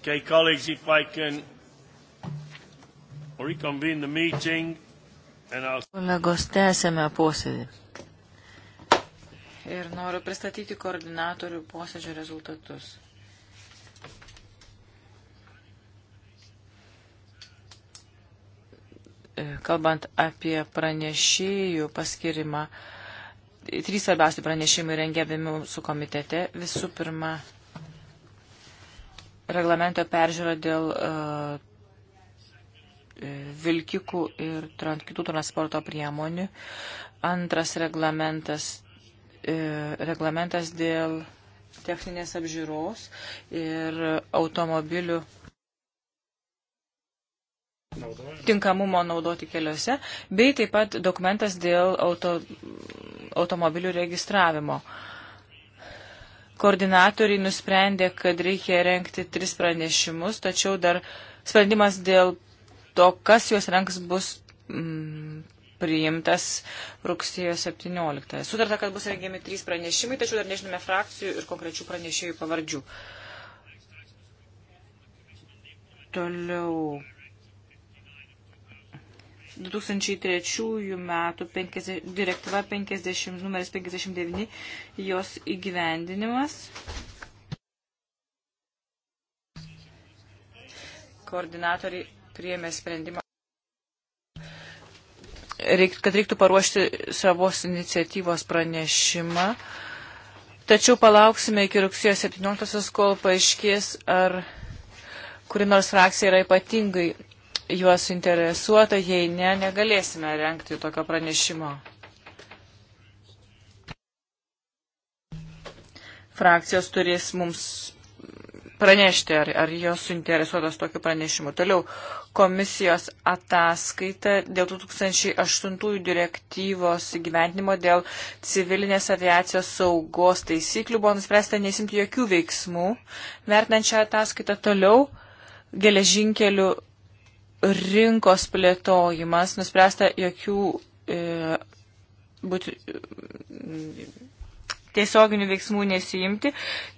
Okay, colleagues, if I can reconvene the meeting and I'll... Kolegos, tęsėme posėdį. Ir noriu pristatyti koordinatorių posėdžio rezultatus. E, kalbant apie pranešėjų paskirimą, trys svarbiausi pranešimai rengiami mūsų komitete. Visų pirma, reglamento peržiūra dėl e, vilkikų ir kitų transporto priemonių. Antras reglamentas, e, reglamentas dėl techninės apžiūros ir automobilių tinkamumo naudoti keliuose, bei taip pat dokumentas dėl auto, automobilių registravimo. Uh, koordinatoriai nusprendė, kad reikia renkti tris pranešimus, tačiau dar sprendimas dėl to, kas juos renks, bus mm, priimtas rugsėjo 17. Sutarta, kad bus rengiami trys pranešimai, tačiau dar nežinome frakcijų ir konkrečių pranešėjų pavardžių. Toliau 2003 metų 50, direktyva 50, numeris 59, jos įgyvendinimas. Koordinatoriai priėmė sprendimą, Reik, kad reiktų paruošti savos iniciatyvos pranešimą. Tačiau palauksime iki rugsėjo 17, kol paaiškės, ar kuri nors frakcija yra ypatingai juos suinteresuota, jei ne, negalėsime renkti tokio pranešimo. Frakcijos turės mums pranešti, ar, ar jos suinteresuotas tokiu pranešimu. Toliau, komisijos ataskaita dėl 2008 direktyvos įgyvendinimo dėl civilinės aviacijos saugos taisyklių buvo nuspręsta nesimti jokių veiksmų. Vertinant šią ataskaitą toliau, geležinkelių rinkos plėtojimas, nuspręsta jokių e, būt, tiesioginių veiksmų nesijimti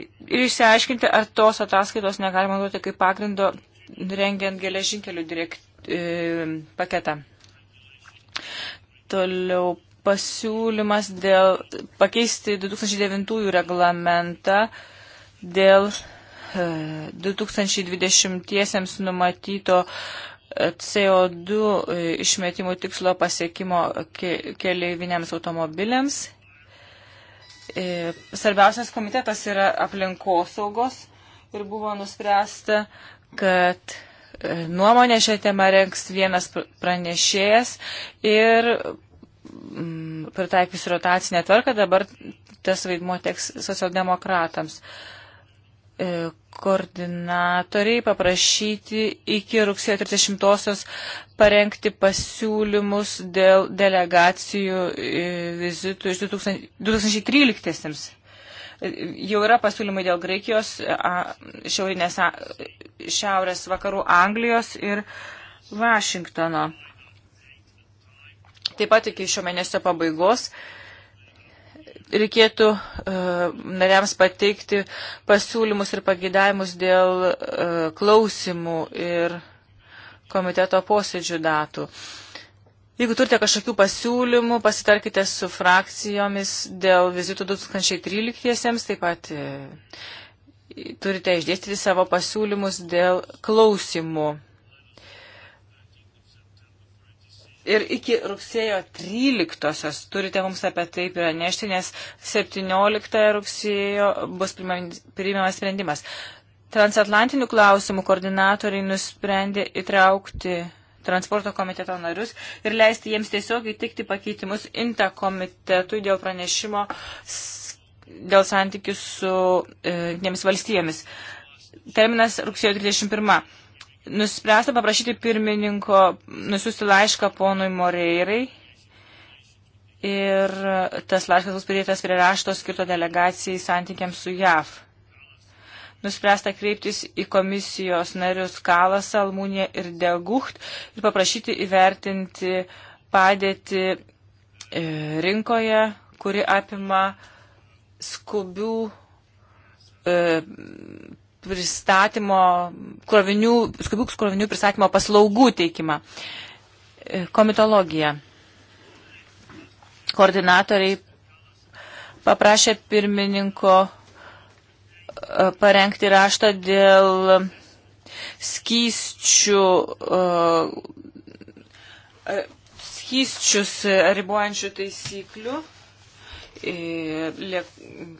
ir išsiaiškinti, ar tos ataskaitos negalima duoti kaip pagrindo rengiant geležinkelių direkt, e, paketą. Toliau pasiūlymas dėl pakeisti 2009 reglamentą dėl 2020-iesiems e, numatyto CO2 e, išmetimų tikslo pasiekimo ke keleiviniams automobiliams. E, svarbiausias komitetas yra aplinkosaugos ir buvo nuspręsta, kad e, nuomonę šią temą renks vienas pranešėjas ir pritaikius rotacinę tvarką dabar tas vaidmuo teks socialdemokratams. Uh, E, koordinatoriai paprašyti iki rugsėjo 30-osios parengti pasiūlymus dėl delegacijų e, vizitų iš 2013-iesiams. E, jau yra pasiūlymai dėl Graikijos, šiaurinės, šiaurės vakarų Anglijos ir Vašingtono. Taip pat iki šio mėnesio pabaigos uh, reikėtų uh, nariams pateikti pasiūlymus ir pagidavimus dėl uh, klausimų ir komiteto posėdžių datų. Jeigu turite kažkokių pasiūlymų, pasitarkite su frakcijomis dėl vizitų 2013-iesiems, taip pat uh, turite išdėstyti savo pasiūlymus dėl klausimų. Ir iki rugsėjo 13-osios turite mums apie tai pranešti, nes 17 rugsėjo bus priimamas sprendimas. Transatlantinių klausimų koordinatoriai nusprendė įtraukti transporto komiteto narius ir leisti jiems tiesiogiai tikti pakeitimus INTA komitetui dėl pranešimo dėl santykių su e, valstijomis. Terminas rugsėjo 21 nuspręsta paprašyti pirmininko nusiųsti laišką ponui Moreirai. Ir tas laiškas bus pridėtas prie rašto skirto delegacijai santykiams su JAV. Nuspręsta kreiptis į komisijos narius Kalasą, Almūniją ir Degucht ir paprašyti įvertinti padėti e, rinkoje, kuri apima skubių e, pristatymo, krovinių, skubių krovinių pristatymo paslaugų teikimą. E, komitologija. Koordinatoriai paprašė pirmininko e, parengti raštą dėl skysčių, e, skysčius ribojančių taisyklių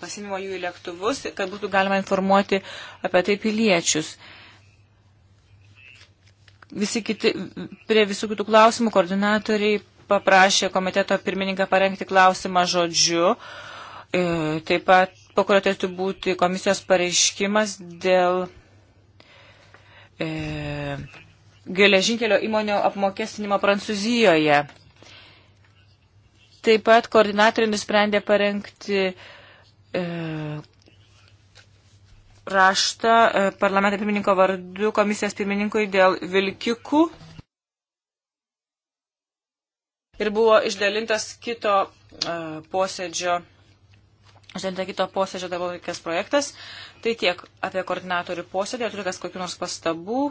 pasinimo jų į lėktuvus, kad būtų galima informuoti apie tai piliečius. Visi kiti, prie visų kitų klausimų koordinatoriai paprašė komiteto pirmininką parengti klausimą žodžiu. E, taip pat po kurio turėtų būti komisijos pareiškimas dėl e, geležinkelio įmonio apmokestinimo Prancūzijoje. Taip pat koordinatoriai nusprendė parengti e, raštą e, parlamento pirmininko vardu komisijos pirmininkui dėl vilkikų. Ir buvo išdalintas kito e, posėdžio Žinoma, kito posėdžio dabar reikės projektas. Tai tiek apie koordinatorių posėdį. Ar turi kas kokiu nors pastabų?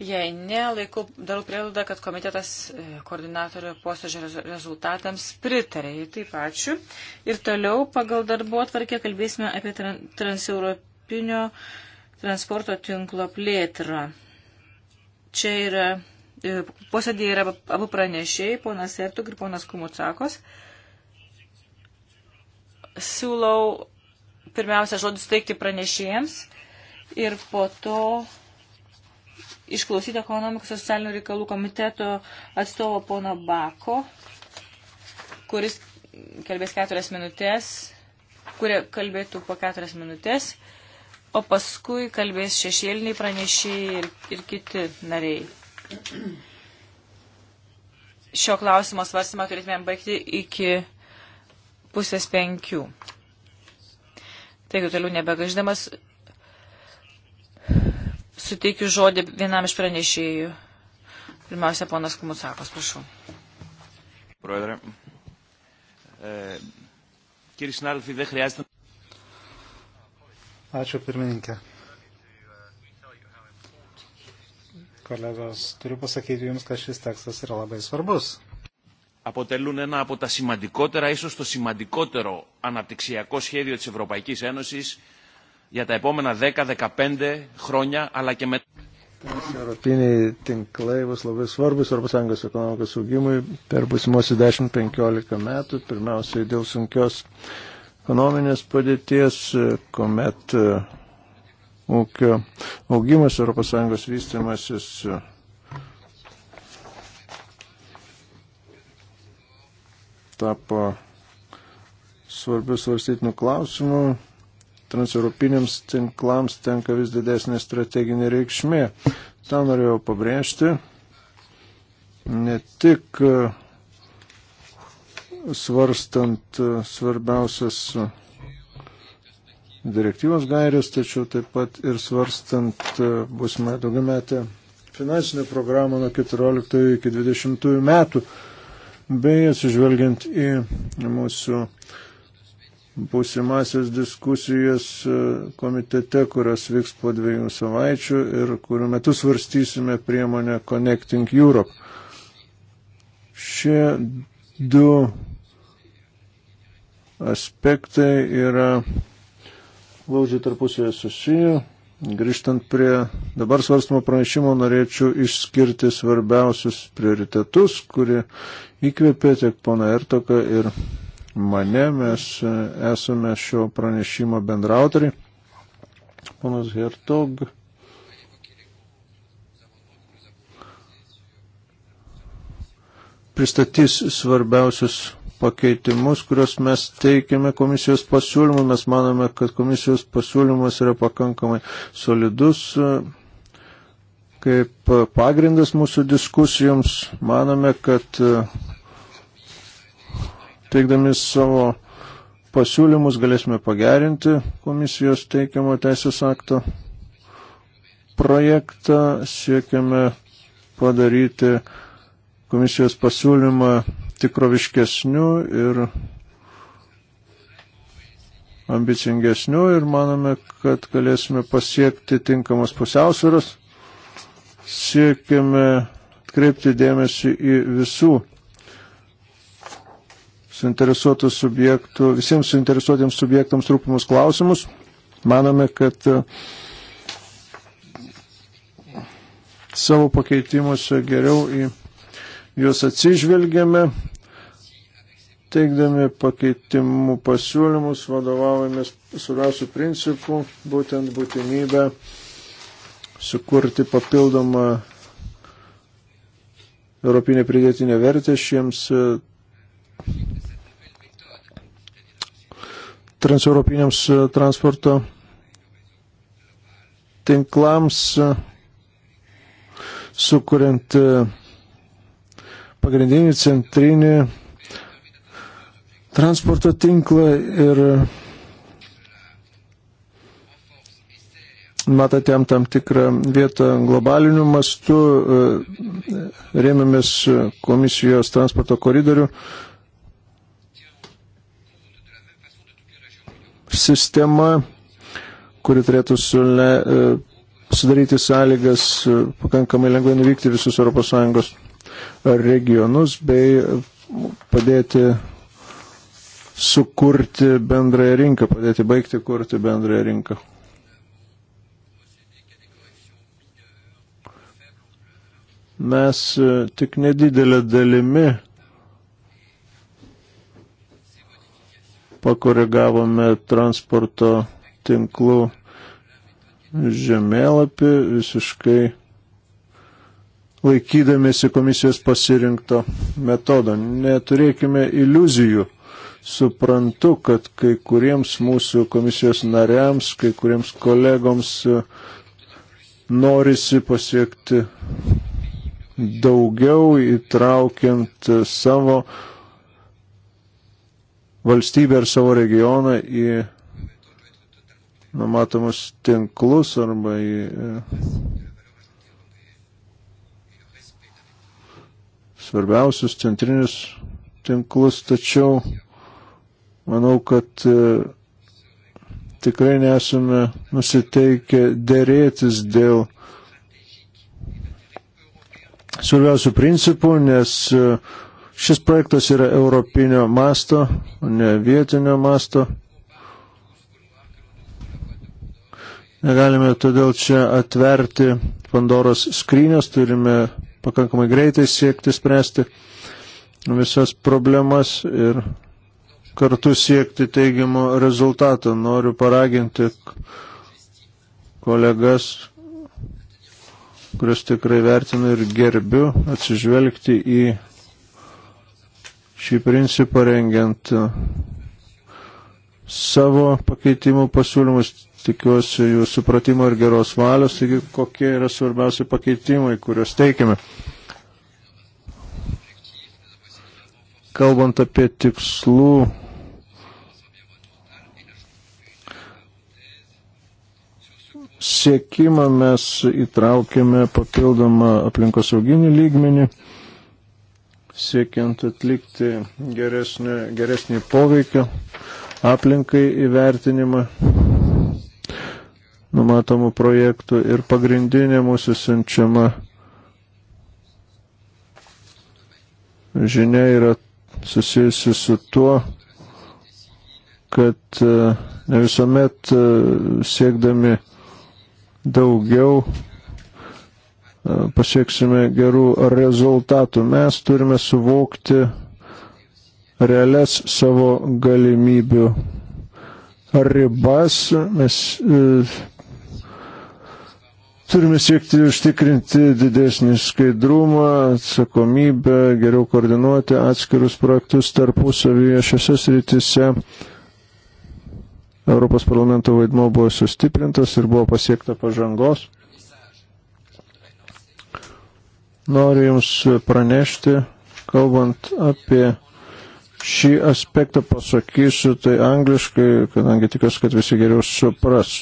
Jei ne, laiku darau prielaidą, kad komitetas e, koordinatorių posėdžio rezultatams pritarė. Taip, ačiū. Ir toliau pagal darbo atvarkę kalbėsime apie transeuropinio transporto tinklo plėtrą. Čia yra, e, posėdėje yra abu pranešėjai, ponas Ertuk ir ponas Kumutsakos. Siūlau pirmiausia žodį suteikti pranešėjams ir po to išklausyti ekonomikos ir socialinių reikalų komiteto atstovo pono Bako, kuris kalbės keturias minutės, kurie kalbėtų po keturias minutės, o paskui kalbės šešėliniai pranešiai ir, ir kiti nariai. Šio klausimo svarstymą turėtumėm baigti iki pusės penkių. Taigi, toliau nebegaždamas, suteikiu žodį vienam iš pranešėjų. Pirmiausia, ponas Kumusakos, prašau. Πρόεδρε, ε, κύριοι συνάδελφοι, δεν χρειάζεται... Ačiū pirmininkė. Kolegos, turiu pasakyti Jums, kad šis tekstas yra labai svarbus. Αποτελούν ένα από τα σημαντικότερα, ίσως το σημαντικότερο αναπτυξιακό σχέδιο της Ευρωπαϊκής Ένωσης για τα επόμενα 10-15 χρόνια αλλά και μετά. Europiniai tinklai bus labai svarbus ES ekonomikos augimui per busimuosius 10-15 metų, pirmiausiai dėl sunkios ekonominės padėties, kuomet e, ūkio augimas ES vystimasis e, tapo svarbius svarstytinių klausimų transeuropiniams tinklams tenka vis didesnė strateginė reikšmė. Ta norėjau pabrėžti. Ne tik e, svarstant e, svarbiausias e, direktyvos gairės, tačiau taip pat ir svarstant būsimą daugiametę finansinę programą nuo 14 iki 20 metų, bei atsižvelgiant į mūsų uh, būsimasias diskusijas e, komitete, kurios vyks po dviejų savaičių ir kurių metu svarstysime priemonę Connecting Europe. Šie du aspektai yra glaudžiai tarpusėje susiję. Grįžtant prie dabar svarstymo pranešimo, norėčiau išskirti svarbiausius prioritetus, kurie įkvėpė tiek pana Ertoką ir mane, mes e, esame šio pranešimo bendrautoriai. Ponas Hertog. Pristatys svarbiausius pakeitimus, kuriuos mes teikiame komisijos pasiūlymų. Mes manome, kad komisijos pasiūlymas yra pakankamai solidus e, kaip pagrindas mūsų diskusijoms. Manome, kad e, teikdami savo pasiūlymus galėsime pagerinti komisijos teikiamo teisės akto projektą, siekiame padaryti komisijos pasiūlymą tikroviškesniu ir ambicingesniu ir manome, kad galėsime pasiekti tinkamos pusiausvėros. Siekiame atkreipti dėmesį į visų suinteresuotų subjektų, visiems suinteresuotiems subjektams rūpimus klausimus. Manome, kad e, savo pakeitimuose geriau į juos atsižvelgiame, teikdami pakeitimų pasiūlymus, vadovaujamės svarbiausių principų, būtent būtinybę sukurti papildomą europinę pridėtinę vertę šiems transeuropiniams e, transporto tinklams, e, sukuriant e, pagrindinį centrinį transporto tinklą ir matote jam tam tikrą vietą globaliniu mastu, rėmėmės komisijos transporto koridorių sistema, kuri turėtų sule, sudaryti sąlygas e, pakankamai lengvai nuvykti visus ES regionus bei e, padėti sukurti bendrąją rinką, padėti baigti kurti bendrąją rinką. Mes e, tik nedidelę dalimi pakoregavome transporto tinklų žemėlapį visiškai laikydamėsi komisijos pasirinkto metodo. Neturėkime iliuzijų. Suprantu, kad kai kuriems mūsų komisijos nariams, kai kuriems kolegoms norisi pasiekti daugiau įtraukiant savo valstybę ir savo regioną į numatomus tinklus arba į e, svarbiausius centrinius tinklus, tačiau manau, kad e, tikrai nesame nusiteikę dėrėtis dėl svarbiausių principų, nes uh, Šis projektas yra europinio masto, ne vietinio masto. Negalime todėl čia atverti Pandoros skrynios, turime pakankamai greitai siekti spręsti visas problemas ir kartu siekti teigiamo rezultato. Noriu paraginti kolegas, kurias tikrai vertinu ir gerbiu, atsižvelgti į šį principą rengiant e, savo pakeitimų pasiūlymus. Tikiuosi jų supratimo ir geros valios, taigi kokie yra svarbiausi pakeitimai, kuriuos teikiame. Kalbant apie tikslų siekimą mes įtraukėme papildomą aplinkosauginį lygmenį siekiant atlikti geresnį, geresnį poveikio aplinkai įvertinimą numatomų projektų ir pagrindinė mūsų siunčiama žinia yra susijusi su tuo, kad e, ne visuomet e, siekdami daugiau pasieksime gerų rezultatų. Mes turime suvokti realias savo galimybių ribas. Mes e, turime siekti užtikrinti didesnį skaidrumą, atsakomybę, geriau koordinuoti atskirus projektus tarpusavyje šiose srityse. Europos parlamento vaidmo buvo sustiprintas ir buvo pasiekta pažangos. noriu Jums pranešti, kalbant apie šį aspektą pasakysiu, tai angliškai, kadangi tikiuosi, kad visi geriau supras.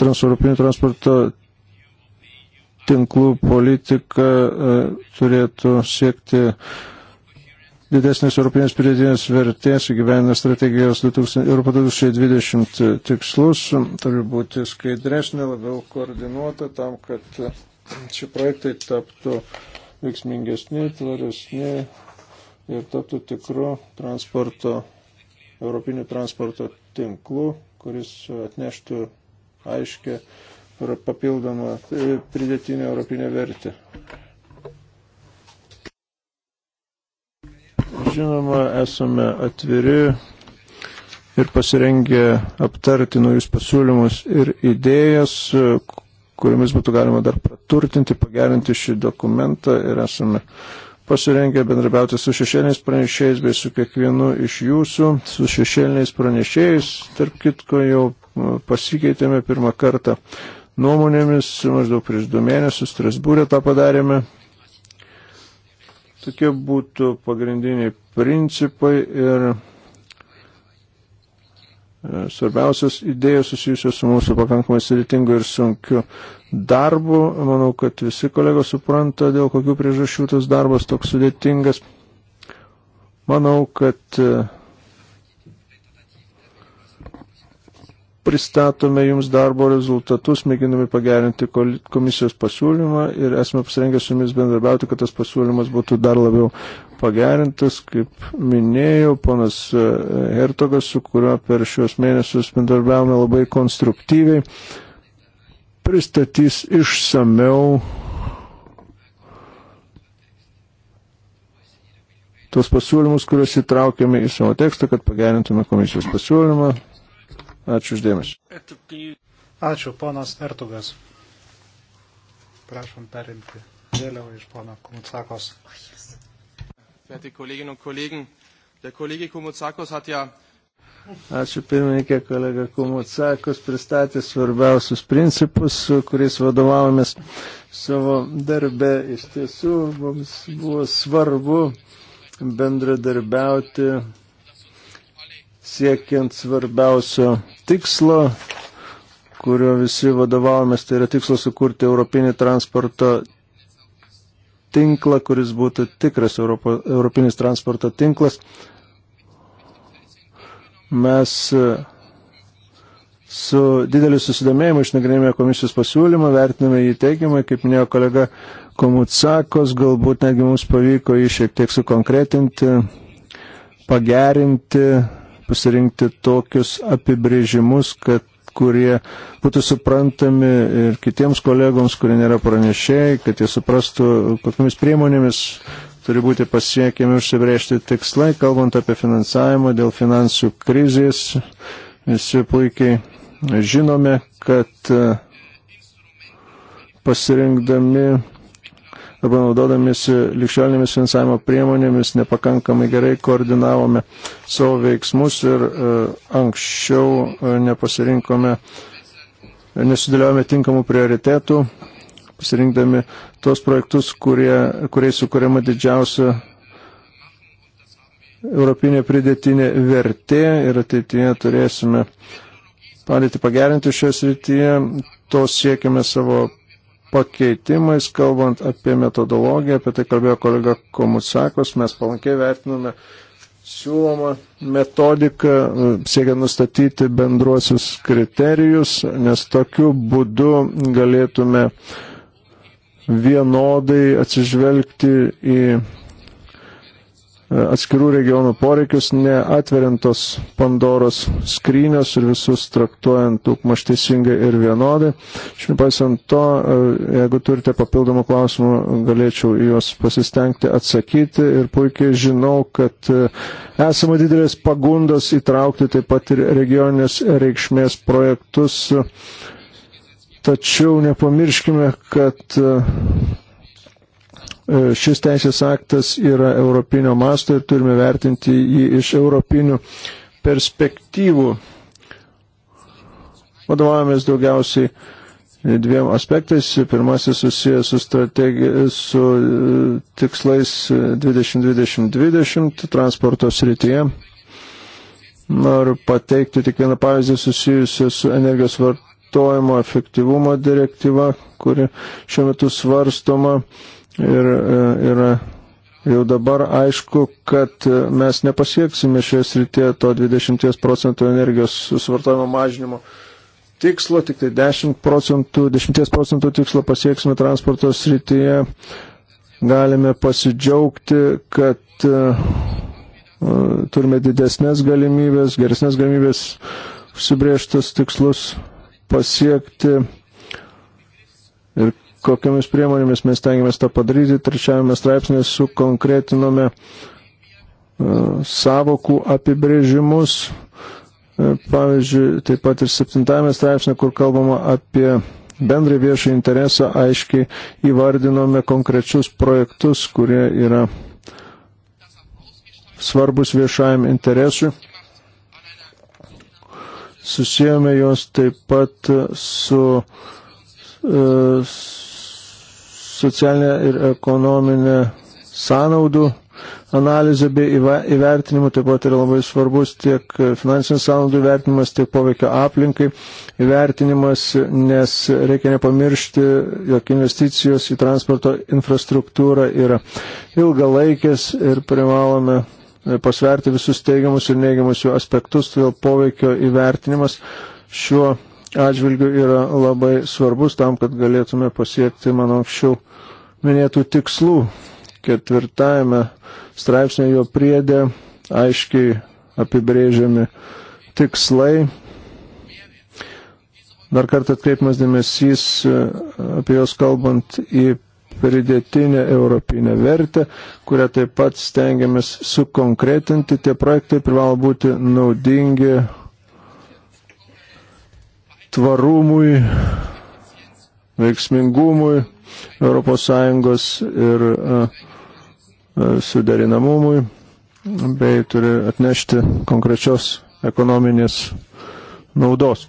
Transeuropinių transporto tinklų politika e, turėtų siekti didesnės europinės pridėtinės vertės įgyvenę strategijos 2000, Europo 2020 tikslus, turi būti skaidresnė, labiau koordinuota tam, kad šie projektai taptų veiksmingesni, tvaresni ir taptų tikru transporto, europiniu transporto tinklu, kuris atneštų aiškę ir papildomą pridėtinę europinę vertę. Žinoma, esame atviri ir pasirengę aptarti naujus pasiūlymus ir idėjas, kuriomis būtų galima dar praturtinti, pagerinti šį dokumentą ir esame pasirengę bendrabiauti su šešėliniais pranešėjais bei su kiekvienu iš jūsų, su šešėliniais pranešėjais. Tarp kitko jau pasikeitėme pirmą kartą nuomonėmis, maždaug prieš du mėnesius Strasbūrė tą padarėme. Tokie būtų pagrindiniai principai ir E, svarbiausias idėjas susijusios su mūsų pakankamai sudėtingu ir sunkiu darbu. Manau, kad visi kolegos supranta, dėl kokių priežasčių tas darbas toks sudėtingas. Manau, kad e, pristatome jums darbo rezultatus, mėginami pagerinti komisijos pasiūlymą ir esame pasirengę su jumis bendrabiauti, kad tas pasiūlymas būtų dar labiau pagerintas, kaip minėjau, ponas e, Hertogas, su kuriuo per šios mėnesius bendarbiavome labai konstruktyviai, pristatys išsameu tuos pasiūlymus, kuriuos įtraukėme į savo tekstą, kad pagerintume komisijos pasiūlymą. Ačiū uždėmesi. Ačiū, ponas Ertugas. Prašom perimti vėliavą iš pono Komutsakos. Oh, yes werte Kolleginnen und Kollegen. Der Kollege Kumutsakos hat ja. Ačiū pirmininkė, kolega Kumutsakos pristatė svarbiausius principus, kuriais vadovavomės savo darbę. Iš tiesų, mums buvo svarbu bendradarbiauti siekiant svarbiausio tikslo, kurio visi vadovavomės, tai yra tikslas sukurti Europinį transporto tinklą, kuris būtų tikras Europo, europinis transporto tinklas. Mes su dideliu susidomėjimu išnagrinėjome komisijos pasiūlymą, vertiname jį teigiamai, kaip minėjo kolega Komutsakos, galbūt negi mums pavyko jį šiek tiek sukonkretinti, pagerinti, pasirinkti tokius apibrėžimus, kad kurie būtų suprantami ir kitiems kolegoms, kurie nėra pranešėjai, kad jie suprastų, kokiamis priemonėmis turi būti pasiekiami užsibrėžti tikslai, kalbant apie finansavimą dėl finansų krizės. Visi puikiai žinome, kad e, pasirinkdami Dabar naudodamėsi likščiolinėmis finansavimo priemonėmis nepakankamai gerai koordinavome savo veiksmus ir e, anksčiau e, nepasirinkome, nesudėliojome tinkamų prioritetų, pasirinkdami tos projektus, kurie, kuriais sukūrėma didžiausia europinė pridėtinė vertė ir ateityje turėsime padėti pagerinti šioje srityje. To siekime savo pakeitimais, kalbant apie metodologiją, apie tai kalbėjo kolega Komusakos, mes palankiai vertiname siūloma metodika siekia nustatyti bendruosius kriterijus, nes tokiu būdu galėtume vienodai atsižvelgti į atskirų regionų poreikius, neatveriantos Pandoros skrynios ir visus traktuojant daugmaž teisingai ir vienodai. Šiandien paisant to, e, jeigu turite papildomų klausimų, galėčiau juos pasistengti atsakyti ir puikiai žinau, kad e, esama didelės pagundos įtraukti taip pat ir regioninės reikšmės projektus. Tačiau nepamirškime, kad e, E, šis teisės aktas yra europinio masto ir turime vertinti jį iš europinių perspektyvų. Vadovavomės daugiausiai dviem aspektais. Pirmasis susijęs su, strategi... su e, tikslais 2020-2020 transporto srityje. Noriu pateikti tik vieną pavyzdį susijusiu su energijos vartojimu vartojimo efektyvumo direktyva, kuri šiuo metu svarstoma Ir yra e, jau dabar aišku, kad mes nepasieksime šioje srityje to 20 procentų energijos suvartojimo mažinimo tikslo, tik tai 10 procentų, 10 procentų tikslo pasieksime transporto srityje. Galime pasidžiaugti, kad e, turime didesnės galimybės, geresnės galimybės užsibrėžtus tikslus pasiekti ir kokiamis priemonėmis mes tengiamės tą padaryti. Trečiajame straipsnėje sukonkretinome e, savokų apibrėžimus. E, pavyzdžiui, taip pat ir septintame straipsnė, kur kalbama apie bendrai viešą interesą, aiškiai įvardinome konkrečius projektus, kurie yra svarbus viešajam interesui. Susijome juos taip pat su, su e, socialinę ir ekonominę sąnaudų analizę bei įvertinimų, taip pat yra labai svarbus tiek finansinių sąnaudų įvertinimas, tiek poveikio aplinkai įvertinimas, nes reikia nepamiršti, jog investicijos į transporto infrastruktūrą yra ilgalaikės ir privalome e, pasverti visus teigiamus ir neigiamus jų aspektus, todėl poveikio įvertinimas šiuo atžvilgių yra labai svarbus tam, kad galėtume pasiekti mano anksčiau minėtų tikslų. Ketvirtajame straipsnėje jo priedė aiškiai apibrėžiami tikslai. Dar kartą atkreipimas dėmesys e, apie jos kalbant į pridėtinę europinę vertę, kurią taip pat stengiamės sukonkretinti. Tie projektai privalo būti naudingi tvarumui, veiksmingumui ES ir suderinamumui, bei turi atnešti konkrečios ekonominės naudos.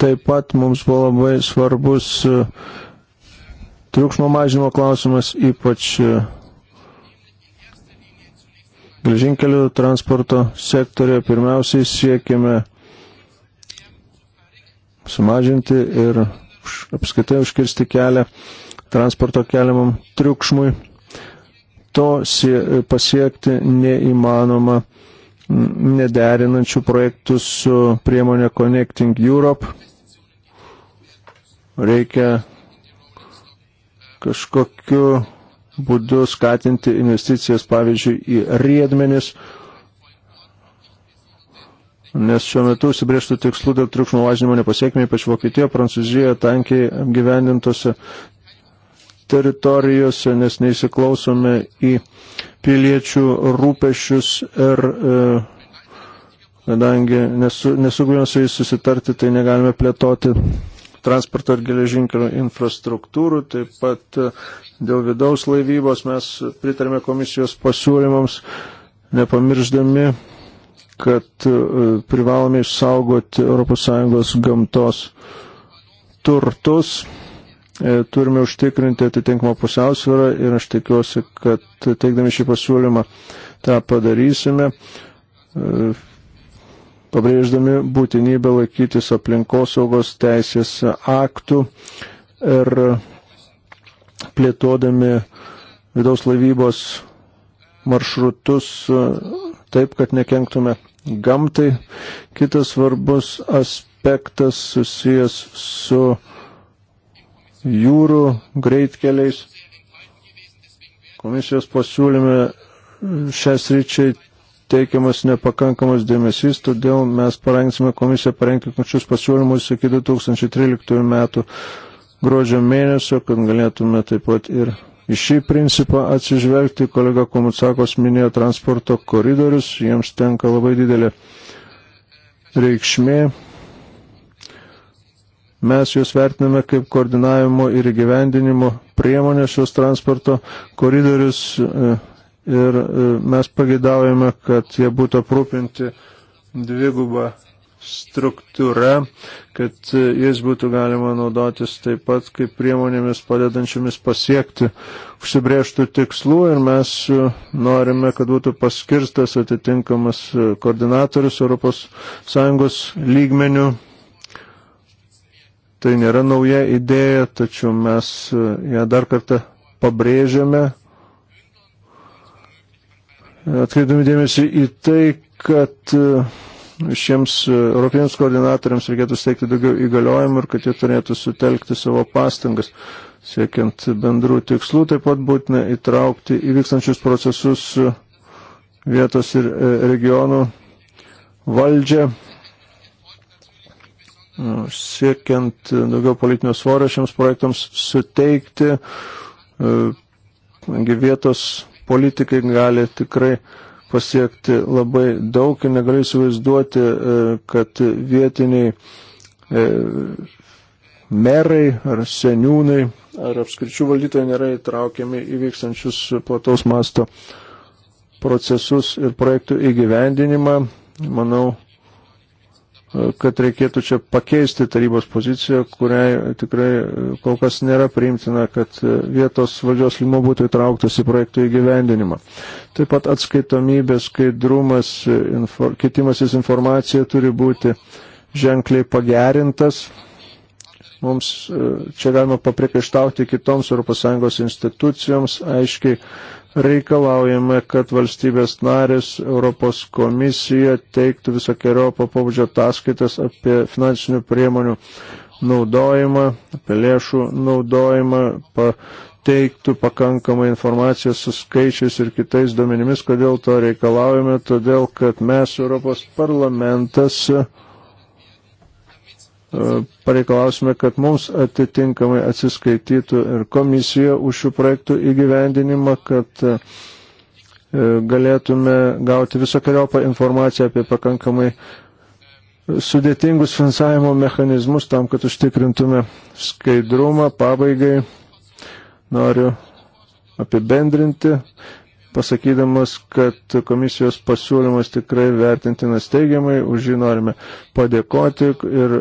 Taip pat mums buvo labai svarbus triukšmo mažinimo klausimas, ypač geležinkelių transporto sektorė. Pirmiausiai siekime sumažinti ir apskaitai užkirsti kelią transporto keliamam triukšmui. To pasiekti neįmanoma nederinančių projektų su priemonė Connecting Europe. Reikia kažkokiu būdu skatinti investicijas, pavyzdžiui, į riedmenis, nes šiuo metu užsibrieštų tikslų dėl triukšmo mažinimo nepasiekime, ypač Vokietijoje, Prancūzijoje, tankiai apgyvendintose teritorijose, nes neįsiklausome į piliečių rūpešius ir e, kadangi nesu, nesugebėjome su jais susitarti, tai negalime plėtoti transporto ir geležinkelių infrastruktūrų. Taip pat e, dėl vidaus laivybos mes pritarėme komisijos pasiūlymams, nepamiršdami, kad e, privalome išsaugoti ES gamtos turtus e, turime užtikrinti atitinkamą pusiausvyrą ir aš tikiuosi, kad teikdami šį pasiūlymą tą padarysime pabrėždami būtinybę laikytis aplinkosaugos teisės aktų ir plėtodami vidaus laivybos maršrutus e, taip, kad nekenktume gamtai. Kitas svarbus aspektas susijęs su jūrų greitkeliais. Komisijos pasiūlyme šias ryčiai teikiamas nepakankamas dėmesys, todėl mes parengsime komisiją parengti konkrečius pasiūlymus iki 2013 metų gruodžio mėnesio, kad galėtume taip pat ir į šį principą atsižvelgti. Kolega Komutsakos minėjo transporto koridorius, jiems tenka labai didelė reikšmė. Mes juos vertiname kaip koordinavimo ir įgyvendinimo priemonės, šios transporto koridorius. E, ir e, mes pageidaujame, kad jie būtų aprūpinti dvigubą struktūra, kad e, jis būtų galima naudotis taip pat kaip priemonėmis padedančiomis pasiekti užsibrieštų tikslų ir mes e, norime, kad būtų paskirstas atitinkamas koordinatorius ES lygmenių. Tai nėra nauja idėja, tačiau mes ją dar kartą pabrėžiame, atkreipdami dėmesį į tai, kad e, šiems e, europiems koordinatoriams reikėtų steigti daugiau įgaliojimų ir kad jie turėtų sutelkti savo pastangas siekiant bendrų tikslų. Taip pat būtina įtraukti įvykstančius procesus e, vietos ir regionų valdžią, siekiant daugiau politinio svorio šiems projektams suteikti. Vietos politikai gali tikrai pasiekti labai daug ir negaliu įsivaizduoti, e, kad vietiniai e, merai ar seniūnai ar apskričių valdytojai nėra įtraukiami į vykstančius plataus masto procesus ir projektų įgyvendinimą. Manau, kad reikėtų čia pakeisti tarybos poziciją, kuriai tikrai e, kol kas nėra priimtina, kad e, vietos valdžios limo būtų įtrauktas į projektų įgyvendinimą. Taip pat atskaitomybės, skaidrumas, e, infor, kitimasis informacija turi būti ženkliai pagerintas. Mums čia galima papriekaištauti kitoms ES institucijoms, aiškiai reikalaujame, kad valstybės narės Europos komisija teiktų visokiojopo pobūdžio ataskaitas apie finansinių priemonių naudojimą, apie lėšų naudojimą, pateiktų pakankamai informacijos su skaičiais ir kitais duomenimis, kodėl to reikalaujame, todėl kad mes Europos parlamentas E, pareikalausime, kad mums atitinkamai atsiskaitytų ir komisija už šių projektų įgyvendinimą, kad e, galėtume gauti visokiojopą informaciją apie pakankamai sudėtingus finansavimo mechanizmus tam, kad užtikrintume skaidrumą. Pabaigai noriu apibendrinti pasakydamas, kad komisijos pasiūlymas tikrai vertintinas teigiamai, už jį norime padėkoti ir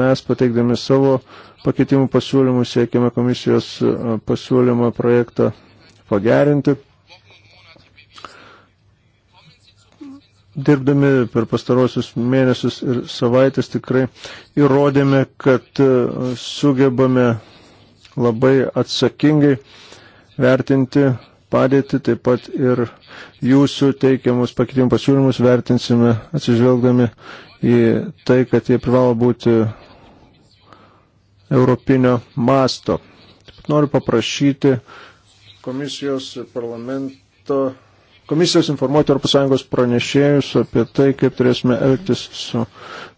mes pateikdami savo pakeitimų pasiūlymų siekime komisijos e, pasiūlymą projektą pagerinti. Dirbdami per pastarosius mėnesius ir savaitės tikrai įrodėme, kad e, sugebame labai atsakingai vertinti padėtį, taip pat ir jūsų teikiamus pakeitimų pasiūlymus vertinsime atsižvelgdami į tai, kad jie privalo būti europinio masto. Taip noriu paprašyti komisijos parlamento. Komisijos informuoti ES pranešėjus apie tai, kaip turėsime elgtis su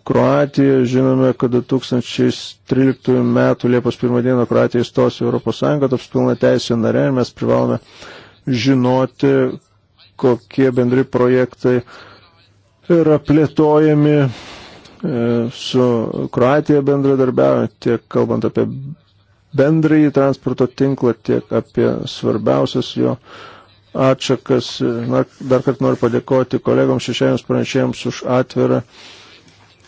Kroatija. Žinome, kad 2013 m. Liepos 1 d. Kroatija įstos į ES, taps pilna teisė narė ir mes privalome žinoti, kokie bendri projektai yra plėtojami e, su Kroatija bendradarbiavant, tiek kalbant apie bendrąjį transporto tinklą, tiek apie svarbiausias jo atšakas. Na, dar kartą noriu padėkoti kolegoms šešėjams pranešėjams už atvirą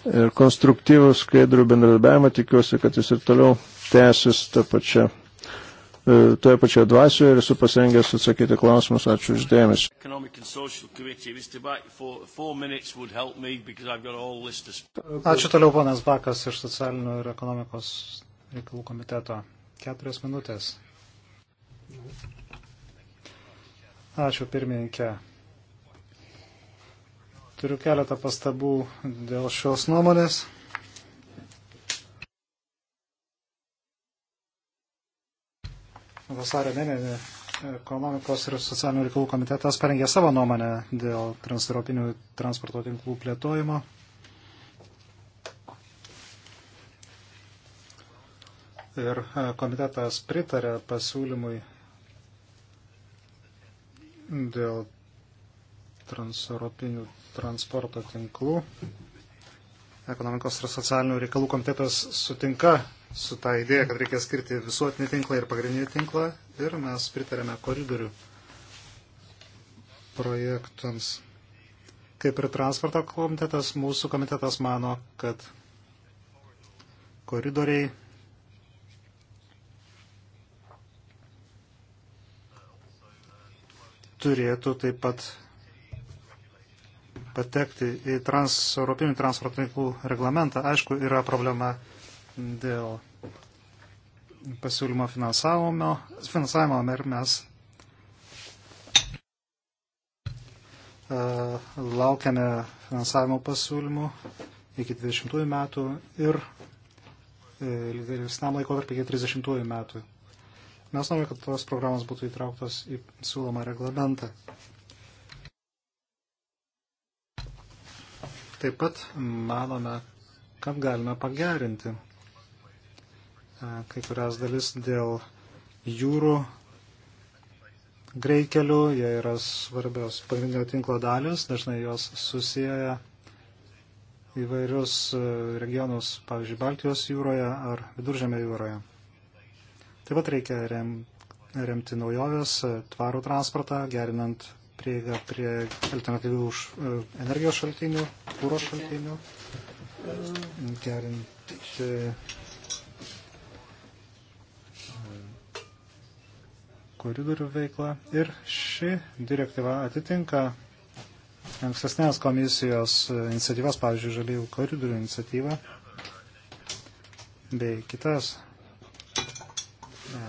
ir konstruktyvų skaidrų bendradarbiavimą. Tikiuosi, kad jis ir toliau tęsis tą pačią E, toje pačioje dvasioje ir esu pasirengęs atsakyti klausimus. Ačiū išdėmesi. Ačiū toliau, ponas Bakas iš socialinių ir ekonomikos reikalų komiteto. Keturias minutės. Ačiū pirmininkė. Turiu keletą pastabų dėl šios nuomonės. vasario mėnesį e, ekonomikos ir socialinių reikalų komitetas parengė savo nuomonę dėl transeuropinių transporto tinklų plėtojimo. Ir e, komitetas pritarė pasiūlymui dėl transeuropinių transporto tinklų. Ekonomikos ir socialinių reikalų komitetas sutinka su tą idėją, kad reikia skirti visuotinį tinklą ir pagrindinį tinklą ir mes pritarėme koridorių projektams. Kaip ir transporto komitetas, mūsų komitetas mano, kad koridoriai turėtų taip pat patekti į trans, Europinį transporto tinklų reglamentą. Aišku, yra problema dėl pasiūlymo finansavimo, finansavimo ir mes e, laukiame finansavimo pasiūlymų iki 20 metų ir e, ilgesniam laikotarpį iki 30 metų. Mes norime, kad tos programos būtų įtrauktos į siūlomą reglamentą. Taip pat manome, kad galime pagerinti kai kurias dalis dėl jūrų greikelių, jie yra svarbios pagrindinio tinklo dalis, dažnai jos susiję įvairius e, regionus, pavyzdžiui, Baltijos jūroje ar Viduržėmė jūroje. Taip pat reikia rem, remti naujoves, e, tvarų transportą, gerinant prieigą prie alternatyvių e, energijos šaltinių, kūros šaltinių, gerinti koridorių veiklą. Ir ši direktyva atitinka ankstesnės komisijos iniciatyvas, pavyzdžiui, žaliųjų koridorių iniciatyvą bei kitas, e,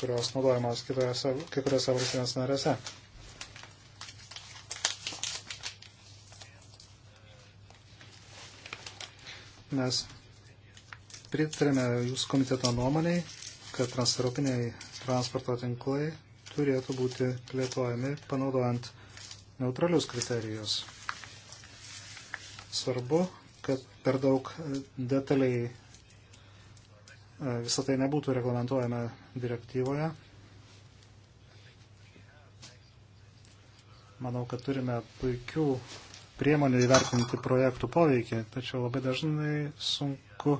kurios naudojamos kitose, kai kuriuose valstybės narėse. Mes pritarėme jūsų komiteto nuomonėj, kad transeuropiniai transporto tinklai turėtų būti plėtojami panaudojant neutralius kriterijus. Svarbu, kad per daug detaliai e, visą tai nebūtų reglamentuojama direktyvoje. Manau, kad turime puikių priemonių įvertinti projektų poveikį, tačiau labai dažnai sunku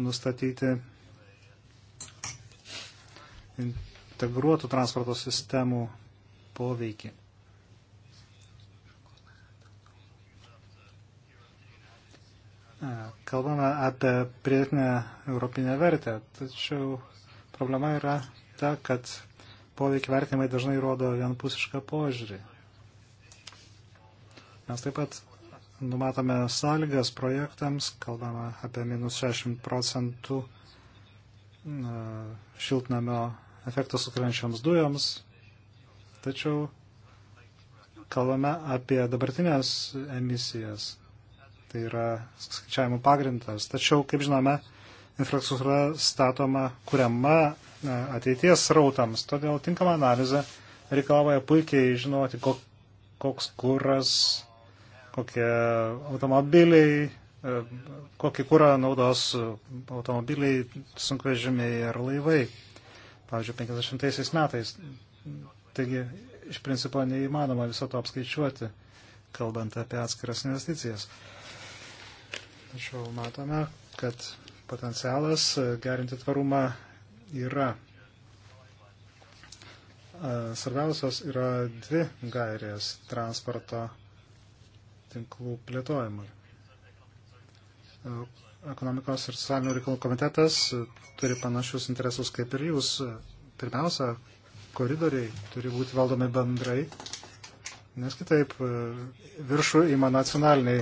nustatyti integruotų transporto sistemų poveikį. E, kalbame apie prietinę europinę vertę, tačiau problema yra ta, kad poveikį vertinimai dažnai rodo vienpusišką požiūrį. Mes taip pat numatome sąlygas projektams, kalbame apie minus 60 procentų e, šiltnamio efektą sukeliančioms dujoms, tačiau kalbame apie dabartinės emisijas. Tai yra skaičiavimų pagrindas. Tačiau, kaip žinome, infrastruktūra statoma, kuriama e, ateities rautams. Todėl tinkama analizė reikalavoja puikiai žinoti, koks kuras, kokie automobiliai, e, kokį kurą naudos automobiliai, sunkvežimiai ar laivai pavyzdžiui, 50 metais. Taigi, iš principo neįmanoma viso to apskaičiuoti, kalbant apie atskiras investicijas. Tačiau matome, kad potencialas gerinti tvarumą yra. Svarbiausios yra dvi gairės transporto tinklų plėtojimui ekonomikos ir socialinių reikalų komitetas e, turi panašius interesus kaip ir jūs. E, Pirmiausia, koridoriai turi būti valdomi bendrai, nes kitaip e, viršų ima nacionaliniai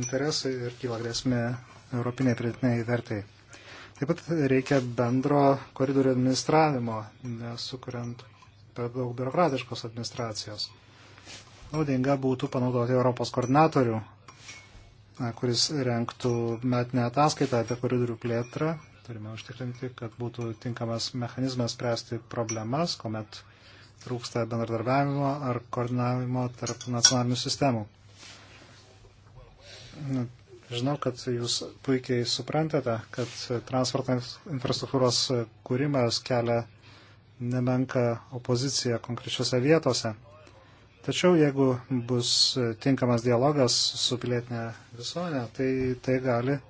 interesai ir kyla grėsmė europiniai pridėtiniai vertai. Taip pat reikia bendro koridorių administravimo, nesukuriant per daug biurokratiškos administracijos. Naudinga būtų panaudoti Europos koordinatorių kuris renktų metinę ataskaitą apie koridorių plėtrą. Turime užtikrinti, kad būtų tinkamas mechanizmas spręsti problemas, kuomet trūksta bendradarbiavimo ar koordinavimo tarp nacionalinių sistemų. Žinau, kad jūs puikiai suprantate, kad transporto infrastruktūros kūrimas kelia nemenka opozicija konkrečiose vietose. Tačiau jeigu bus tinkamas dialogas su pilietinė visuomenė, tai tai gali e,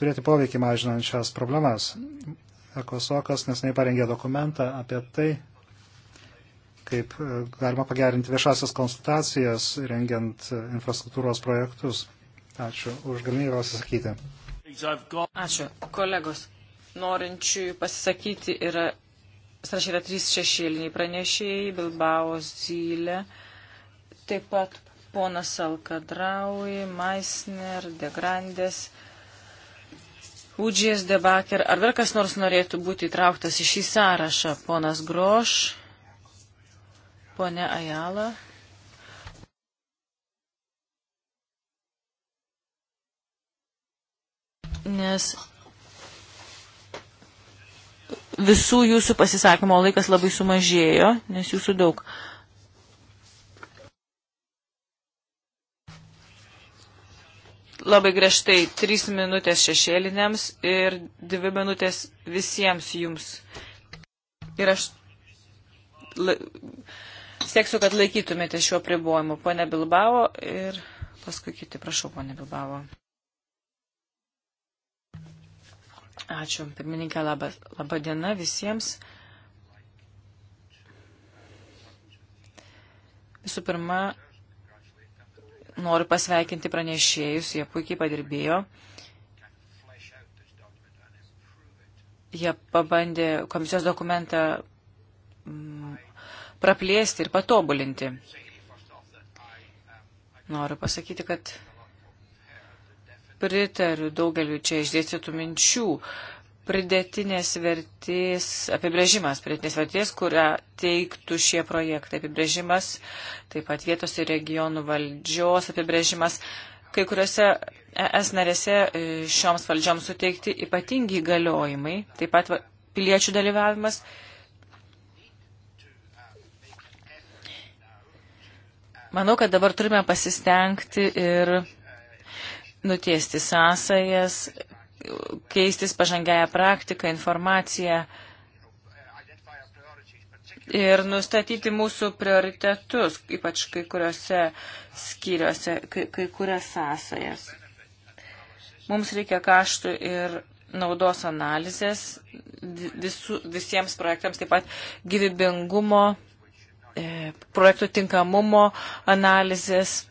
turėti poveikį mažinant šias problemas. Ekosokas nesnei parengė dokumentą apie tai, kaip e, galima pagerinti viešasias konsultacijas, rengiant e, infrastruktūros projektus. Ačiū už galimybę pasisakyti. Ačiū. Kolegos, norinčių pasisakyti yra Srašė yra trys šešėliniai pranešėjai, Bilbao Zylė, taip pat ponas Alkadraui, Maisner, Degrandės, Udžijas, Debaker. Ar dar kas nors norėtų būti įtrauktas į šį sąrašą? Ponas Groš, ponė Ajala. Nes visų jūsų pasisakymo laikas labai sumažėjo, nes jūsų daug. Labai griežtai 3 minutės šešėliniams ir 2 minutės visiems jums. Ir aš la... sėksiu, kad laikytumėte šiuo pribojimu. Pone Bilbao ir paskui kiti, prašau, pone Bilbao. Ačiū, pirmininkė, labas. Labą dieną visiems. Visų pirma, noriu pasveikinti pranešėjus, jie puikiai padirbėjo. Jie pabandė komisijos dokumentą mm, praplėsti ir patobulinti. Noriu pasakyti, kad Pritariu daugeliu čia išdėstytų minčių. Pridėtinės vertės, apibrėžimas pridėtinės vertės, kurią teiktų šie projektai. Apibrėžimas, taip pat vietos ir regionų valdžios apibrėžimas. Kai kuriuose ES narėse e, šioms valdžioms suteikti ypatingi įgaliojimai, taip pat piliečių dalyvavimas. Manau, kad dabar turime pasistengti ir nutiesti sąsajas, keistis pažangiają praktiką, informaciją ir nustatyti mūsų prioritetus, ypač kai kuriuose skyriuose, kai, kai kurias sąsajas. Mums reikia kaštų ir naudos analizės visu, visiems projektams, taip pat gyvybingumo, e, projektų tinkamumo analizės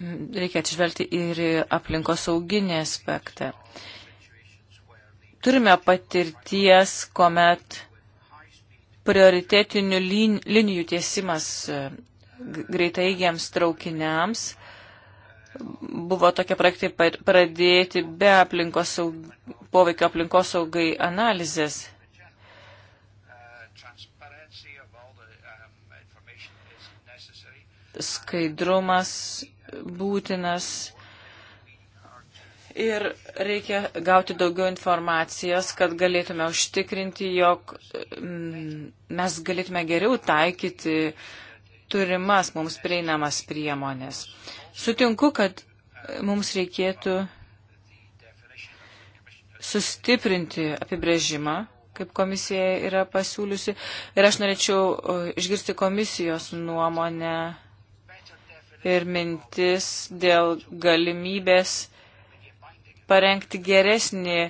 reikia atžvelgti ir aplinkos sauginį aspektą. Turime patirties, kuomet prioritetinių linijų tiesimas e, greitaigiams traukiniams buvo tokie projektai pradėti be aplinkos saug, poveikio aplinkosaugai analizės. Skaidrumas būtinas ir reikia gauti daugiau informacijos, kad galėtume užtikrinti, jog mm, mes galėtume geriau taikyti turimas mums prieinamas priemonės. Sutinku, kad mums reikėtų sustiprinti apibrėžimą, kaip komisija yra pasiūliusi. Ir aš norėčiau išgirsti komisijos nuomonę ir mintis dėl galimybės parengti geresnį e,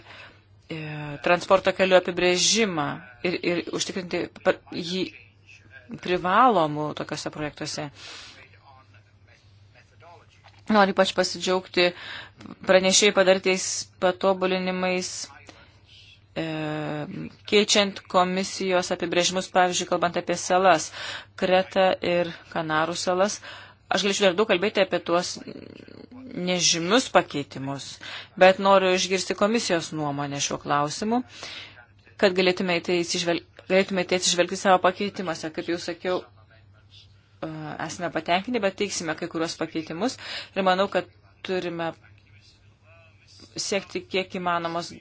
transporto kelių apibrėžimą ir, ir užtikrinti par, jį privalomų tokiuose projektuose. Noriu ypač pasidžiaugti pranešėjai padartais patobulinimais, e, keičiant komisijos apibrėžimus, pavyzdžiui, kalbant apie salas, Kreta ir Kanarų salas. E, Aš galėčiau dar daug kalbėti apie tuos nežymius pakeitimus, bet noriu išgirsti komisijos nuomonę šiuo klausimu, kad galėtume į tai, tai atsižvelgti savo pakeitimuose. Kaip jau sakiau, e, esame patenkinti, bet teiksime kai kuriuos pakeitimus ir manau, kad turime siekti kiek įmanomos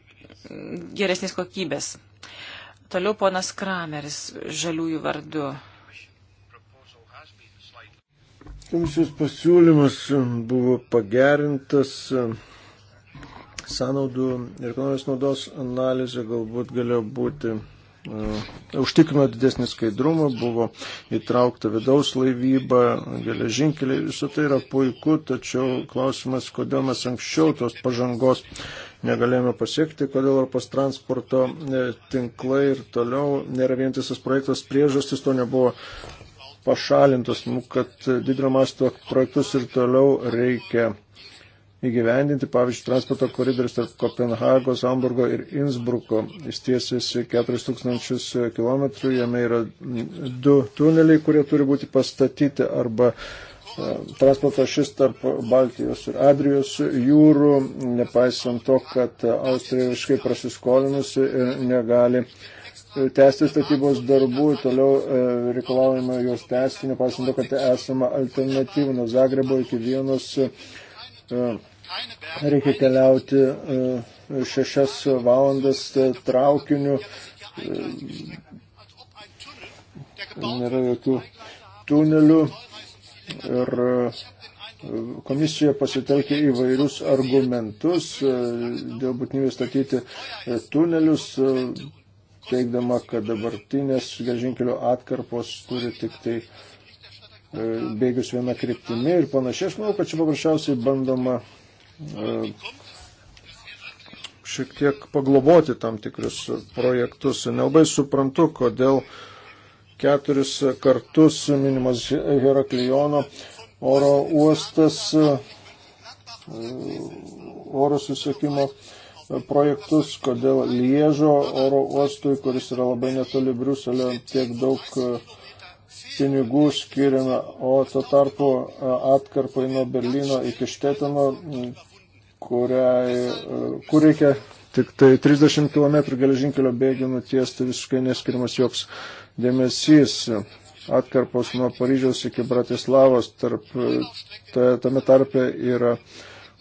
geresnės kokybės. Toliau ponas Krameris žaliųjų vardu. Komisijos pasiūlymas buvo pagerintas sąnaudų ir ekonomijos naudos analizė galbūt galėjo būti e, užtikrino didesnį skaidrumą, buvo įtraukta vidaus laivyba, geležinkeliai, visą tai yra puiku, tačiau klausimas, kodėl mes anksčiau tos pažangos negalėjome pasiekti, kodėl Europos transporto e, tinklai ir toliau nėra vientisas projektas, priežastis to nebuvo pašalintos. Manau, kad didelio masto projektus ir toliau reikia įgyvendinti. Pavyzdžiui, transporto koridorius tarp Kopenhagos, Hamburgo ir Innsbruko ištiesėsi 4000 km, jame yra du tuneliai, kurie turi būti pastatyti arba e, transporto šis tarp Baltijos ir Adrijos jūrų, nepaisant to, kad Austrija visiškai prasiskolinusi ir negali uh, tęsti statybos darbų, toliau e, reikalaujama juos tęsti, nepaisant to, kad esama alternatyvų nuo Zagrebo iki Vienos. E, reikia keliauti e, šešias valandas traukiniu. Nėra jokių tunelių. Ir komisija pasitelkė įvairius argumentus dėl būtinybės statyti tunelius, teikdama, kad dabartinės geležinkelio atkarpos turi tik tai e, bėgius vieną kryptimį ir panašiai. Aš manau, kad čia paprasčiausiai bandoma e, šiek tiek pagloboti tam tikrus projektus. Nelabai suprantu, kodėl keturis kartus minimas Heraklijono oro uostas e, oro susiekimo projektus, kodėl Liežo oro uostui, kuris yra labai netoli Briuselio, tiek daug e, pinigų skiriame, o tuo tarpu e, atkarpai nuo Berlyno iki Štetino, kuriai, e, kur reikia tik tai 30 km geležinkelio bėgių nutiesti, visiškai neskirimas joks dėmesys. Atkarpos nuo Paryžiaus iki Bratislavos, tarp, tame tarpe yra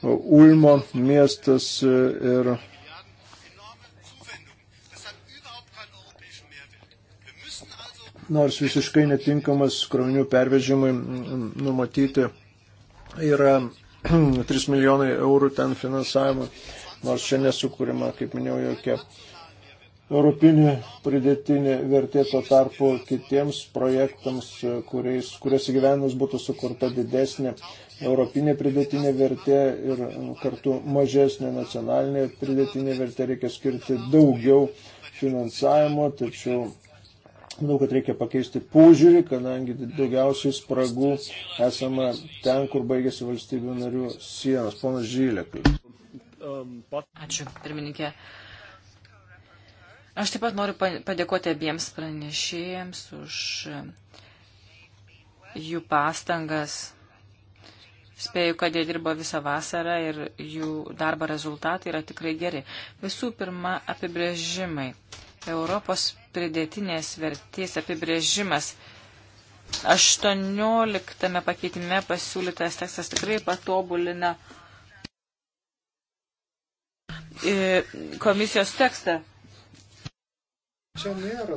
Ulmo miestas ir nors visiškai netinkamas krovinių pervežimai numatyti yra 3 milijonai eurų ten finansavimo, nors čia nesukūrima, kaip minėjau, jokia europinė pridėtinė vertė to tarpu kitiems projektams, kuriais, kuriuose gyvenimus būtų sukurta didesnė europinė pridėtinė vertė ir kartu mažesnė nacionalinė pridėtinė vertė reikia skirti daugiau finansavimo, tačiau manau, kad reikia pakeisti požiūrį, kadangi daugiausiai spragų esama ten, kur baigėsi valstybių narių sienos. Ponas Žylė. Ačiū, pirmininkė. Uh, Aš taip pat noriu padėkoti abiems pranešėjams už e, jų pastangas. Spėju, kad jie dirbo visą vasarą ir jų darbo rezultatai yra tikrai geri. Visų pirma, apibrėžimai. Europos pridėtinės vertės apibrėžimas. 18 pakeitime pasiūlytas tekstas tikrai patobulina e, komisijos tekstą. Čia nėra.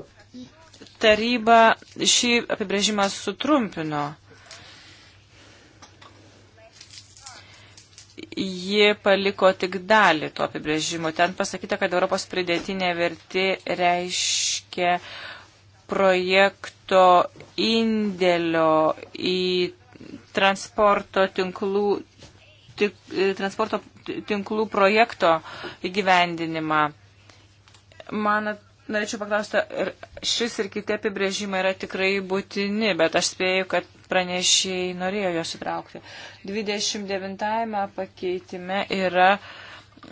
Taryba šį apibrėžimą sutrumpino. Ji paliko tik dalį to apibrėžimo. Ten pasakyta, kad Europos pridėtinė vertė reiškia projekto indėlio į transporto tinklų, tik, e, transporto tinklų projekto įgyvendinimą. Man Norėčiau paklausti, ar šis ir kiti apibrėžimai yra tikrai būtini, bet aš spėjau, kad pranešėjai norėjo juos įtraukti. 29 pakeitime yra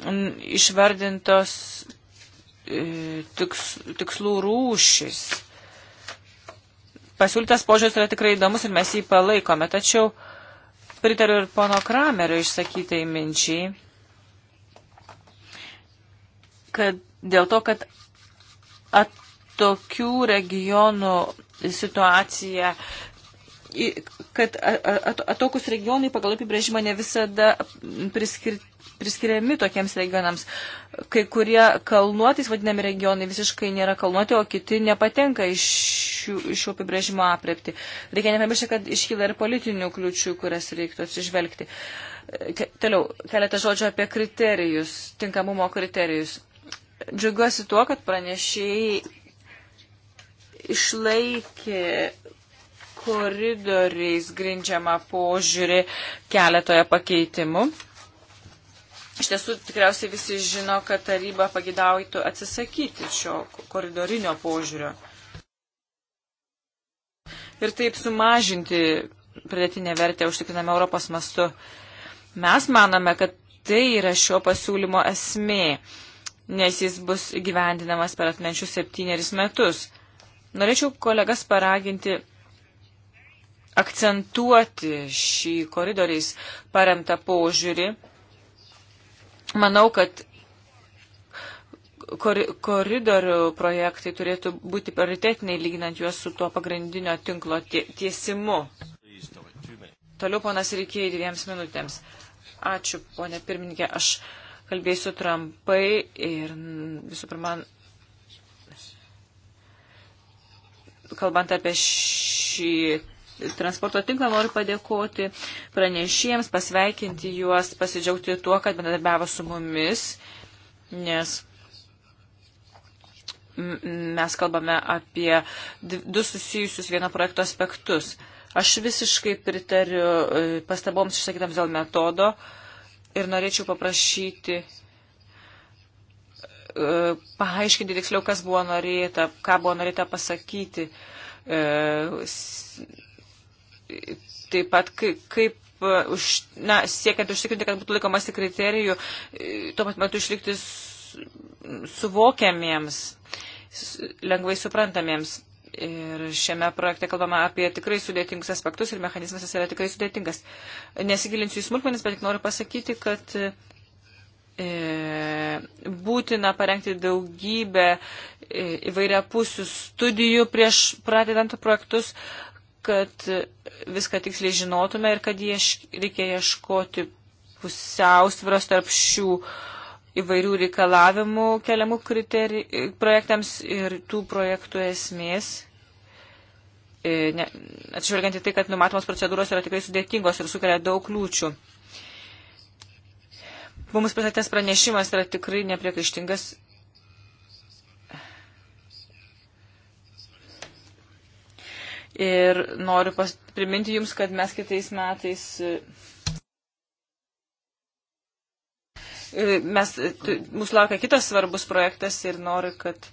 mm, išvardintos e, tiks, tikslų rūšis. Pasiūlytas požiūris yra tikrai įdomus ir mes jį palaikome, tačiau pritariu ir pono Kramerio išsakytai minčiai, kad dėl to, kad tokių regionų situacija, kad atokus regionai pagal apibrėžimą ne visada priskir, priskiriami tokiems regionams. Kai kurie kalnuotis vadinami regionai visiškai nėra kalnuoti, o kiti nepatenka iš šių, šių apibrėžimo aprepti. Reikia nepamiršti, kad iškyla ir politinių kliučių, kurias reiktų atsižvelgti. Toliau, keletą žodžių apie kriterijus, tinkamumo kriterijus Džiugiuosi tuo, kad pranešėjai išlaikė koridoriais grindžiamą požiūrį keletoje pakeitimų. Iš tiesų, tikriausiai visi žino, kad taryba pagidautų atsisakyti šio koridorinio požiūrio ir taip sumažinti pridėtinę vertę užtikrinamą Europos mastu. Mes manome, kad tai yra šio pasiūlymo esmė nes jis bus gyvendinamas per atmenčius septynerius metus. Norėčiau kolegas paraginti akcentuoti šį koridoriais paremtą požiūrį. Manau, kad koridorių projektai turėtų būti prioritetiniai, lyginant juos su tuo pagrindinio tinklo tiesimu. Toliau ponas reikėjo dviems minutėms. Ačiū, ponė pirmininkė. Aš Kalbėsiu trumpai ir visų pirma, kalbant apie šį transporto tinklą noriu padėkoti pranešėjams, pasveikinti juos, pasidžiaugti tuo, kad bendradarbiavo su mumis, nes mes kalbame apie du susijusius vieno projekto aspektus. Aš visiškai pritariu e, pastaboms išsakytams dėl metodo. Uh, ir norėčiau paprašyti e, paaiškinti tiksliau, kas buvo norėta, ką buvo norėta pasakyti. E, taip pat kaip e, už, na, siekiant užtikrinti, kad būtų laikomasi kriterijų, tuo pat metu išlikti suvokiamiems, lengvai suprantamiems. Ir šiame projekte kalbama apie tikrai sudėtingus aspektus ir mechanizmas jis yra tikrai sudėtingas. Nesigilinsiu į smulkmenis, bet tik noriu pasakyti, kad e, būtina parengti daugybę e, įvairiapusių studijų prieš pradedant projektus, kad viską tiksliai žinotume ir kad ieš, reikia ieškoti pusiausvros tarp šių įvairių reikalavimų keliamų kriterijų projektams ir tų projektų esmės. E, atsižvelgiant į tai, kad numatomos procedūros yra tikrai sudėtingos ir sukelia daug kliūčių. Mums pristatęs pranešimas yra tikrai nepriekaištingas. Ir noriu pas, priminti Jums, kad mes kitais metais e, e, mes, mūsų laukia kitas svarbus projektas ir noriu, kad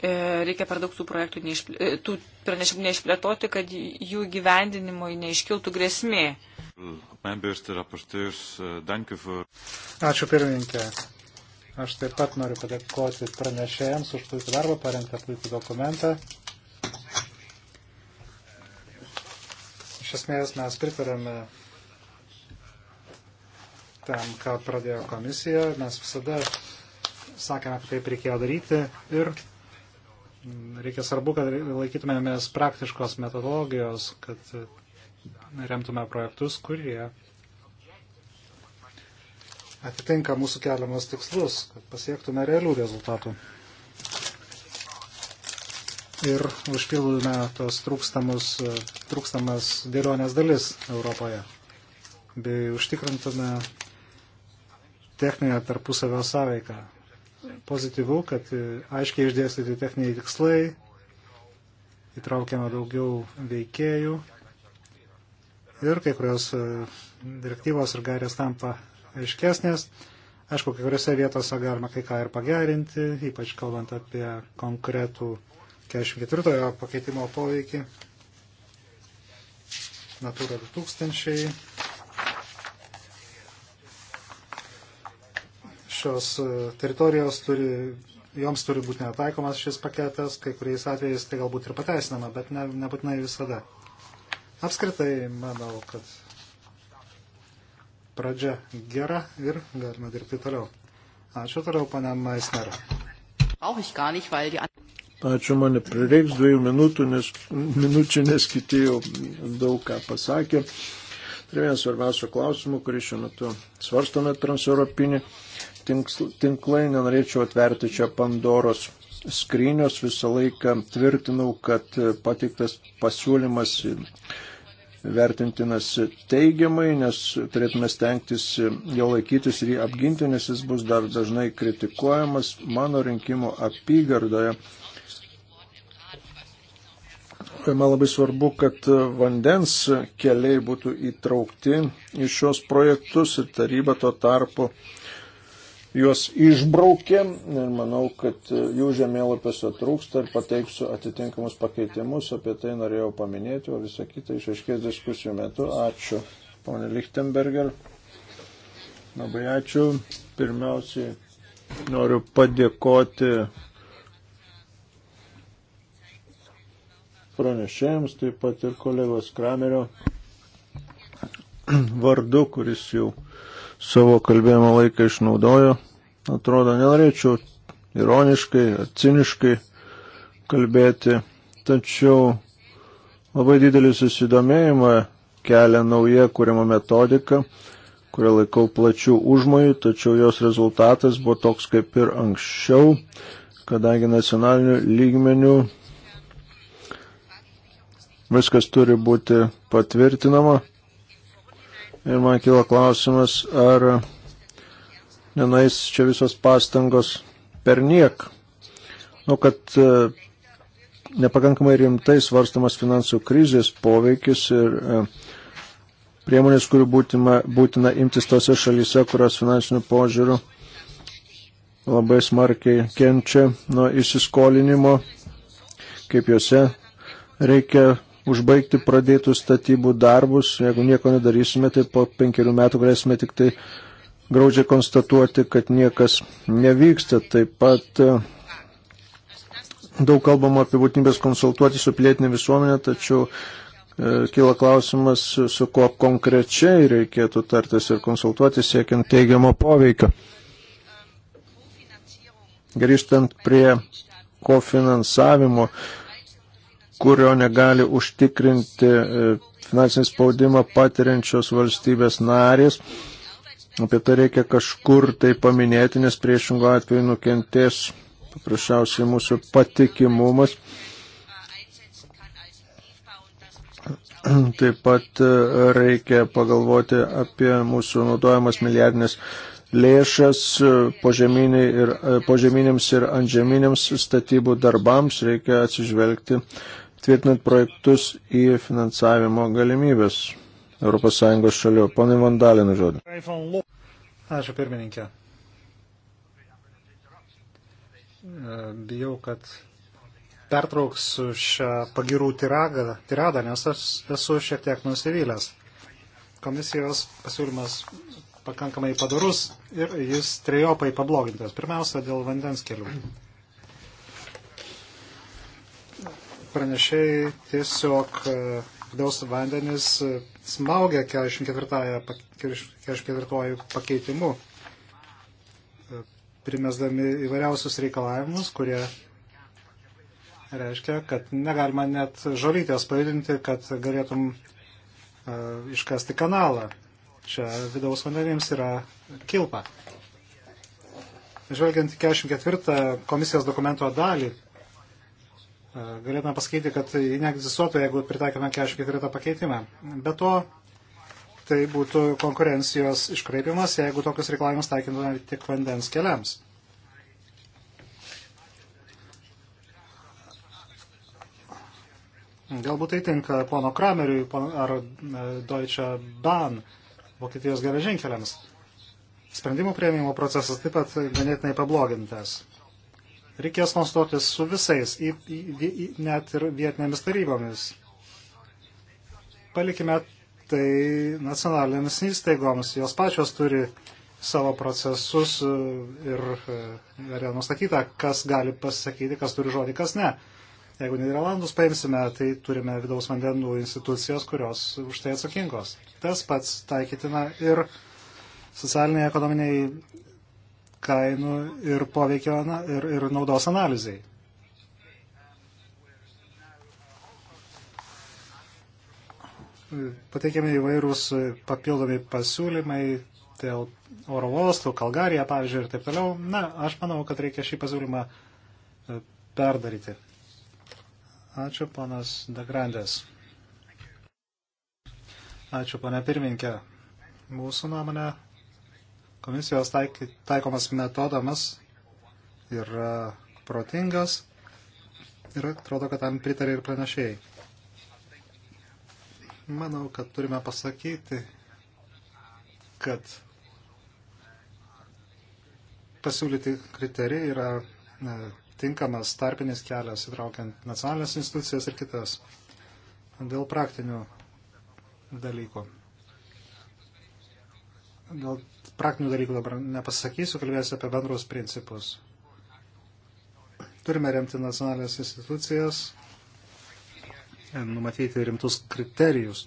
E, reikia per daug tų projektų, neišplė, e, tų pranešimų neišplėtoti, kad jų gyvendinimui neiškiltų grėsmė. E, Ačiū pirmininkė. Aš taip pat noriu padėkoti pranešėjams už puikų darbą, parengtą puikų dokumentą. Iš esmės mes pritarėme tam, ką pradėjo komisija. Mes visada sakėme, kad taip reikėjo daryti ir Reikia svarbu, kad laikytumėmės praktiškos metodologijos, kad e, remtume projektus, kurie atitinka mūsų keliamus tikslus, kad pasiektume realių rezultatų. Ir užpildome tos trūkstamus, e, trūkstamas dėlionės dalis Europoje. Bei užtikrintume techninę tarpusavio sąveiką pozityvu, kad e, aiškiai išdėstyti techniniai tikslai, įtraukiama daugiau veikėjų ir kai kurios e, direktyvos ir gairės tampa aiškesnės. Aišku, kai kuriuose vietose galima kai ką ir pagerinti, ypač kalbant apie konkretų 44 pakeitimo poveikį. Natūra 2000 šios e, teritorijos turi, joms turi būti netaikomas šis paketas, kai kuriais atvejais tai galbūt ir pateisinama, bet ne, nebūtinai visada. Apskritai, manau, kad pradžia gera ir galime dirbti toliau. Ačiū toliau, pane Maisner. Ačiū, man prireiks dviejų minutų, nes, minučių, nes kiti jau daug ką pasakė. Tai vienas svarbiausių klausimų, kurį šiuo metu svarstome transeuropinį tinklai, nenorėčiau atverti čia Pandoros skrynios, visą laiką tvirtinau, kad pateiktas pasiūlymas vertintinas teigiamai, nes turėtume stengtis jo laikytis ir jį apginti, nes jis bus dar dažnai kritikuojamas mano rinkimo apygardoje. Man labai svarbu, kad vandens keliai būtų įtraukti į šios projektus ir taryba tuo tarpu uh, juos išbraukė ir manau, kad e, jų žemėlapiuose trūksta ir pateiksiu atitinkamus pakeitimus, apie tai norėjau paminėti, o visą kitą išaiškės diskusijų metu. Ačiū, ponė Lichtenberger. Labai ačiū. Pirmiausiai noriu padėkoti pranešėjams, taip pat ir kolegos Kramerio vardu, kuris jau savo kalbėjimo laiką išnaudojo. Atrodo, nenorėčiau ironiškai ar ciniškai kalbėti, tačiau labai didelį susidomėjimą kelia nauja kūrimo metodika, kurią laikau plačių užmojų, tačiau jos rezultatas buvo toks kaip ir anksčiau, kadangi nacionaliniu lygmeniu viskas turi būti patvirtinama Ir man kilo klausimas, ar nenais čia visos pastangos per niek. Nu, kad e, nepakankamai rimtai svarstamas finansų krizės poveikis ir e, priemonės, kurių būtina, būtina imtis tose šalyse, kurios finansinių požiūrių labai smarkiai kenčia nuo įsiskolinimo, kaip juose reikia užbaigti pradėtus statybų darbus. Jeigu nieko nedarysime, tai po penkerių metų galėsime tik tai graudžiai konstatuoti, kad niekas nevyksta. Taip pat e, daug kalbama apie būtinybės konsultuoti su pilietinė visuomenė, tačiau e, kyla klausimas, su kuo konkrečiai reikėtų tartis ir konsultuoti siekiant teigiamo poveikio. Grįžtant prie kofinansavimo, finansavimo kurio negali užtikrinti e, finansinį spaudimą patiriančios valstybės narės. Apie tai reikia kažkur tai paminėti, nes priešingo atveju nukentės paprasčiausiai mūsų patikimumas. Taip pat e, reikia pagalvoti apie mūsų naudojamas milijardinės lėšas e, požeminiai ir, požeminiams ir antžeminiams statybų darbams. Reikia atsižvelgti tvirtinant projektus į finansavimo galimybės ES šalių. Pone Vandalinų žodį. Ačiū pirmininkė. E, bijau, kad pertrauksiu šią pagirų tiradą, tiradą, nes aš esu šiek tiek nusivylęs. Komisijos pasiūlymas pakankamai padarus ir jis trejopai pablogintas. Pirmiausia, dėl vandens kelių. pranešėjai tiesiog e, vidaus vandenis e, smaugia 44, 44 pakeitimu, e, primesdami įvairiausius reikalavimus, kurie reiškia, kad negalima net žolytės pajudinti, kad galėtum uh, iškasti kanalą. Čia vidaus vandenims yra kilpa. Žvelgiant į 44 komisijos dokumento dalį, galėtume pasakyti, kad ji neegzistuotų, jeigu pritaikėme 44 pakeitimą. Be to, tai būtų konkurencijos iškraipimas, jeigu tokius reikalavimus taikintume tik vandens keliams. Galbūt tai tinka pono Krameriui ar e, Deutsche Bahn, Vokietijos geležinkeliams. Sprendimų prieimimo procesas taip pat ganėtinai pablogintas. Reikės konsultuotis su visais, į, į, į, net ir vietinėmis tarybomis. Palikime tai nacionalinėms įstaigoms, jos pačios turi savo procesus e, ir e, yra nustatyta, kas gali pasakyti, kas turi žodį, kas ne. Jeigu Niderlandus paimsime, tai turime vidaus vandenų institucijos, kurios už tai atsakingos. Tas pats taikytina ir socialiniai ekonominiai kainų ir poveikio ir, ir naudos analizai. Pateikiami įvairūs papildomi pasiūlymai dėl oro uostų, Kalgarija, pavyzdžiui, ir taip toliau. Na, aš manau, kad reikia šį pasiūlymą e, perdaryti. Ačiū, panas Dagrandės. Ačiū, pane pirminkė. Mūsų nuomonė Komisijos taik, taikomas metodamas yra protingas ir atrodo, kad tam pritarė ir pranešėjai. Manau, kad turime pasakyti, kad pasiūlyti kriterijai yra ne, tinkamas tarpinis kelias įtraukiant nacionalinės institucijas ir kitas dėl praktinių dalykų dėl praktinių dalykų dabar nepasakysiu, kalbėsiu apie bendrus principus. Turime remti nacionalinės institucijas, e, numatyti rimtus kriterijus,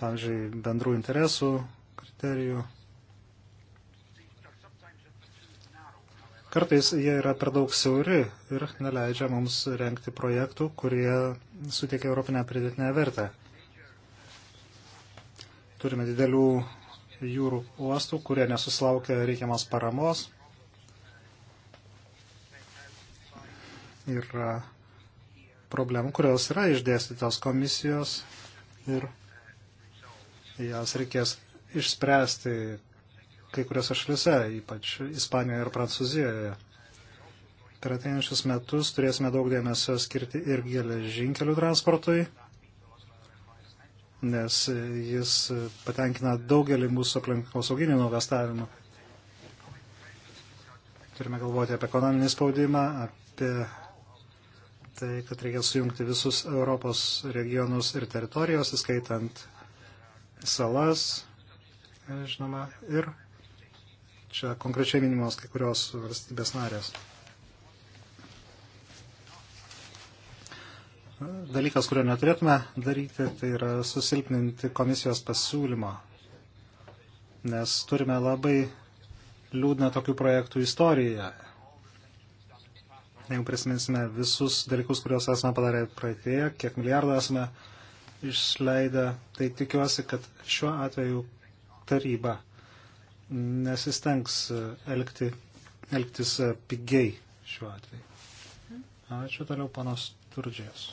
pavyzdžiui, bendrų interesų kriterijų. Kartais jie yra per daug siauri ir neleidžia mums renkti projektų, kurie suteikia Europinę pridėtinę vertę. Turime didelių jūrų uostų, kurie nesusilaukia reikiamas paramos. Yra problemų, kurios yra išdėstytos komisijos ir jas reikės išspręsti kai kuriuose šalise, ypač Ispanijoje ir Prancūzijoje. Per ateinančius metus turėsime daug dėmesio skirti ir geležinkelių transportui nes e, jis e, patenkina daugelį mūsų aplinkosauginių nuogastavimų. Turime galvoti apie ekonominį spaudimą, apie tai, kad reikia sujungti visus Europos regionus ir teritorijos, įskaitant salas, e, žinoma, ir čia konkrečiai minimos kai kurios valstybės narės. dalykas, kurio neturėtume daryti, tai yra susilpninti komisijos pasiūlymą. Nes turime labai liūdną tokių projektų istoriją. Jeigu prisiminsime visus dalykus, kuriuos esame padarę praeitėje, kiek milijardų esame išleidę, tai tikiuosi, kad šiuo atveju taryba nesistengs e, elgti, elgtis e, pigiai šiuo atveju. Ačiū toliau panas Turdžės.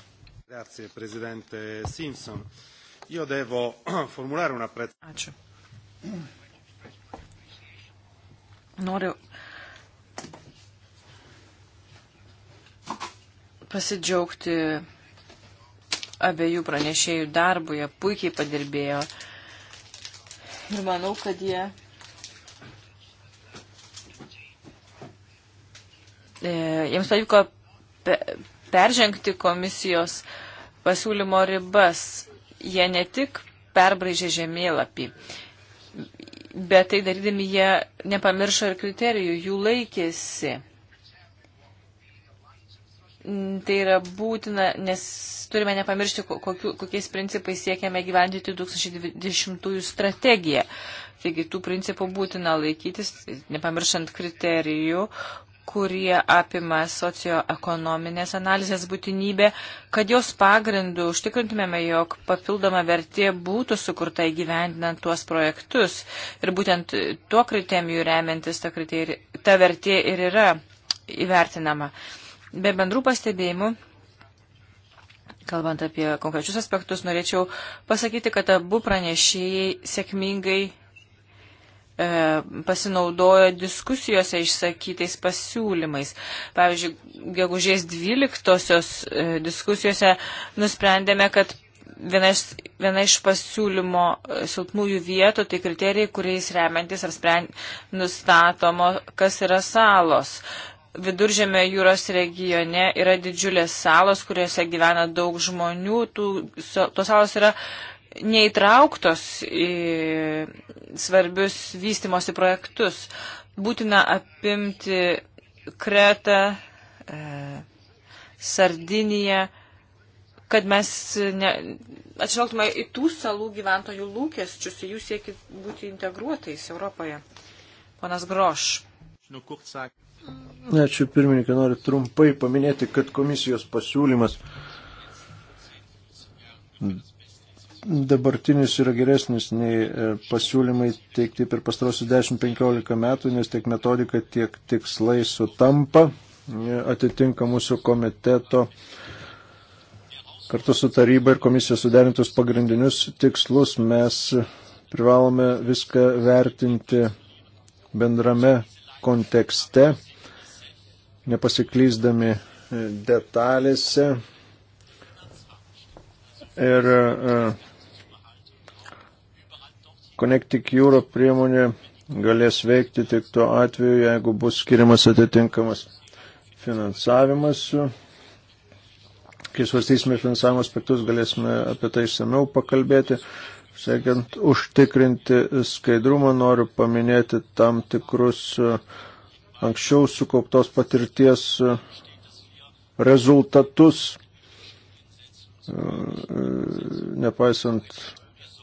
Grazie, prezidente Simpson. Io devo formulare un apprezzamento. Ačiū. Noriu pasidžiaugti abiejų pranešėjų darbų, jie puikiai padirbėjo. Ir manau, kad jie e, jiems pavyko pe, peržengti komisijos pasiūlymo ribas. Jie ne tik perbraižė žemėlapį, bet tai darydami jie nepamiršo ir kriterijų, jų laikėsi. Tai yra būtina, nes turime nepamiršti, kokiu, kokiais principais siekiame gyvendyti 2020 strategiją. Taigi tų principų būtina laikytis, nepamiršant kriterijų, kurie apima socioekonominės analizės būtinybė, kad jos pagrindų užtikrintumėme, jog papildoma vertė būtų sukurta įgyvendinant tuos projektus. Ir būtent tuo kriterijų remiantis ta, kriterij, ta vertė ir yra įvertinama. Be bendrų pastebėjimų. Kalbant apie konkrečius aspektus, norėčiau pasakyti, kad abu pranešėjai sėkmingai E, pasinaudojo diskusijose išsakytais pasiūlymais. Pavyzdžiui, gegužės 12 e, diskusijose nusprendėme, kad viena iš, viena iš pasiūlymo e, silpnųjų vietų tai kriterijai, kuriais remiantis ar sprend, nustatomo, kas yra salos. Viduržėme jūros regione yra didžiulės salos, kuriuose gyvena daug žmonių. Tų, tos salos yra neįtrauktos į svarbius vystimosi projektus. Būtina apimti Kretą, e, Sardiniją, kad mes ne, atšvelgtume į tų salų gyventojų lūkesčius, jų siekit būti integruotais Europoje. Ponas Groš. Ačiū pirmininkai, noriu trumpai paminėti, kad komisijos pasiūlymas dabartinis yra geresnis nei e, pasiūlymai teikti per pastarosius 10-15 metų, nes tiek metodika, tiek tikslai sutampa, e, atitinka mūsų komiteto kartu su taryba ir komisija suderintus pagrindinius tikslus. Mes privalome viską vertinti bendrame kontekste, nepasiklyzdami e, detalėse. Ir uh, Connecting Europe priemonė galės veikti tik tuo atveju, jeigu bus skiriamas atitinkamas finansavimas. Kai svarstysime finansavimo aspektus, galėsime apie tai išsameu pakalbėti. Sėkiant užtikrinti skaidrumą, noriu paminėti tam tikrus e, anksčiau sukauptos patirties e, rezultatus, e, nepaisant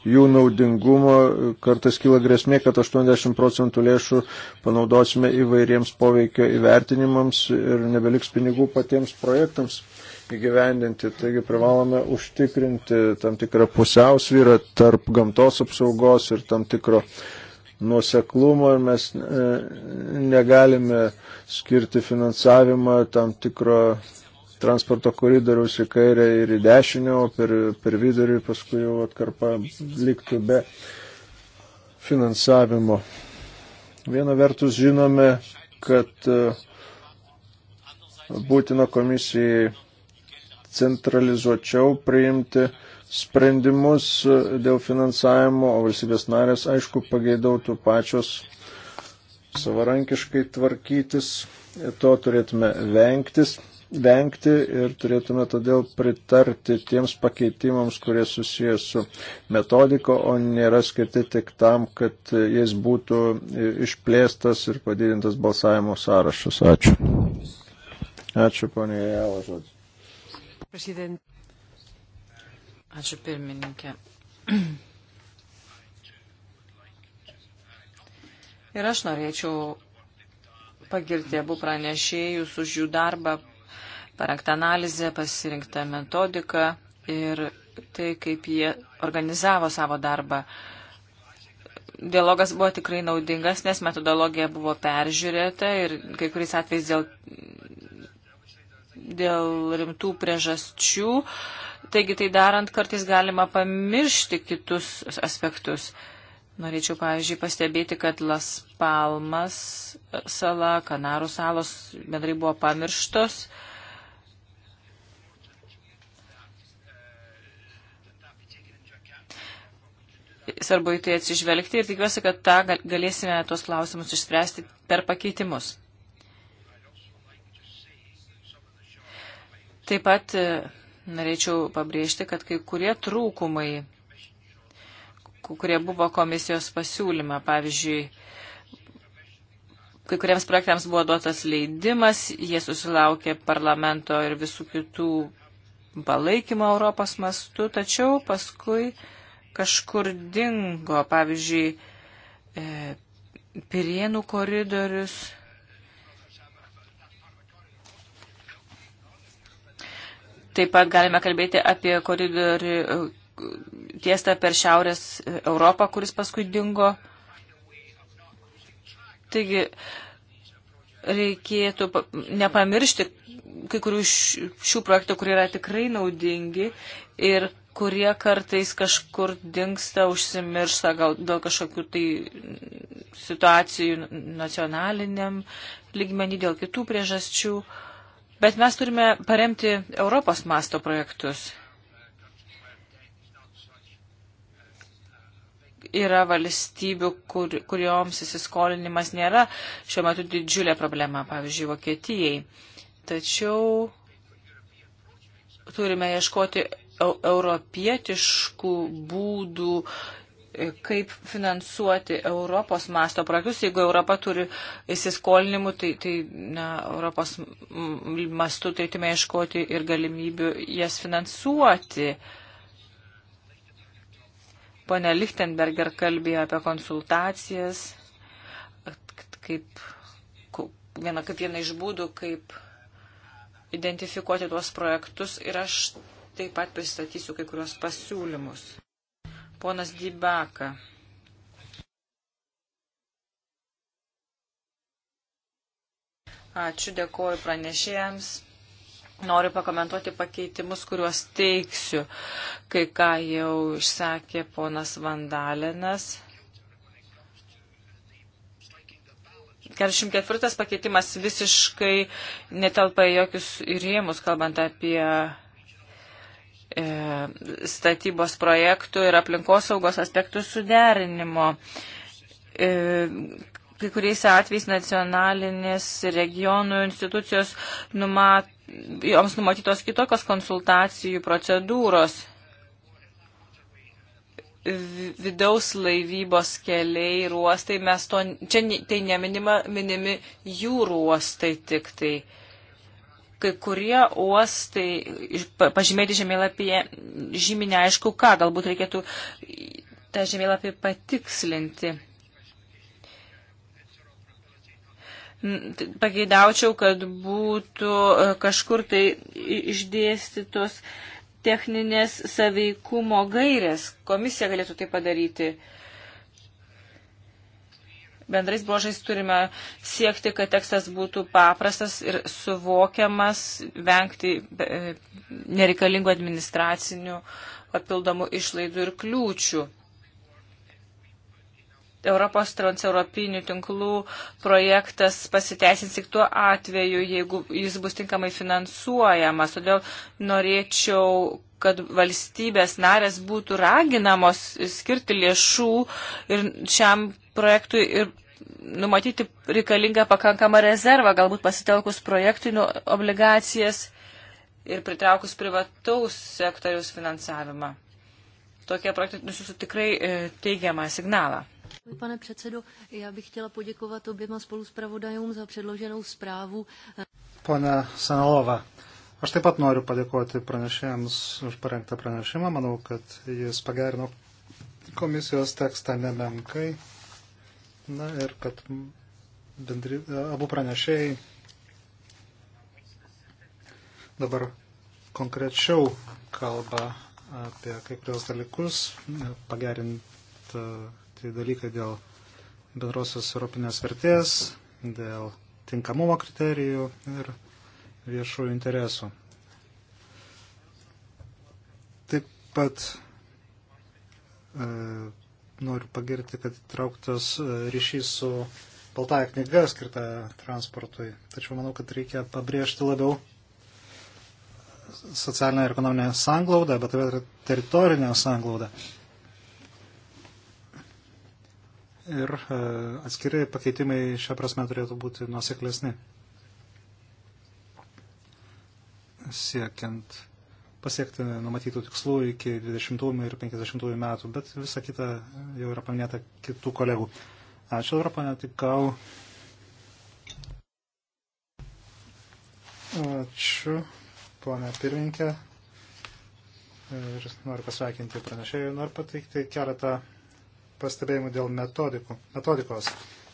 jų naudingumo, kartais kyla grėsmė, kad 80 procentų lėšų panaudosime įvairiems poveikio įvertinimams ir nebeliks pinigų patiems projektams įgyvendinti. Taigi privalome užtikrinti tam tikrą pusiausvyrą tarp gamtos apsaugos ir tam tikro nuoseklumo ir mes e, negalime skirti finansavimą tam tikro transporto koridoriaus į kairę ir į dešinę, o per, per vidurį paskui jau atkarpa liktų be finansavimo. Viena vertus žinome, kad e, būtina komisijai centralizuočiau priimti sprendimus e, dėl finansavimo, o valstybės narės, aišku, pageidautų pačios savarankiškai tvarkytis, to turėtume vengtis vengti ir turėtume todėl pritarti tiems pakeitimams, kurie susijęs su metodiko, o nėra skirti tik tam, kad jis būtų išplėstas ir padidintas balsavimo sąrašas. Ačiū. Ačiū, ponė Jėla, žodžiu. President. Ačiū, pirmininkė. Ir aš norėčiau pagirti abu pranešėjus už jų darbą parengta analizė, pasirinkta metodika ir tai, kaip jie organizavo savo darbą. Dialogas buvo tikrai naudingas, nes metodologija buvo peržiūrėta ir kai kuriais atvejais dėl, dėl rimtų priežasčių. Taigi tai darant kartais galima pamiršti kitus aspektus. Norėčiau, pavyzdžiui, pastebėti, kad Las Palmas sala, Kanarų salos bendrai buvo pamirštos. Uh, svarbu į tai atsižvelgti ir tikiuosi, kad tą galėsime tuos klausimus išspręsti per pakeitimus. Taip pat e, norėčiau pabrėžti, kad kai kurie trūkumai, kurie buvo komisijos pasiūlyma, pavyzdžiui, kai kuriems projektams buvo duotas leidimas, jie susilaukė parlamento ir visų kitų palaikymo Europos mastu, tačiau paskui uh, kažkur dingo, pavyzdžiui, e, Pirienų koridorius. Taip pat galime kalbėti apie koridorių e, tiestą per Šiaurės Europą, kuris paskui dingo. Taigi, e, reikėtų nepamiršti kai kurių šių projektų, kurie yra tikrai naudingi ir kurie kartais kažkur dinksta, užsimiršta gal dėl kažkokių tai situacijų nacionaliniam lygmenį, dėl kitų priežasčių. Bet mes turime paremti Europos masto projektus. yra valstybių, kur, kurioms įsiskolinimas nėra šiuo metu didžiulė problema, pavyzdžiui, Vokietijai. Tačiau turime ieškoti europietiškų būdų, e, kaip finansuoti Europos masto projektus. Jeigu Europa turi įsiskolinimų, tai, tai na, Europos mastu tai turime ieškoti ir galimybių jas finansuoti. Uh, Pone Lichtenberger kalbėjo apie konsultacijas, kaip viena kaip viena iš būdų, kaip identifikuoti tuos projektus ir aš taip pat pristatysiu kai kurios pasiūlymus. Ponas Dybaka. Ačiū, dėkoju pranešėjams. Noriu pakomentuoti pakeitimus, kuriuos teiksiu, kai ką jau išsakė ponas Vandalinas. 44 pakeitimas visiškai netelpa į jokius rėmus, kalbant apie e, statybos projektų ir aplinkosaugos aspektų suderinimo. E, kai kuriais atvejais nacionalinės regionų institucijos numato joms numatytos kitokios konsultacijų procedūros. Vidaus laivybos keliai ir uostai, mes to, čia tai neminima, minimi jūrų uostai tik tai. Kai kurie uostai, pažymėti žemėlapyje, žymi neaišku ką, galbūt reikėtų tą žemėlapį patikslinti. pageidaučiau, kad būtų e, kažkur tai išdėstytos techninės saveikumo gairės. Komisija galėtų tai padaryti. Bendrais brožais turime siekti, kad tekstas būtų paprastas ir suvokiamas, vengti e, nereikalingų administracinių papildomų išlaidų ir kliūčių. Europos transeuropinių tinklų projektas pasiteisins tik tuo atveju, jeigu jis bus tinkamai finansuojamas. Todėl norėčiau, kad valstybės narės būtų raginamos skirti lėšų ir šiam projektui ir numatyti reikalingą pakankamą rezervą, galbūt pasitelkus projektinių nu, obligacijas ir pritraukus privataus sektoriaus finansavimą. Tokie projektai nusiūsų tikrai e, teigiamą signalą. Pane předsedo, já bych chtěla poděkovat oběma spoluspravodajům za předloženou zprávu. Pone Sanalova, aš taip pat noriu padėkoti pranešėjams už parengtą pranešimą. Manau, kad jis pagerino komisijos tekstą nemenkai. Na ir kad bendri, abu pranešėjai dabar konkrečiau kalba apie kai kurios dalykus, pagerint tai dalykai dėl bendrosios europinės vertės, dėl tinkamumo kriterijų ir viešųjų interesų. Taip pat e, noriu pagirti, kad įtrauktas e, ryšys su Baltąją knygą skirtą transportui. Tačiau manau, kad reikia pabrėžti labiau socialinę ir ekonominę sanglaudą, bet taip pat teritorinę sanglaudą. E, ir e, atskiri pakeitimai šią prasme turėtų būti nuoseklesni. Siekiant pasiekti numatytų tikslų iki 20 ir 50 metų, bet visa kita jau yra paminėta kitų kolegų. Ačiū Europą, netikau. Ačiū, ponė pirminkė. Ir noriu pasveikinti pranešėjų, noriu pateikti keletą pastebėjimų dėl metodikų, metodikos.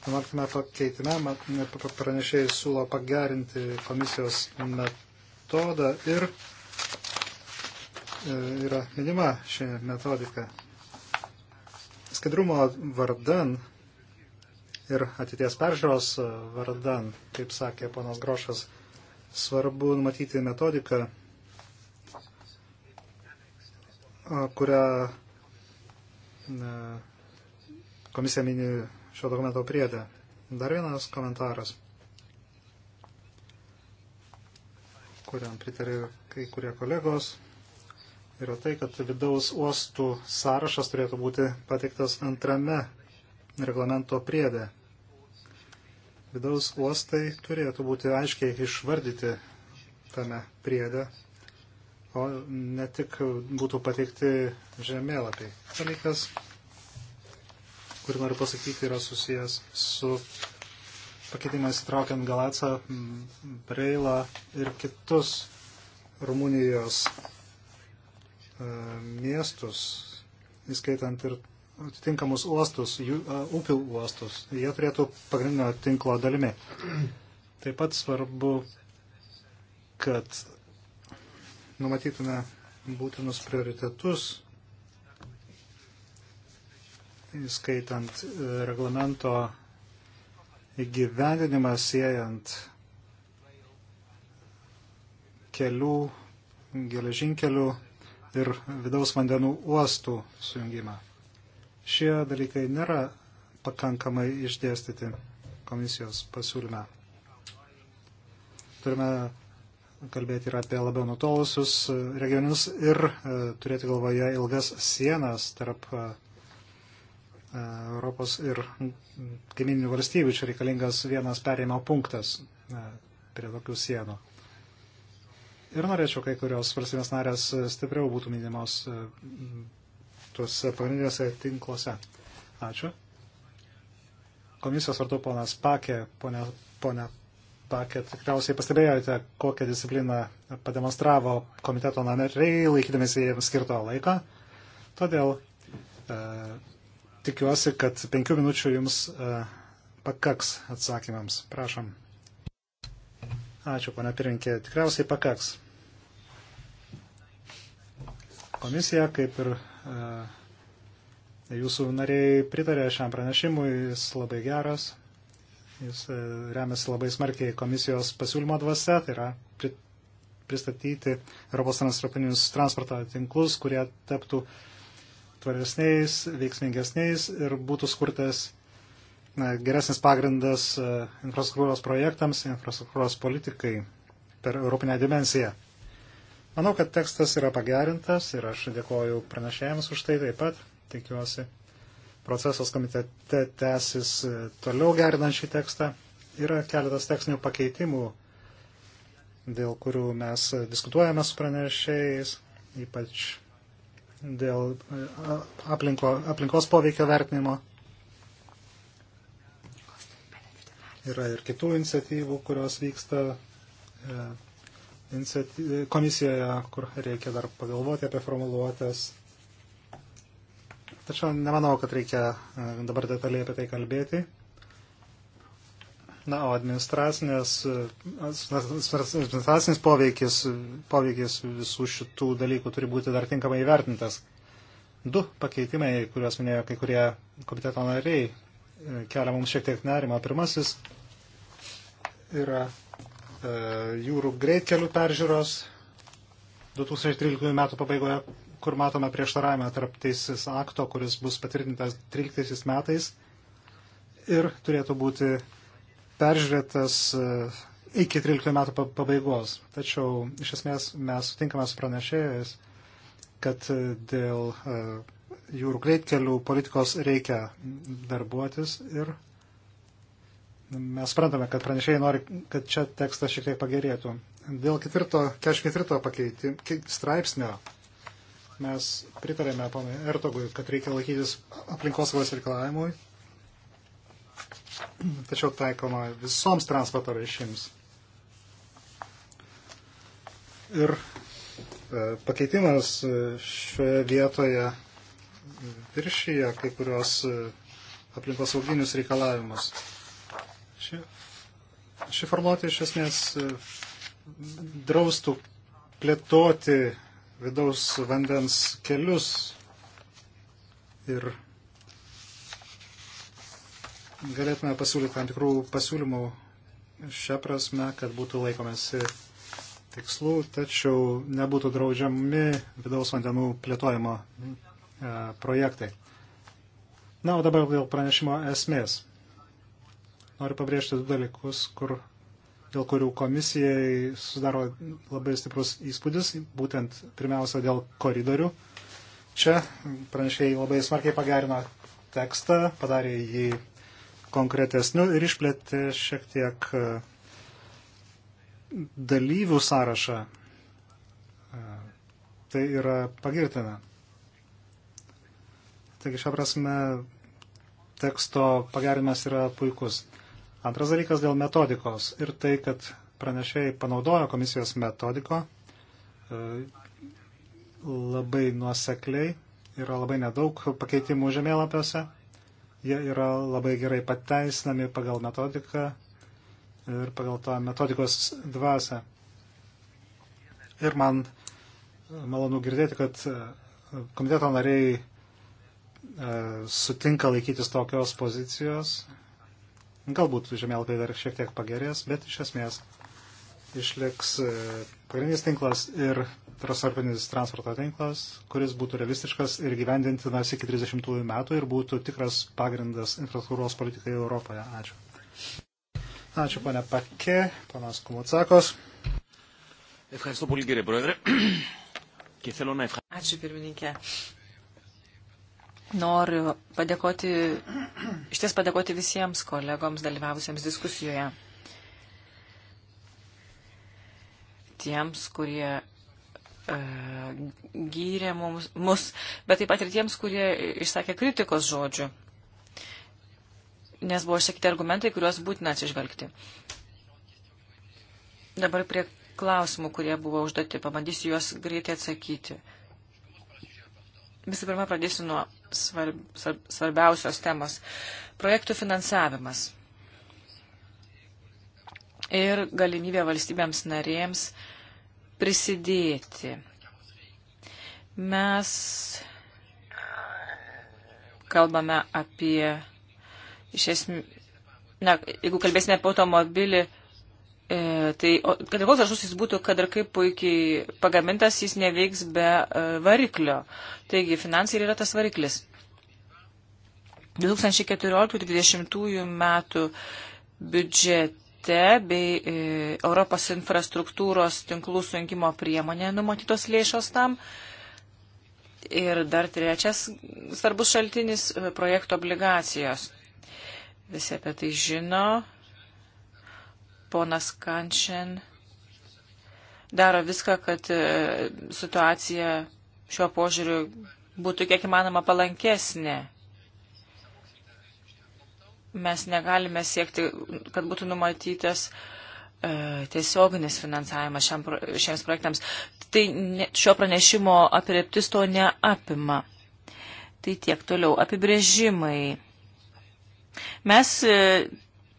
11 pakeitime pranešėjai siūlo pagerinti komisijos metodą ir e, yra minima ši metodika. Skaidrumo vardan ir ateities peržiūros vardan, kaip sakė ponas Grošas, svarbu numatyti metodiką, kurią komisija mini šio dokumento priedę. Dar vienas komentaras, kuriam pritarė kai kurie kolegos, yra tai, kad vidaus uostų sąrašas turėtų būti pateiktas antrame reglamento priedė. Vidaus uostai turėtų būti aiškiai išvardyti tame priedė, o ne tik būtų pateikti žemėlapiai. Dalykas kurį noriu pasakyti, yra susijęs su pakeitimais traukiant Galacą, Breilą ir kitus Rumunijos e, miestus, įskaitant ir atitinkamus uostus, jų, e, upių uostus. Jie turėtų pagrindinio tinklo dalimi. Taip pat svarbu, kad numatytume būtinus prioritetus įskaitant e, reglamento įgyvendinimą siejant kelių, geležinkelių ir vidaus vandenų uostų sujungimą. Šie dalykai nėra pakankamai išdėstyti komisijos pasiūlyme. Turime kalbėti ir apie labiau nutolusius e, regionus ir e, turėti galvoje ilgas sienas tarp E, Europos ir kaimininių valstybių. Čia reikalingas vienas perėjimo punktas e, prie tokių sienų. Ir norėčiau, kai kurios valstybės narės stipriau būtų minimos e, tuose pagrindinėse tinkluose. Ačiū. Komisijos vardu ponas Pakė, ponė, ponė Pakė, tikriausiai pastebėjote, kokią discipliną pademonstravo komiteto nariai, laikydamėsi jiems skirto laiką. Todėl e, tikiuosi, kad penkių minučių jums e, pakaks atsakymams. Prašom. Ačiū, pana pirinkė. Tikriausiai pakaks. Komisija, kaip ir e, jūsų nariai, pritarė šiam pranešimui. Jis labai geras. Jis e, remiasi labai smarkiai komisijos pasiūlymo dvasia. Tai yra pristatyti Europos transportinius transporto tinklus, kurie taptų uh, tvaresniais, veiksmingesniais ir būtų skurtas na, geresnis pagrindas e, infrastruktūros projektams, infrastruktūros politikai per europinę dimensiją. Manau, kad tekstas yra pagerintas ir aš dėkoju pranešėjams už tai taip pat, tikiuosi. Procesas komitete tęsis e, toliau gerinant šį tekstą. Yra keletas tekstinių pakeitimų, dėl kurių mes e, diskutuojame su pranešėjais, ypač dėl aplinko, aplinkos poveikio vertinimo. Yra ir kitų iniciatyvų, kurios vyksta e, komisijoje, kur reikia dar pagalvoti apie formuluotės. Tačiau nemanau, kad reikia e, dabar detaliai apie tai kalbėti. Na, o administracinės, administracinis poveikis, poveikis visų šitų dalykų turi būti dar tinkamai įvertintas. Du pakeitimai, kuriuos minėjo kai kurie komiteto nariai, e, kelia mums šiek tiek nerimo. Pirmasis yra e, jūrų greitkelių peržiūros 2013 metų pabaigoje, kur matome prieštaravimą tarp teisės akto, kuris bus patvirtintas 13 metais ir turėtų būti peržiūrėtas e, iki 13 metų pabaigos. Tačiau iš esmės mes sutinkame su pranešėjais, kad e, dėl e, jūrų greitkelių politikos reikia darbuotis ir mes sprantame, kad pranešėjai nori, kad čia tekstas šiek tiek pagerėtų. Dėl 44 pakeiti straipsnio mes pritarėme ponui Ertogui, kad reikia laikytis aplinkosaugos reikalavimui tačiau taikoma visoms transporto raišims. Ir e, pakeitimas e, šioje vietoje viršyje kai kurios e, aplinkosauginius reikalavimus. Ši, ši formuotė iš esmės draustų plėtoti vidaus vandens kelius ir galėtume pasiūlyti tam tikrų pasiūlymų šią prasme, kad būtų laikomasi tikslų, tačiau nebūtų draudžiami vidaus vandenų plėtojimo e, projektai. Na, o dabar dėl pranešimo esmės. Noriu pabrėžti du dalykus, kur, dėl kurių komisijai sudaro labai stiprus įspūdis, būtent pirmiausia dėl koridorių. Čia pranešėjai labai smarkiai pagerino tekstą, padarė jį konkretesniu ir išplėtė šiek tiek e, dalyvių sąrašą. E, tai yra pagirtina. Taigi šią prasme teksto pagerinimas yra puikus. Antras dalykas dėl metodikos ir tai, kad pranešėjai panaudojo komisijos metodiko e, labai nuosekliai, yra labai nedaug pakeitimų žemėlapiuose. Jie yra labai gerai pateisinami pagal metodiką ir pagal tą metodikos dvasę. Ir man malonu girdėti, kad e, komiteto nariai e, sutinka laikytis tokios pozicijos. Galbūt žemėlapiai dar šiek tiek pagerės, bet iš esmės išliks e, pagrindinis tinklas ir transeuropinis transporto tinklas, kuris būtų realistiškas ir gyvendintinas iki 30 metų ir būtų tikras pagrindas infrastruktūros politikai Europoje. Ačiū. Ačiū, ponia Pakė, panas Kumutsakos. Ačiū, pirmininkė. Noriu padėkoti, iš ties padėkoti visiems kolegoms dalyvavusiems diskusijoje. Tiems, kurie E, gyrė mums, mus, bet taip pat ir tiems, kurie išsakė kritikos žodžių, nes buvo išsakyti argumentai, kuriuos būtina atsižvelgti. Dabar prie klausimų, kurie buvo užduoti, pabandysiu juos greitai atsakyti. Visų pirma, pradėsiu nuo svarb, svarb, svarbiausios temos - projektų finansavimas ir galimybė valstybėms narėms uh, prisidėti. Mes kalbame apie, iš esmės, na, jeigu kalbėsime apie automobilį, e, tai o, kad ir koks gražus jis būtų, kad ir kaip puikiai pagamintas, jis neveiks be e, variklio. Taigi, finansai yra tas variklis. 2014-2020 metų biudžet biudžete bei e, Europos infrastruktūros tinklų sujungimo priemonė numatytos lėšos tam. Ir dar trečias svarbus šaltinis - e, projekto obligacijos. Visi apie tai žino. Ponas Kančen daro viską, kad e, situacija šiuo požiūriu būtų kiek įmanoma palankesnė mes negalime siekti, kad būtų numatytas e, tiesioginis finansavimas šiam, šiems projektams. Tai ne, šio pranešimo apreptis to neapima. Tai tiek toliau. Apibrėžimai. Mes e,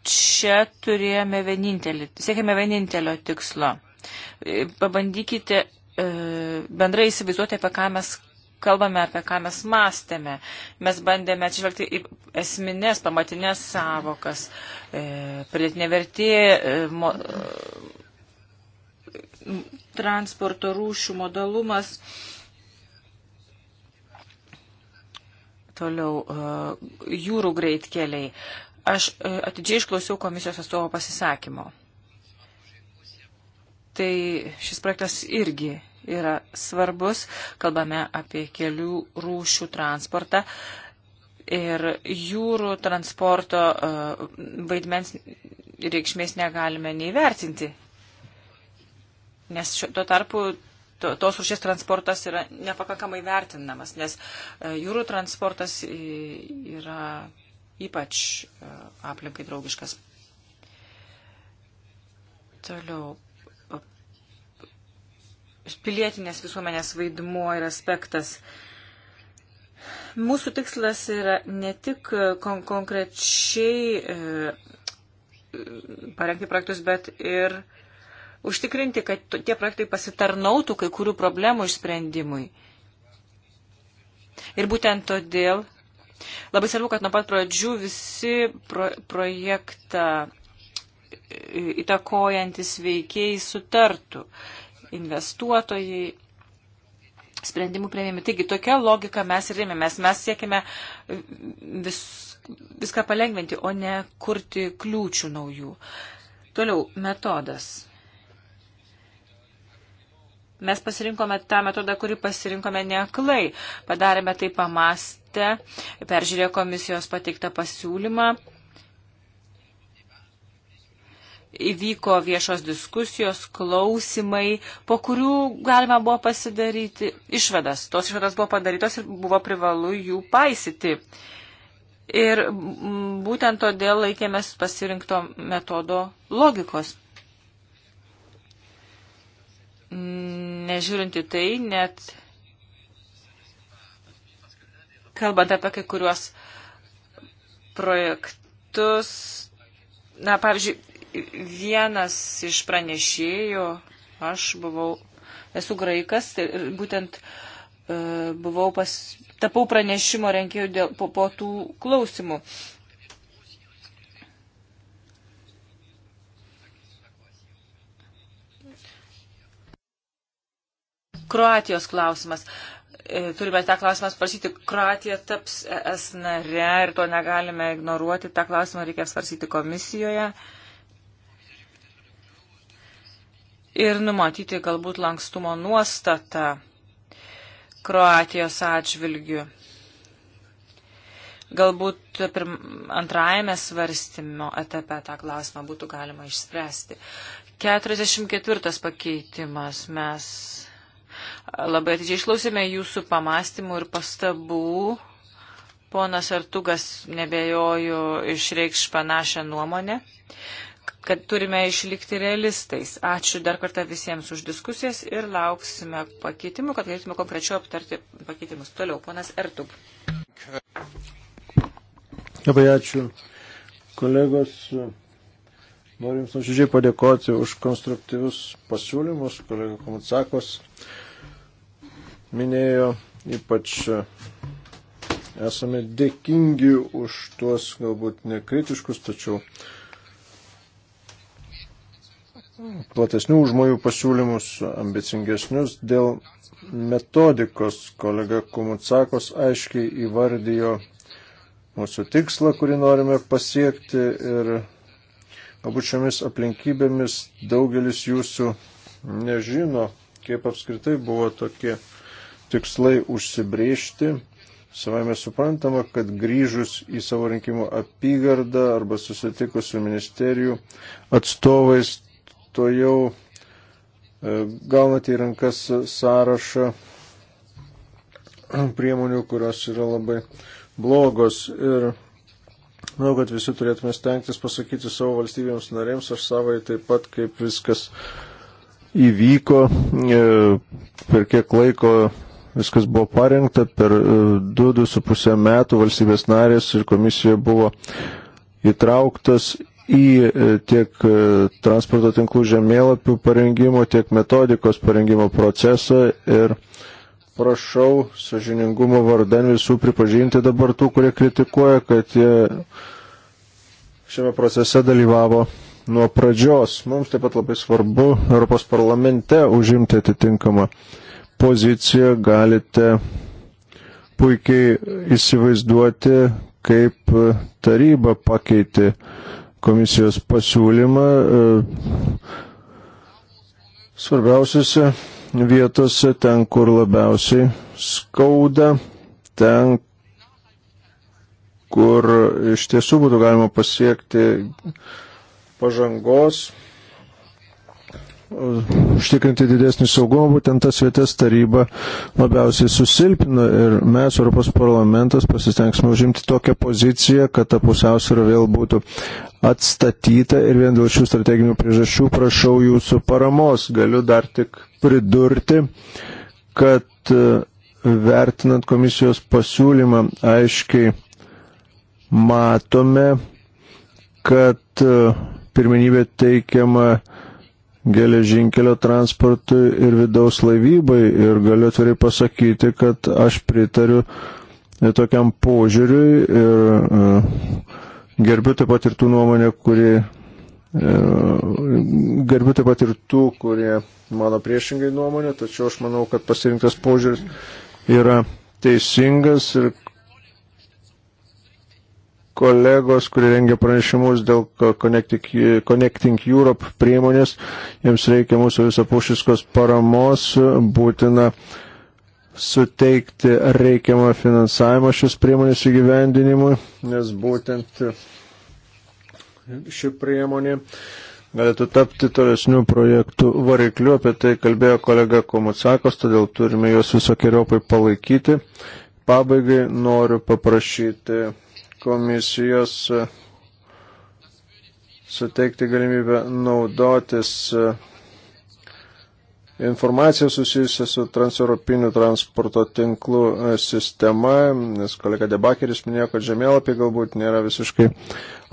čia turėjome vienintelį, siekėme vienintelio tikslo. E, pabandykite e, bendrai įsivaizduoti, apie ką mes kalbame, apie ką mes mąstėme. Mes bandėme atžvelgti į esminės, pamatinės savokas. E, Pridėtinė vertė, e, mo, e, transporto rūšių modalumas. Toliau e, jūrų greitkeliai. Aš e, atidžiai išklausiau komisijos atstovo pasisakymo. Tai šis projektas irgi yra svarbus. Kalbame apie kelių rūšių transportą. Ir jūrų transporto e, vaidmens reikšmės negalime neįvertinti. Nes šio, tuo tarpu to, tos rušės transportas yra nepakankamai vertinamas, nes e, jūrų transportas e, yra ypač aplinkai draugiškas. Toliau pilietinės visuomenės vaidmuo ir aspektas. Mūsų tikslas yra ne tik e, kon konkrečiai e, parengti projektus, bet ir užtikrinti, kad tie projektai pasitarnautų kai kurių problemų išsprendimui. Ir būtent todėl labai svarbu, kad nuo pat pradžių visi pro projektą įtakojantis veikiai sutartų investuotojai, sprendimų prieimimi. Taigi tokia logika mes ir rėmėmės. Mes siekime vis, viską palengventi, o ne kurti kliūčių naujų. Toliau, metodas. Mes pasirinkome tą metodą, kurį pasirinkome neklai. Padarėme tai pamastę, peržiūrėjo komisijos pateiktą pasiūlymą įvyko viešos diskusijos, klausimai, po kurių galima buvo pasidaryti išvadas. Tos išvadas buvo padarytos ir buvo privalu jų paisyti. Ir būtent todėl laikėmės pasirinkto metodo logikos. Nežiūrinti tai, net kalbant apie kai kuriuos projektus, na, pavyzdžiui, vienas iš pranešėjų, aš buvau, esu graikas ir būtent e, buvau pas, tapau pranešimo renkėjų dėl, po, po tų klausimų. Kroatijos klausimas. E, turime tą klausimą svarsyti. Kroatija taps es nare ir to negalime ignoruoti. Ta klausimą reikia svarsyti komisijoje. Uh, ir numatyti galbūt lankstumo nuostatą Kroatijos atžvilgių. Galbūt pirm, antrajame svarstymo etape tą klausimą būtų galima išspręsti. 44 pakeitimas. Mes labai atidžiai išklausėme jūsų pamastymų ir pastabų. Ponas Artugas, nebejoju, išreikš panašią nuomonę kad turime išlikti realistais. Ačiū dar kartą visiems už diskusijas ir lauksime pakeitimų, kad galėtume konkrečiau aptarti pakeitimus. Toliau, ponas Ertug. Labai ačiū, kolegos. Noriu Jums nuoširdžiai padėkoti už konstruktyvius pasiūlymus. Kolega Komatsakos minėjo ypač esame dėkingi už tuos galbūt nekritiškus, tačiau uh, platesnių užmojų pasiūlymus, ambicingesnius. Dėl metodikos kolega Kumutsakos aiškiai įvardijo mūsų tikslą, kurį norime pasiekti ir galbūt šiomis aplinkybėmis daugelis jūsų nežino, kaip apskritai buvo tokie tikslai užsibriežti. Savame suprantama, kad grįžus į savo rinkimų apygardą arba susitikus su ministerijų atstovais to jau e, gaunate į rankas sąrašą priemonių, kurios yra labai blogos. Ir manau, kad visi turėtume stengtis pasakyti savo valstybėms narėms, aš savai taip pat, kaip viskas įvyko, e, per kiek laiko viskas buvo parengta, per 2-2,5 e, metų valstybės narės ir komisija buvo įtrauktas į e, tiek e, transporto tinklų žemėlapių parengimo, tiek metodikos parengimo procesą ir prašau sažiningumo vardan visų pripažinti dabar tų, kurie kritikuoja, kad jie šiame procese dalyvavo nuo pradžios. Mums taip pat labai svarbu Europos parlamente užimti atitinkamą poziciją, galite puikiai įsivaizduoti, kaip taryba pakeitė komisijos pasiūlymą e, svarbiausiose vietose, ten, kur labiausiai skauda, ten, kur iš tiesų būtų galima pasiekti pažangos užtikrinti didesnį saugumą, būtent tas vietas taryba labiausiai susilpino ir mes, Europos parlamentas, pasistengsime užimti tokią poziciją, kad ta pusiausvyrą vėl būtų atstatyta ir vien dėl šių strateginių priežasčių prašau jūsų paramos. Galiu dar tik pridurti, kad e, vertinant komisijos pasiūlymą aiškiai matome, kad e, pirmenybė teikiama geležinkelio transportui ir vidaus laivybai ir galiu atvirai pasakyti, kad aš pritariu e, tokiam požiūriui ir e, gerbiu taip pat ir tų nuomonę, kurie gerbiu taip pat ir tų, kurie mano priešingai nuomonė, tačiau aš manau, kad pasirinktas požiūris yra teisingas ir kolegos, kurie rengia pranešimus dėl Connecting Europe priemonės, jiems reikia mūsų visapušiškos paramos, būtina suteikti reikiamą finansavimą šios priemonės įgyvendinimui, nes būtent ši priemonė galėtų tapti tolesnių projektų varikliu, apie tai kalbėjo kolega Komutsakos, todėl turime juos visokiojopai palaikyti. Pabaigai noriu paprašyti komisijos e, suteikti galimybę naudotis e, informacija susijusia su transeuropiniu transporto tinklu e, sistema, nes kolega Debakeris minėjo, kad žemėlapiai galbūt nėra visiškai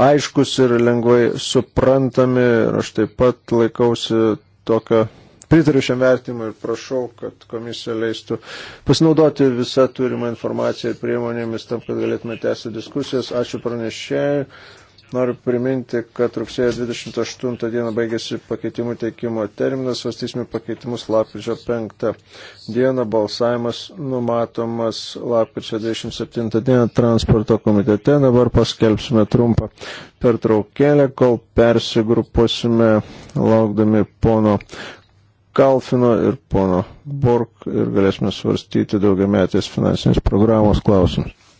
aiškus ir lengvai suprantami ir aš taip pat laikausi tokio pritariu šiam vertimui ir prašau, kad komisija leistų pasinaudoti visą turimą informaciją ir priemonėmis tam, kad galėtume tęsti diskusijas. Ačiū pranešėjai. Noriu priminti, kad rugsėjo 28 dieną baigėsi pakeitimų teikimo terminas, svastysime pakeitimus lapkričio 5 dieną, balsavimas numatomas lapkričio 27 dieną transporto komitete, dabar paskelbsime trumpą pertraukėlę, kol persigrupuosime laukdami pono Kalfino ir pono Borg ir galėsime svarstyti daugiametės finansinės programos klausimus.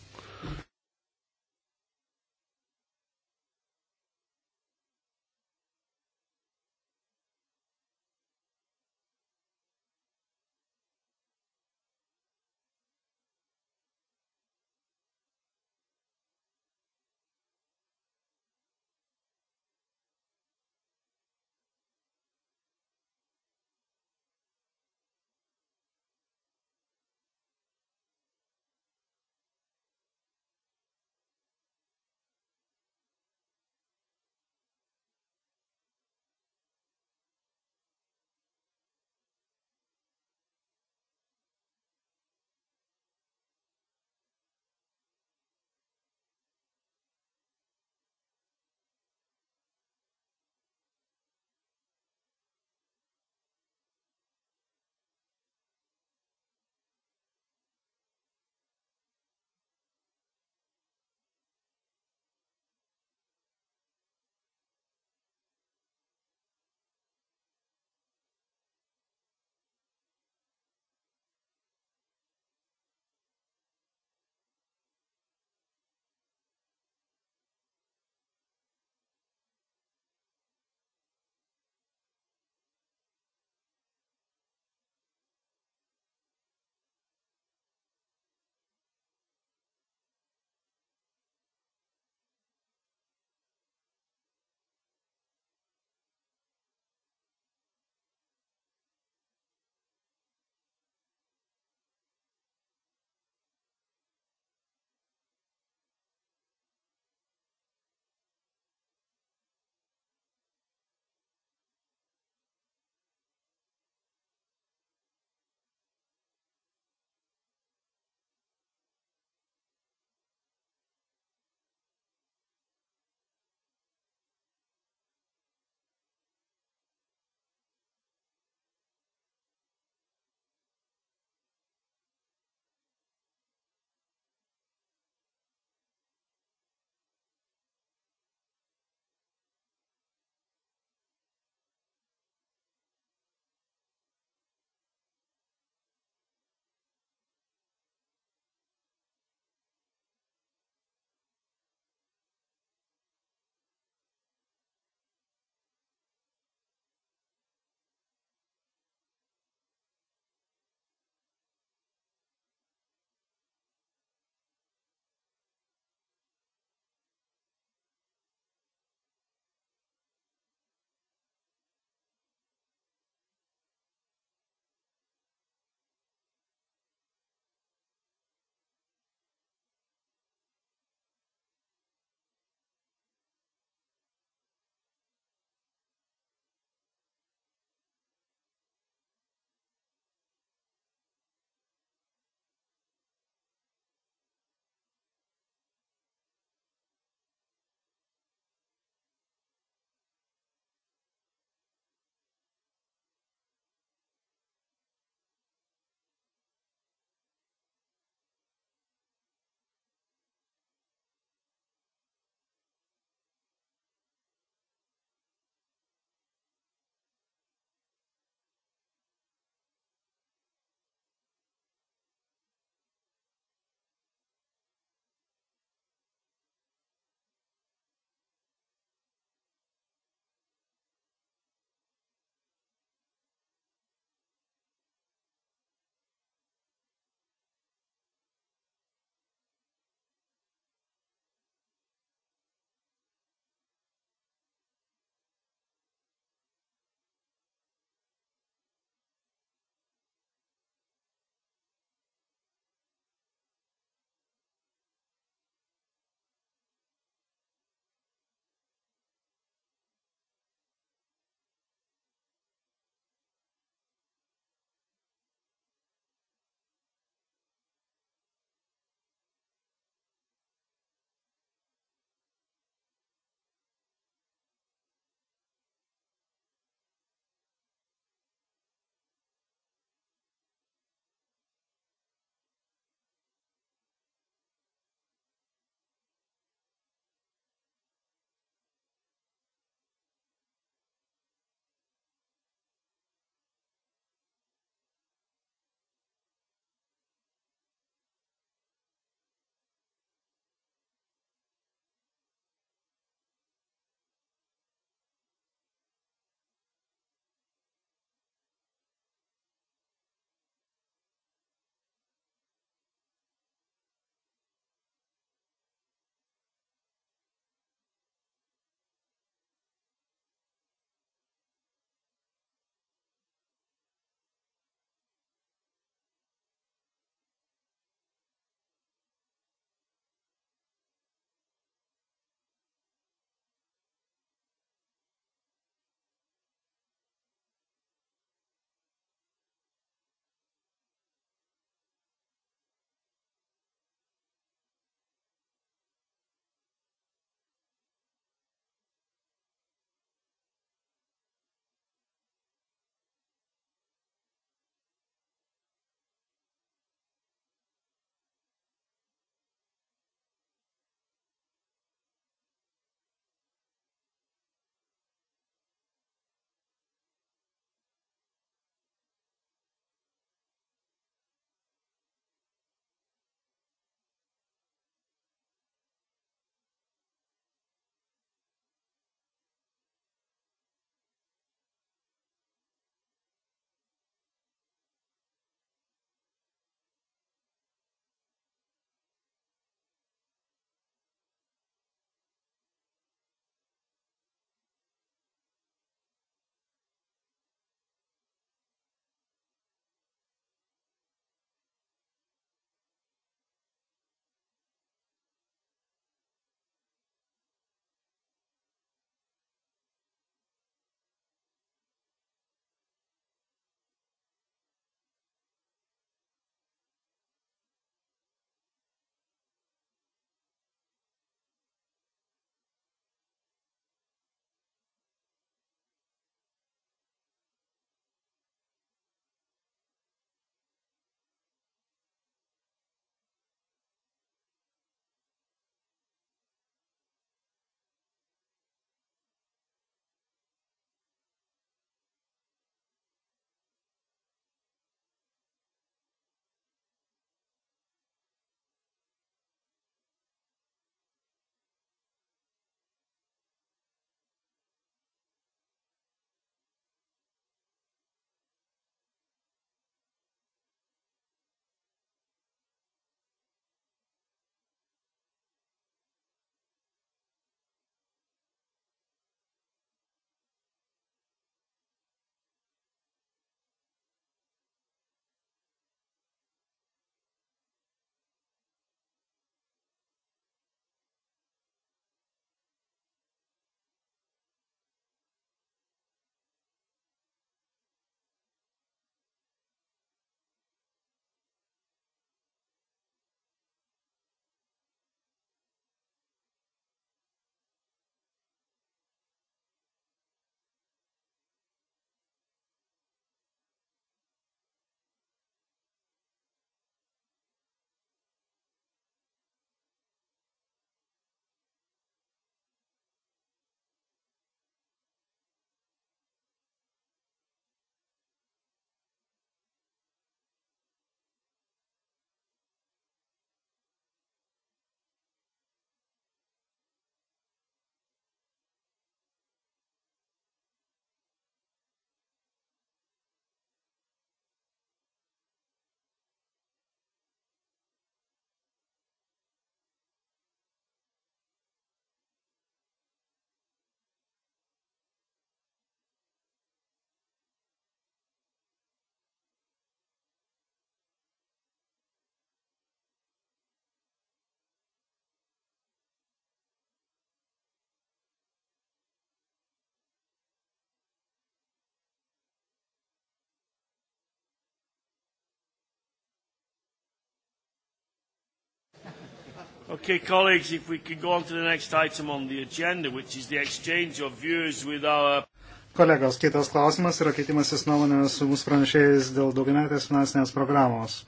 Okay, colleagues, if we could go on to the next item on the agenda, which is the exchange of views with our... Kolegos, kitas klausimas yra keitimasis nuomonės su mūsų pranešėjais dėl daugiametės finansinės programos.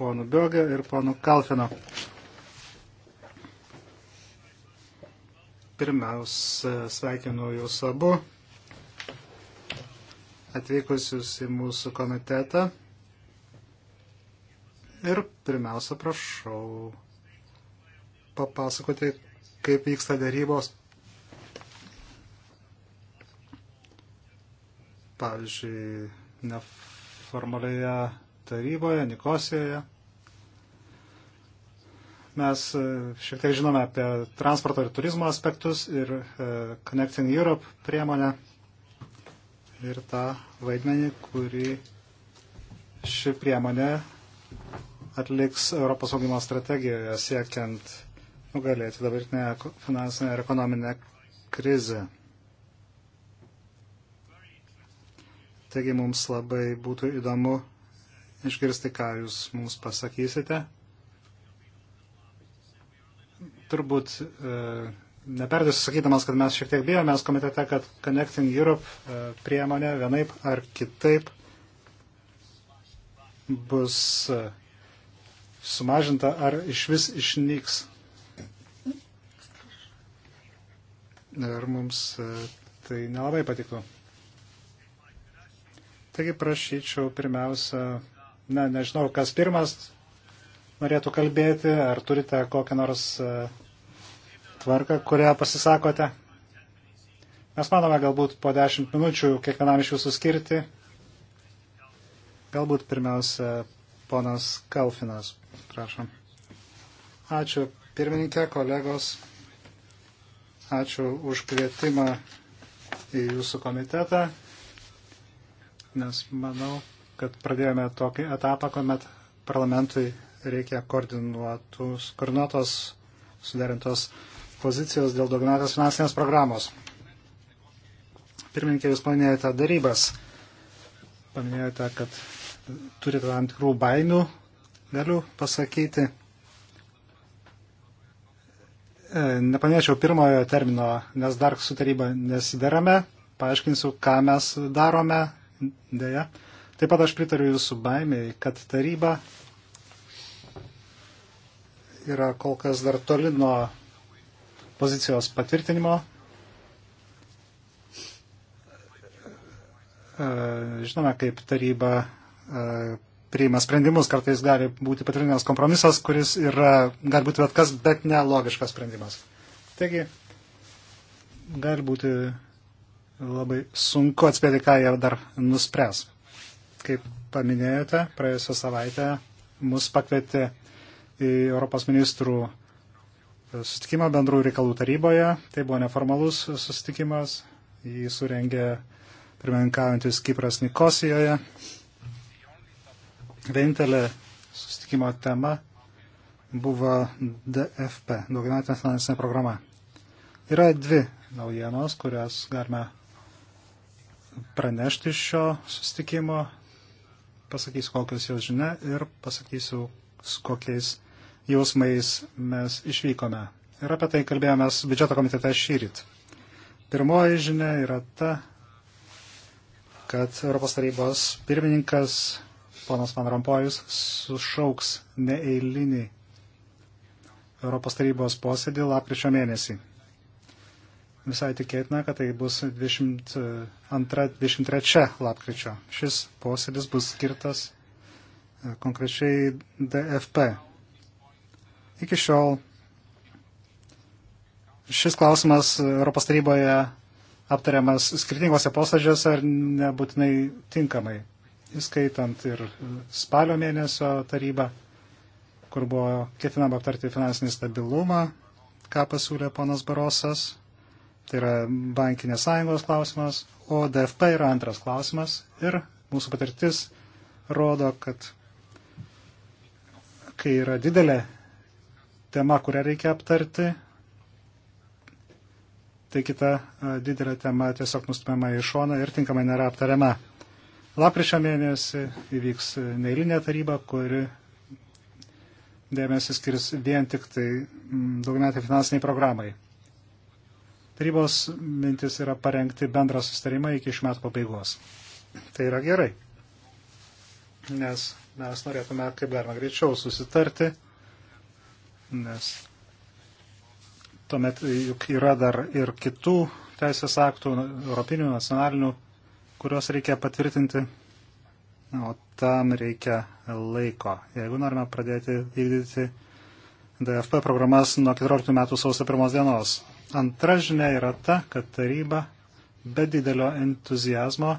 Ponu Biogė ir ponu Kalfino. Pirmiausia, sveikinu jūs abu atvykusius į mūsų komitetą. Ir pirmiausia, prašau papasakoti, kaip vyksta darybos. Pavyzdžiui, neformalioje taryboje, Nikosijoje. Mes e, šiek tiek žinome apie transporto ir turizmo aspektus ir e, Connecting Europe priemonę ir tą vaidmenį, kurį ši priemonė atliks Europos augimo strategijoje siekiant nugalėti dabartinę finansinę ir ekonominę krizę. Taigi mums labai būtų įdomu išgirsti, ką jūs mums pasakysite. Turbūt e, neperdėsiu sakydamas, kad mes šiek tiek bijomės komitete, kad Connecting Europe e, priemonė vienaip ar kitaip bus e, sumažinta ar iš vis išnyks. ir mums e, tai nelabai patiko. Taigi prašyčiau pirmiausia, na, nežinau, kas pirmas norėtų kalbėti, ar turite kokią nors e, tvarką, kurią pasisakote. Mes manome galbūt po dešimt minučių kiekvienam iš jūsų skirti. Galbūt pirmiausia, ponas Kalfinas, prašom. Ačiū, pirmininkė, kolegos. Ačiū už kvietimą į jūsų komitetą, nes manau, kad pradėjome tokį etapą, kuomet parlamentui reikia koordinuotos, suderintos pozicijos dėl daugiametės finansinės programos. Pirmininkė, jūs paminėjote darybas, paminėjote, kad turite tam tikrų baimių, galiu pasakyti E, nepaminėčiau pirmojo termino, nes dar su taryba nesiderame. Paaiškinsiu, ką mes darome. Deja. Taip pat aš pritariu jūsų baimiai, kad taryba yra kol kas dar toli nuo pozicijos patvirtinimo. E, žinome, kaip taryba e, priima sprendimus, kartais gali būti patvirtinęs kompromisas, kuris yra, gali būti bet kas, bet nelogiškas sprendimas. Taigi, gali būti labai sunku atspėti, ką jie dar nuspręs. Kaip paminėjote, praėjusią savaitę mus pakvietė į Europos ministrų susitikimą bendrų reikalų taryboje. Tai buvo neformalus susitikimas. Jį surengė pirmininkaujantis Kipras Nikosijoje. Vienintelė sustikimo tema buvo DFP, daugiametinė finansinė programa. Yra dvi naujienos, kurias galime pranešti iš šio sustikimo. Pasakysiu, kokios jos žinia ir pasakysiu, su kokiais jausmais mes išvykome. Ir apie tai kalbėjome biudžeto komitete šyrit. Pirmoji žinia yra ta, kad Europos tarybos pirmininkas ponas Van Rompojus sušauks neeilinį Europos tarybos posėdį lapkričio mėnesį. Visai tikėtina, kad tai bus 22-23 e, lapkričio. Šis posėdis bus skirtas e, konkrečiai DFP. Iki šiol šis klausimas Europos taryboje aptariamas skirtingose posėdžiuose ir nebūtinai tinkamai įskaitant ir spalio mėnesio tarybą, kur buvo ketinama aptarti finansinį stabilumą, ką pasiūlė ponas Barosas, tai yra bankinės sąjungos klausimas, o DFP yra antras klausimas ir mūsų patirtis rodo, kad kai yra didelė tema, kurią reikia aptarti, tai kita didelė tema tiesiog nustumiama į šoną ir tinkamai nėra aptariama. Lapričio mėnesį įvyks neįlinė taryba, kuri dėmesį skirs vien tik tai mm, daugiametai finansiniai programai. Tarybos mintis yra parengti bendrą sustarimą iki šių metų pabaigos. Tai yra gerai, nes mes norėtume kaip galima greičiau susitarti, nes tuomet juk yra dar ir kitų teisės aktų, europinių, nacionalinių kuriuos reikia patvirtinti, o tam reikia laiko. Jeigu norime pradėti vykdyti DFP programas nuo 14 metų sausio pirmos dienos. Antra žinia yra ta, kad taryba be didelio entuzijazmo,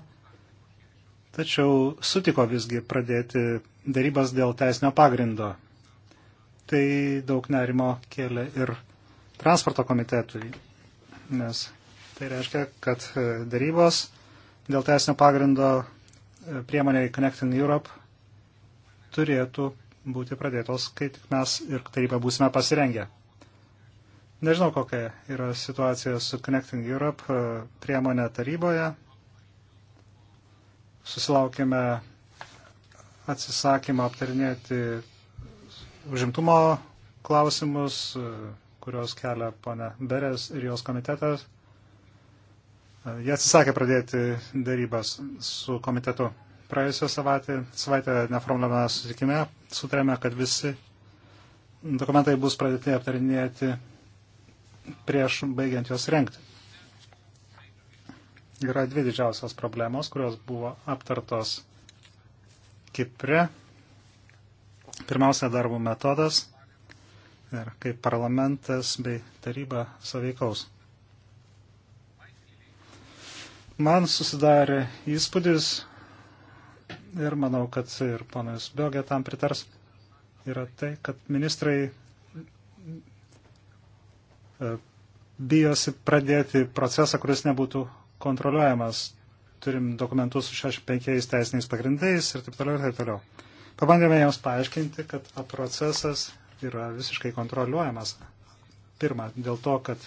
tačiau sutiko visgi pradėti darybas dėl teisinio pagrindo. Tai daug nerimo kėlė ir transporto komitetui, nes tai reiškia, kad darybos dėl teisinio pagrindo e, priemoniai Connecting Europe turėtų būti pradėtos, kai tik mes ir taryba būsime pasirengę. Nežinau, kokia yra situacija su Connecting Europe e, priemonė taryboje. Susilaukime atsisakymą aptarinėti užimtumo klausimus, e, kurios kelia pane Beres ir jos komitetas Jie atsisakė pradėti darybas su komitetu. Praėjusią savaitę, savaitę neformaliame susitikime sutarėme, kad visi dokumentai bus pradėti aptarinėti prieš baigiant juos renkti. Yra dvi didžiausios problemos, kurios buvo aptartos Kipre. Pirmiausia, darbo metodas ir kaip parlamentas bei taryba saveikaus. Man susidarė įspūdis ir manau, kad ir ponas Biogė tam pritars, yra tai, kad ministrai e, bijosi pradėti procesą, kuris nebūtų kontroliuojamas. Turim dokumentus su 65 teisiniais pagrindais ir taip toliau ir taip toliau. Pabandėme jiems paaiškinti, kad procesas yra visiškai kontroliuojamas. Pirma, dėl to, kad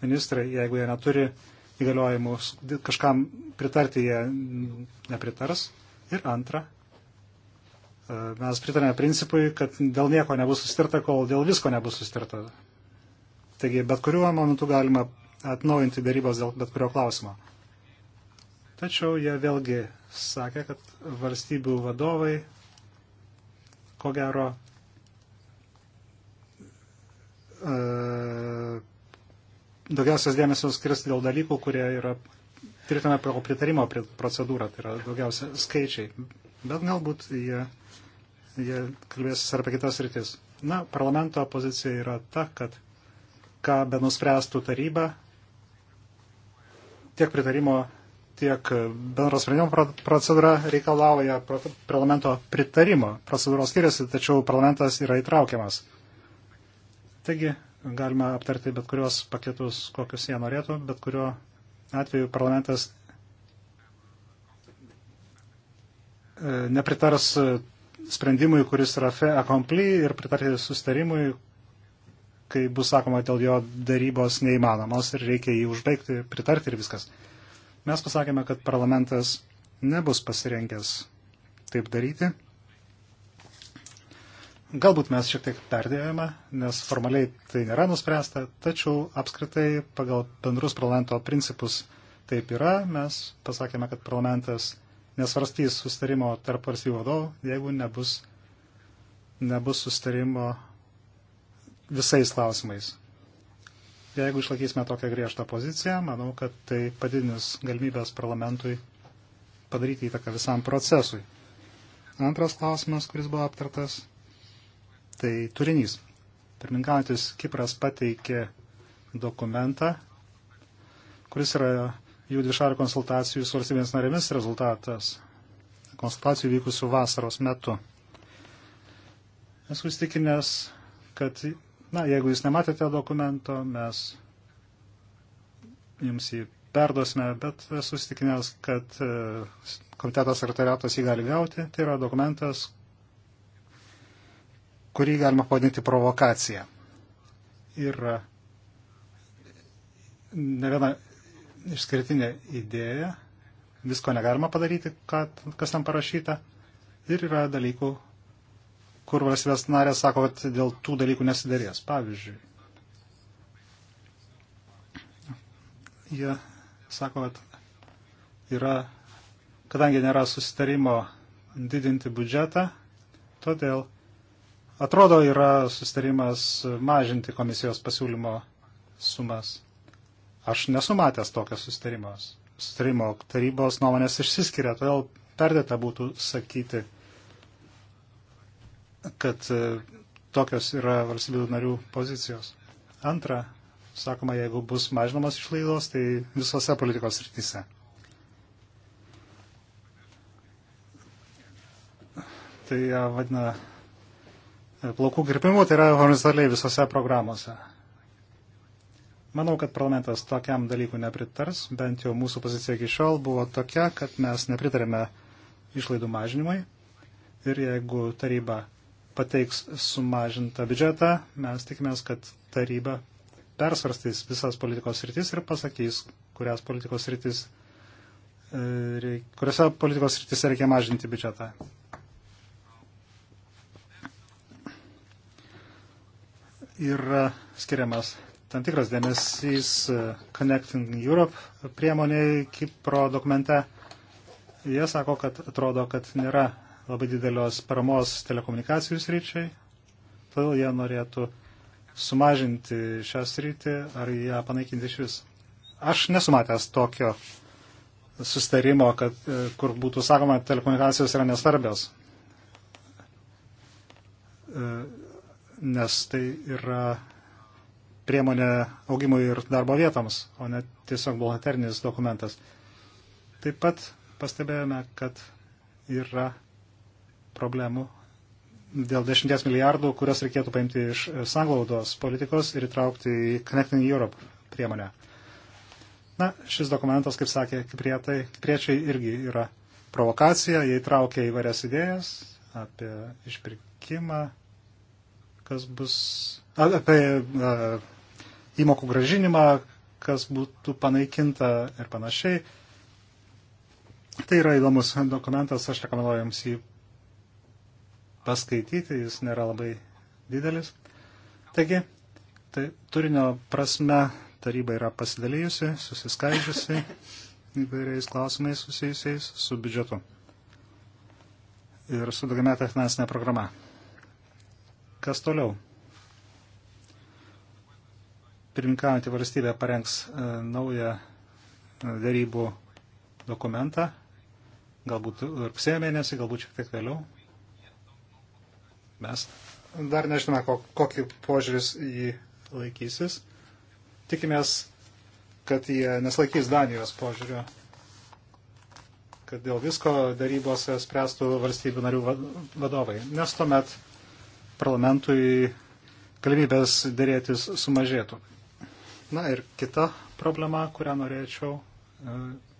ministrai, jeigu jie neturi uh, įgaliojimus, kažkam pritarti jie nepritars. Ir antra, e, mes pritarėme principui, kad dėl nieko nebus sustarta, kol dėl visko nebus sustarta. Taigi bet kuriuo momentu galima atnaujinti darybos dėl bet kurio klausimo. Tačiau jie vėlgi sakė, kad valstybių vadovai, ko gero, e, daugiausias dėmesio skirs dėl dalykų, kurie yra tvirtina pagal pritarimo procedūrą, tai yra daugiausia skaičiai. Bet galbūt jie, jie kalbės ar apie kitas rytis. Na, parlamento pozicija yra ta, kad ką be nuspręstų taryba, tiek pritarimo, tiek bendros sprendimo procedūra reikalauja parlamento pritarimo. Procedūros skiriasi, tačiau parlamentas yra įtraukiamas. Taigi, galima aptarti bet kurios paketus, kokius jie norėtų, bet kurio atveju parlamentas e, nepritars sprendimui, kuris yra fe accompli ir pritarti sustarimui, kai bus sakoma, dėl jo darybos neįmanomos ir reikia jį užbaigti, pritarti ir viskas. Mes pasakėme, kad parlamentas nebus pasirengęs taip daryti. Galbūt mes šiek tiek perdėjome, nes formaliai tai nėra nuspręsta, tačiau apskritai pagal bendrus parlamento principus taip yra. Mes pasakėme, kad parlamentas nesvarstys sustarimo tarp valstybių vadovų, jeigu nebus, nebus sustarimo visais klausimais. Jeigu išlaikysime tokią griežtą poziciją, manau, kad tai padidins galimybės parlamentui padaryti įtaką visam procesui. Antras klausimas, kuris buvo aptartas tai turinys. Pirmininkaujantis Kipras pateikė dokumentą, kuris yra jų dvišarių konsultacijų su valstybės narėmis rezultatas konsultacijų vykusių vasaros metu. Esu įstikinęs, kad, na, jeigu jūs nematėte dokumento, mes jums jį perduosime, bet esu įstikinęs, kad e, komitetas sekretariatas jį gali gauti. Tai yra dokumentas, kurį galima pavadinti provokacija. Yra e, ne viena išskirtinė idėja, visko negalima padaryti, kad, kas ten parašyta, ir yra dalykų, kur valstybės narės sako, kad dėl tų dalykų nesidarės. Pavyzdžiui, jie sako, kad yra, kadangi nėra susitarimo didinti biudžetą, todėl Atrodo, yra sustarimas mažinti komisijos pasiūlymo sumas. Aš nesu matęs tokio sustarimo. Sustarimo tarybos nuomonės išsiskiria, todėl perdėta būtų sakyti, kad e, tokios yra valstybių narių pozicijos. Antra, sakoma, jeigu bus mažinamos išlaidos, tai visose politikos rytise. Tai vadina E, plaukų kirpimų, tai yra horizontaliai visose programuose. Manau, kad parlamentas tokiam dalykui nepritars, bent jau mūsų pozicija iki šiol buvo tokia, kad mes nepritarėme išlaidų mažinimui ir jeigu taryba pateiks sumažintą biudžetą, mes tikimės, kad taryba persvarstys visas politikos rytis ir pasakys, kurias politikos rytis e, kuriuose politikos rytise reikia mažinti biudžetą. yra skiriamas tam tikras dėmesys Connecting Europe priemoniai Kipro dokumente. Jie sako, kad atrodo, kad nėra labai didelios paramos telekomunikacijų sryčiai, todėl jie norėtų sumažinti šią sritį ar ją panaikinti iš vis. Aš nesumatęs tokio sustarimo, kad, e, kur būtų sakoma, telekomunikacijos yra nesvarbios e, nes tai yra priemonė augimui ir darbo vietoms, o ne tiesiog buhalterinis dokumentas. Taip pat pastebėjome, kad yra problemų dėl 10 milijardų, kurias reikėtų paimti iš sanglaudos politikos ir įtraukti į Connecting Europe priemonę. Na, šis dokumentas, kaip sakė kiprietai, kipriečiai, irgi yra provokacija, jie įtraukia įvairias idėjas apie išpirkimą, kas bus apie įmokų gražinimą, kas būtų panaikinta ir panašiai. Tai yra įdomus dokumentas, aš rekomenduoju jums jį paskaityti, jis nėra labai didelis. Taigi, tai turinio prasme taryba yra pasidalijusi, susiskaidžiusi įvairiais klausimais susijusiais su biudžetu ir su daugiametė finansinė programa. Kas toliau? Pirminkaujantį valstybę parengs e, naują e, darybų dokumentą, galbūt rugsėjo mėnesį, galbūt šiek tiek vėliau. Mes dar nežinome, kokį požiūris jį laikysis. Tikimės, kad jie neslaikys Danijos požiūrio, kad dėl visko darybose spręstų valstybių narių vadovai, nes tuomet parlamentui galimybės dėrėtis sumažėtų. Na ir kita problema, kurią norėčiau, e,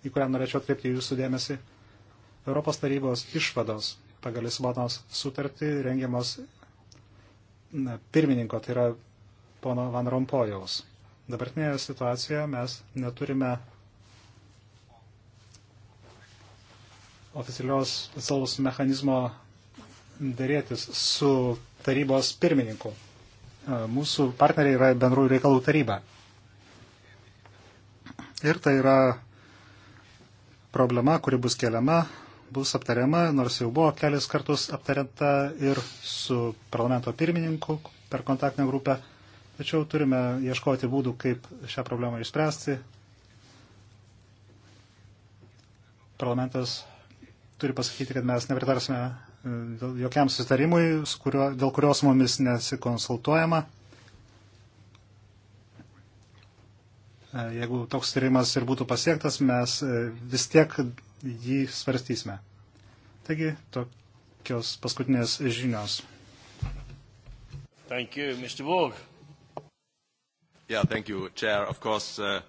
į kurią norėčiau atkreipti jūsų dėmesį. Europos tarybos išvados pagal Lisabonos sutartį rengiamos na, pirmininko, tai yra pono Van Rompojaus. Dabartinėje situacijoje mes neturime oficialios atsalaus mechanizmo dėrėtis su tarybos pirmininku. E, mūsų partneriai yra bendrųjų reikalų taryba. Ir tai yra problema, kuri bus keliama, bus aptariama, nors jau buvo kelis kartus aptarinta ir su parlamento pirmininku per kontaktinę grupę. Tačiau turime ieškoti būdų, kaip šią problemą išspręsti. Parlamentas turi pasakyti, kad mes nepritarsime jokiam susitarimui, kurio, dėl kurios mumis nesikonsultuojama. E, jeigu toks sutarimas ir būtų pasiektas, mes e, vis tiek jį svarstysime. Taigi, tokios paskutinės žinios. Thank you, Mr. Borg. Yeah, thank you, Chair. Of course, uh...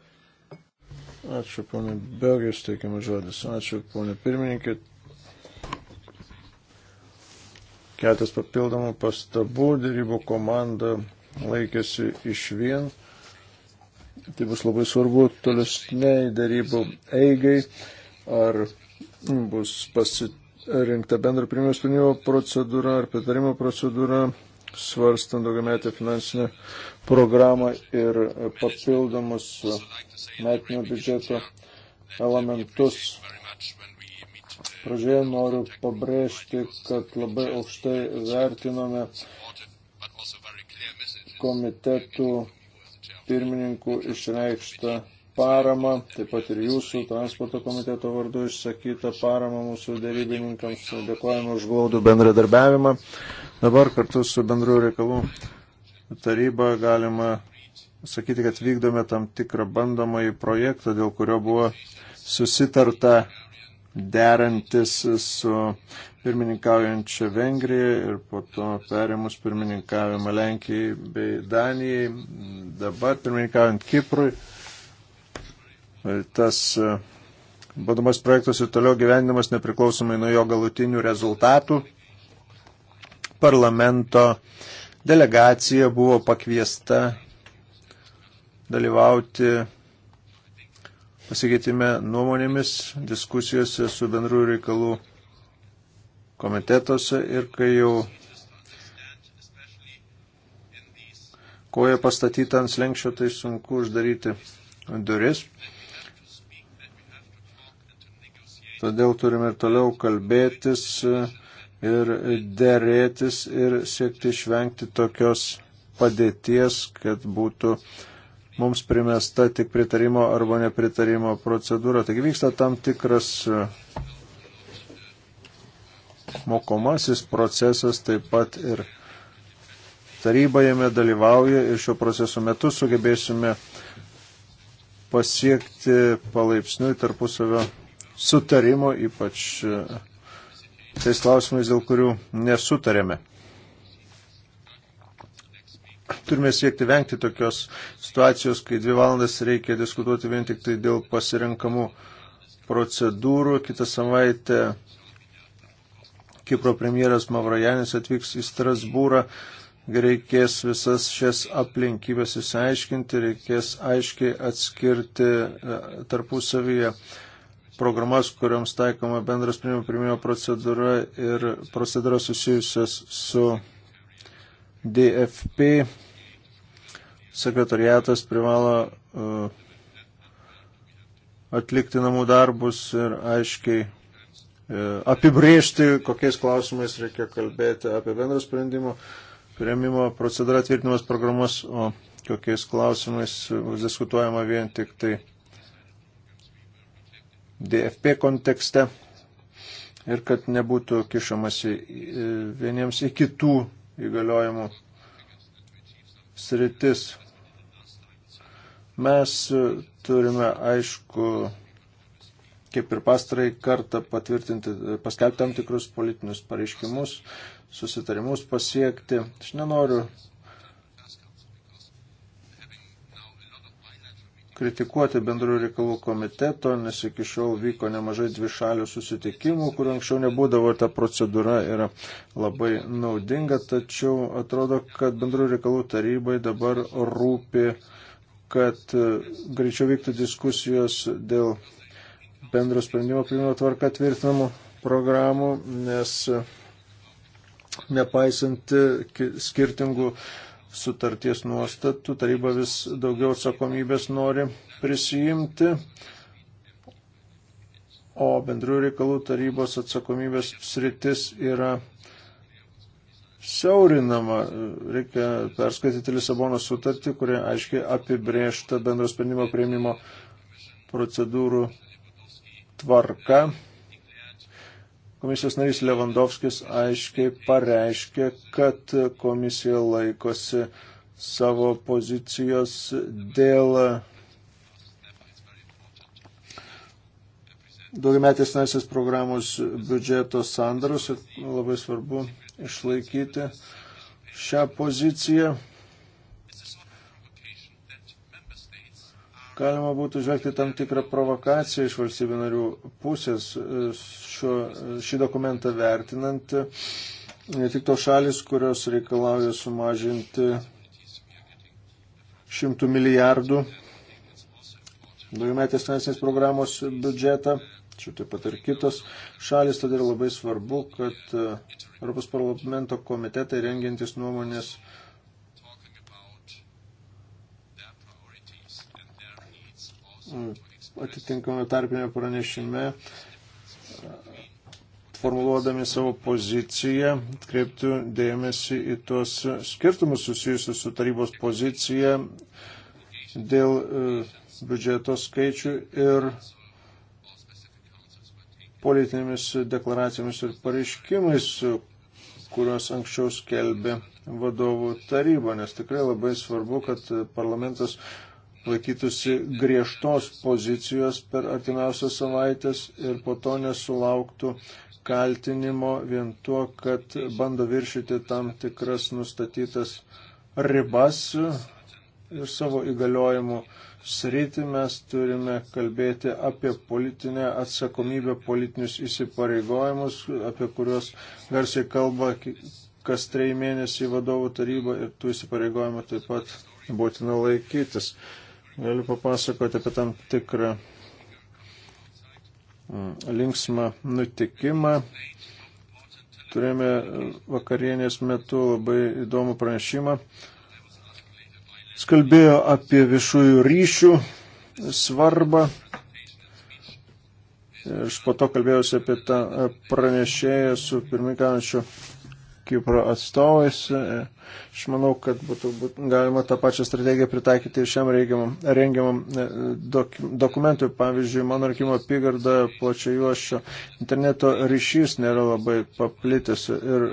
Ačiū, ponė Bergis, teikiamas žodis. Ačiū, ponė pirmininkė. keletas papildomų pastabų, dėrybų komanda laikėsi iš vien. Tai bus labai svarbu tolesniai dėrybų eigai, ar bus pasirinkta bendra primės sprendimo procedūra ar pritarimo procedūra, svarstant daugiametę finansinę programą ir papildomus metinio biudžeto elementus. Pradžioje noriu pabrėžti, kad labai aukštai vertinome komitetų pirmininkų išreikštą paramą, taip pat ir jūsų transporto komiteto vardu išsakytą paramą mūsų dėrybininkams. Dėkojame už glaudų bendradarbiavimą. Dabar kartu su bendru reikalų taryba galima sakyti, kad vykdome tam tikrą bandomąjį projektą, dėl kurio buvo susitarta derantis su pirmininkaujančia Vengrija ir po to perėmus pirmininkavimą Lenkijai bei Danijai, dabar pirmininkaujant Kiprui, tas e, Būdamas projektas ir toliau gyvenimas nepriklausomai nuo jo galutinių rezultatų, parlamento delegacija buvo pakviesta dalyvauti pasikeitime nuomonėmis diskusijose su bendrųjų reikalų komitetuose ir kai jau koja pastatyta ant slengščio, tai sunku uždaryti duris. Todėl turime ir toliau kalbėtis ir dėrėtis ir siekti išvengti tokios padėties, kad būtų uh, mums primesta tik pritarimo arba nepritarimo procedūra. Taigi vyksta tam tikras e, mokomasis procesas, taip pat ir taryba jame dalyvauja ir šio proceso metu sugebėsime pasiekti palaipsniui tarpusavio sutarimo, ypač e, tais klausimais, dėl kurių nesutarėme turime siekti vengti tokios situacijos, kai dvi valandas reikia diskutuoti vien tik tai dėl pasirenkamų procedūrų. Kitą savaitę Kipro premjeras Mavrojanis atvyks į Strasbūrą. Reikės visas šias aplinkybės įsiaiškinti, reikės aiškiai atskirti e, tarpusavyje programas, kuriams taikoma bendras primimo primimo procedūra ir procedūra susijusios su DFP sekretariatas privalo uh, atlikti namų darbus ir aiškiai uh, apibriežti, kokiais klausimais reikia kalbėti apie bendrą sprendimo prieimimo procedūrą tvirtinimas programas, o kokiais klausimais bus diskutuojama vien tik tai DFP kontekste ir kad nebūtų kišamasi uh, vieniems į kitų įgaliojimų sritis. Mes turime aišku, kaip ir pastarai kartą patvirtinti, paskelbti tam tikrus politinius pareiškimus, susitarimus pasiekti. Aš nenoriu kritikuoti bendrų reikalų komiteto, nes iki šiol vyko nemažai dvišalių susitikimų, kurių anksčiau nebūdavo, ta procedūra yra labai naudinga, tačiau atrodo, kad bendrų reikalų tarybai dabar rūpi, kad e, greičiau vyktų diskusijos dėl bendro sprendimo priimimo tvarka tvirtinamų programų, nes nepaisant skirtingų sutarties nuostatų, taryba vis daugiau atsakomybės nori prisijimti, o bendrių reikalų tarybos atsakomybės sritis yra siaurinama. Reikia perskaityti Lisabono sutartį, kurie aiškiai apibrėžta bendro sprendimo prieimimo procedūrų tvarka Komisijos narys Levandovskis aiškiai pareiškė, kad komisija laikosi savo pozicijos dėl daugiametės naisės programos biudžeto sandaros ir labai svarbu išlaikyti šią poziciją. Galima būtų žvelgti tam tikrą provokaciją iš valstybių narių pusės šio, šį dokumentą vertinant, ne tik tos šalis, kurios reikalauja sumažinti šimtų milijardų daugiametės finansinės programos biudžetą, čia taip pat ir kitos šalis, todėl labai svarbu, kad uh, Europos parlamento komitetai rengiantis nuomonės atitinkamame tarpinėme pranešime formuluodami savo poziciją, atkreiptų dėmesį į tuos skirtumus susijusius su tarybos pozicija dėl e, biudžeto skaičių ir politinėmis deklaracijomis ir pareiškimais, kuriuos anksčiau skelbė vadovų taryba, nes tikrai labai svarbu, kad parlamentas laikytųsi griežtos pozicijos per artimiausias savaitės ir po to nesulauktų kaltinimo vien tuo, kad bando viršyti tam tikras nustatytas ribas ir savo įgaliojimų sritį mes turime kalbėti apie politinę atsakomybę, politinius įsipareigojimus, apie kuriuos garsiai kalba kas trejį mėnesį vadovų taryba ir tų įsipareigojimų taip pat būtina laikytis. Galiu papasakoti apie tam tikrą mm, linksmą nutikimą. Turėjome mm, vakarienės metu labai įdomų pranešimą. Jis kalbėjo apie viešųjų ryšių svarbą. Aš po to kalbėjausi apie tą e, pranešėją su pirmininkančiu Kipro atstovais. Aš manau, kad būtų būt, galima tą pačią strategiją pritaikyti ir šiam reigiamam, rengiamam e, dok, dokumentui. Pavyzdžiui, mano arkimo apygarda plačia juoščio interneto ryšys nėra labai paplitis ir e,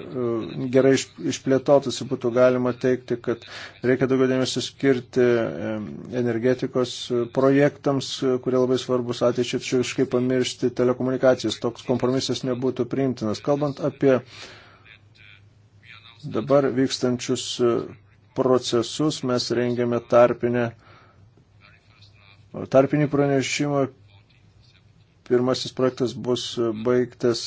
gerai iš, išplėtotas būtų galima teikti, kad reikia daugiau dėmesio skirti e, energetikos projektams, kurie labai svarbus ateičiai, tačiau iškaip pamiršti telekomunikacijas. Toks kompromisas nebūtų priimtinas. Kalbant apie dabar vykstančius e, procesus. Mes rengiame tarpinę, tarpinį pranešimą. Pirmasis projektas bus baigtas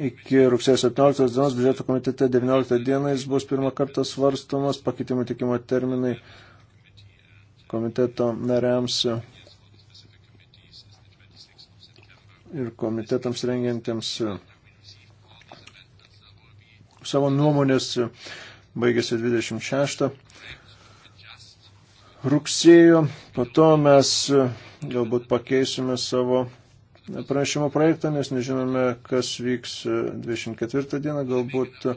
iki rugsėjo 17 dienos, biudžeto komitete 19 dieną jis bus pirmą kartą svarstomas, pakeitimų tikimo terminai komiteto nariams ir komitetams rengiantiems savo nuomonės baigėsi 26 rugsėjo. Po to mes e, galbūt pakeisime savo pranešimo projektą, nes nežinome, kas vyks 24 e, dieną. Galbūt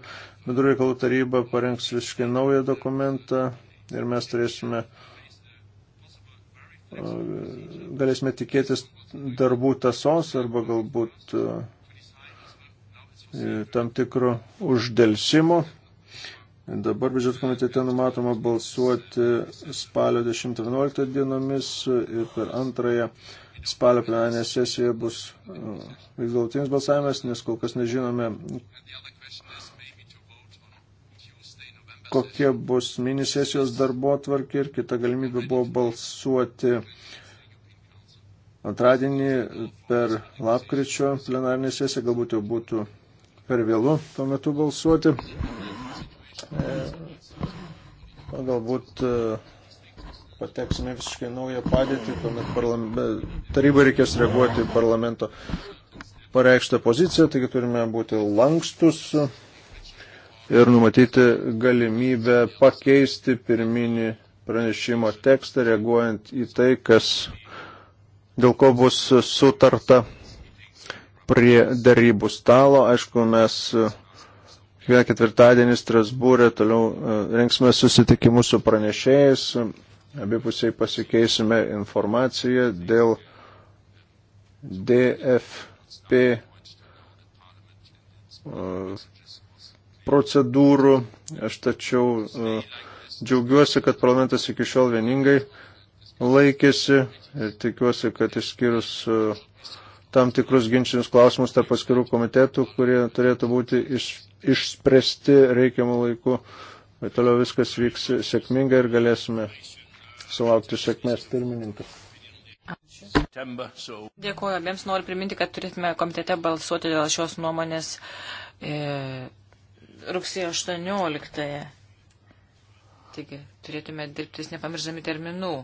Vidurų e, reikalų taryba parengs visiškai naują dokumentą ir mes turėsime, galėsime tikėtis darbų tasos arba galbūt E, tam tikro uždelsimo. Dabar biudžeto komitete numatoma balsuoti spalio 10-11 dienomis ir per antrąją spalio plenarinę sesiją bus e, galutinis balsavimas, nes kol kas nežinome, kokie bus mini sesijos darbo tvarkė ir kita galimybė buvo balsuoti antradienį per lapkričio plenarinę sesiją, galbūt jau būtų per vėlų tuo metu balsuoti. E, galbūt e, pateksime visiškai naują padėtį, kuomet parlame... taryba reikės reaguoti į parlamento pareikštą poziciją, taigi turime būti lankstus ir numatyti galimybę pakeisti pirminį pranešimo tekstą, reaguojant į tai, kas dėl ko bus sutarta prie darybų stalo. Aišku, mes e, kiekvieną ketvirtadienį Strasbūrė toliau e, rengsime susitikimus su pranešėjais, abipusiai pasikeisime informaciją dėl DFP e, procedūrų. Aš tačiau džiaugiuosi, kad parlamentas iki šiol vieningai laikėsi ir tikiuosi, kad išskyrus uh, tam tikrus ginčinius klausimus tarp paskirų komitetų, kurie turėtų būti iš, išspręsti reikiamų laikų. Bet toliau viskas vyks sėkmingai ir galėsime sulaukti sėkmės pirmininkas. Ačiū. Dėkuoju abiems, noriu priminti, kad turėtume komitete balsuoti dėl šios nuomonės e, rugsėjo 18. -ąją. Taigi turėtume dirbtis nepamiržami terminų.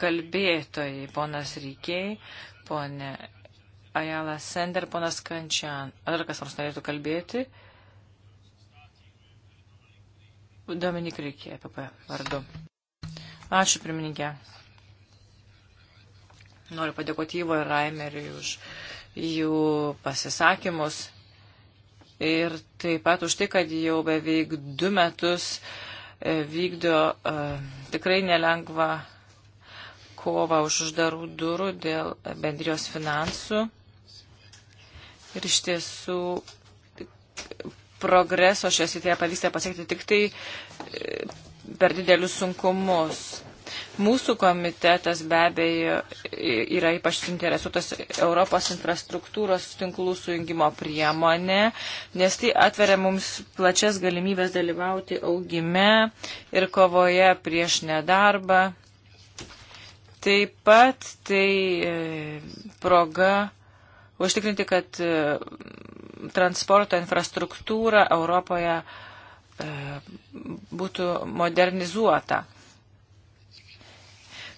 kalbėtojai, ponas Rykiai, ponė Ajala Sender, ponas Kančian. Ar kas nors norėtų kalbėti? Dominik Rykiai, PP vardu. Ačiū, pirmininkė. Noriu padėkoti Ivo ir Raimeriui už jų pasisakymus ir taip pat už tai, kad jau beveik du metus e, vykdo uh, tikrai nelengvą kovą už uždarų durų dėl bendrijos finansų. Ir iš tiesų progreso šioje srityje pavyksta pasiekti tik tai e, per didelius sunkumus. Mūsų komitetas be abejo yra ypač suinteresuotas Europos infrastruktūros tinklų sujungimo priemonė, nes tai atveria mums plačias galimybės dalyvauti augime ir kovoje prieš nedarbą Taip pat tai e, proga užtikrinti, kad e, transporto infrastruktūra Europoje e, būtų modernizuota.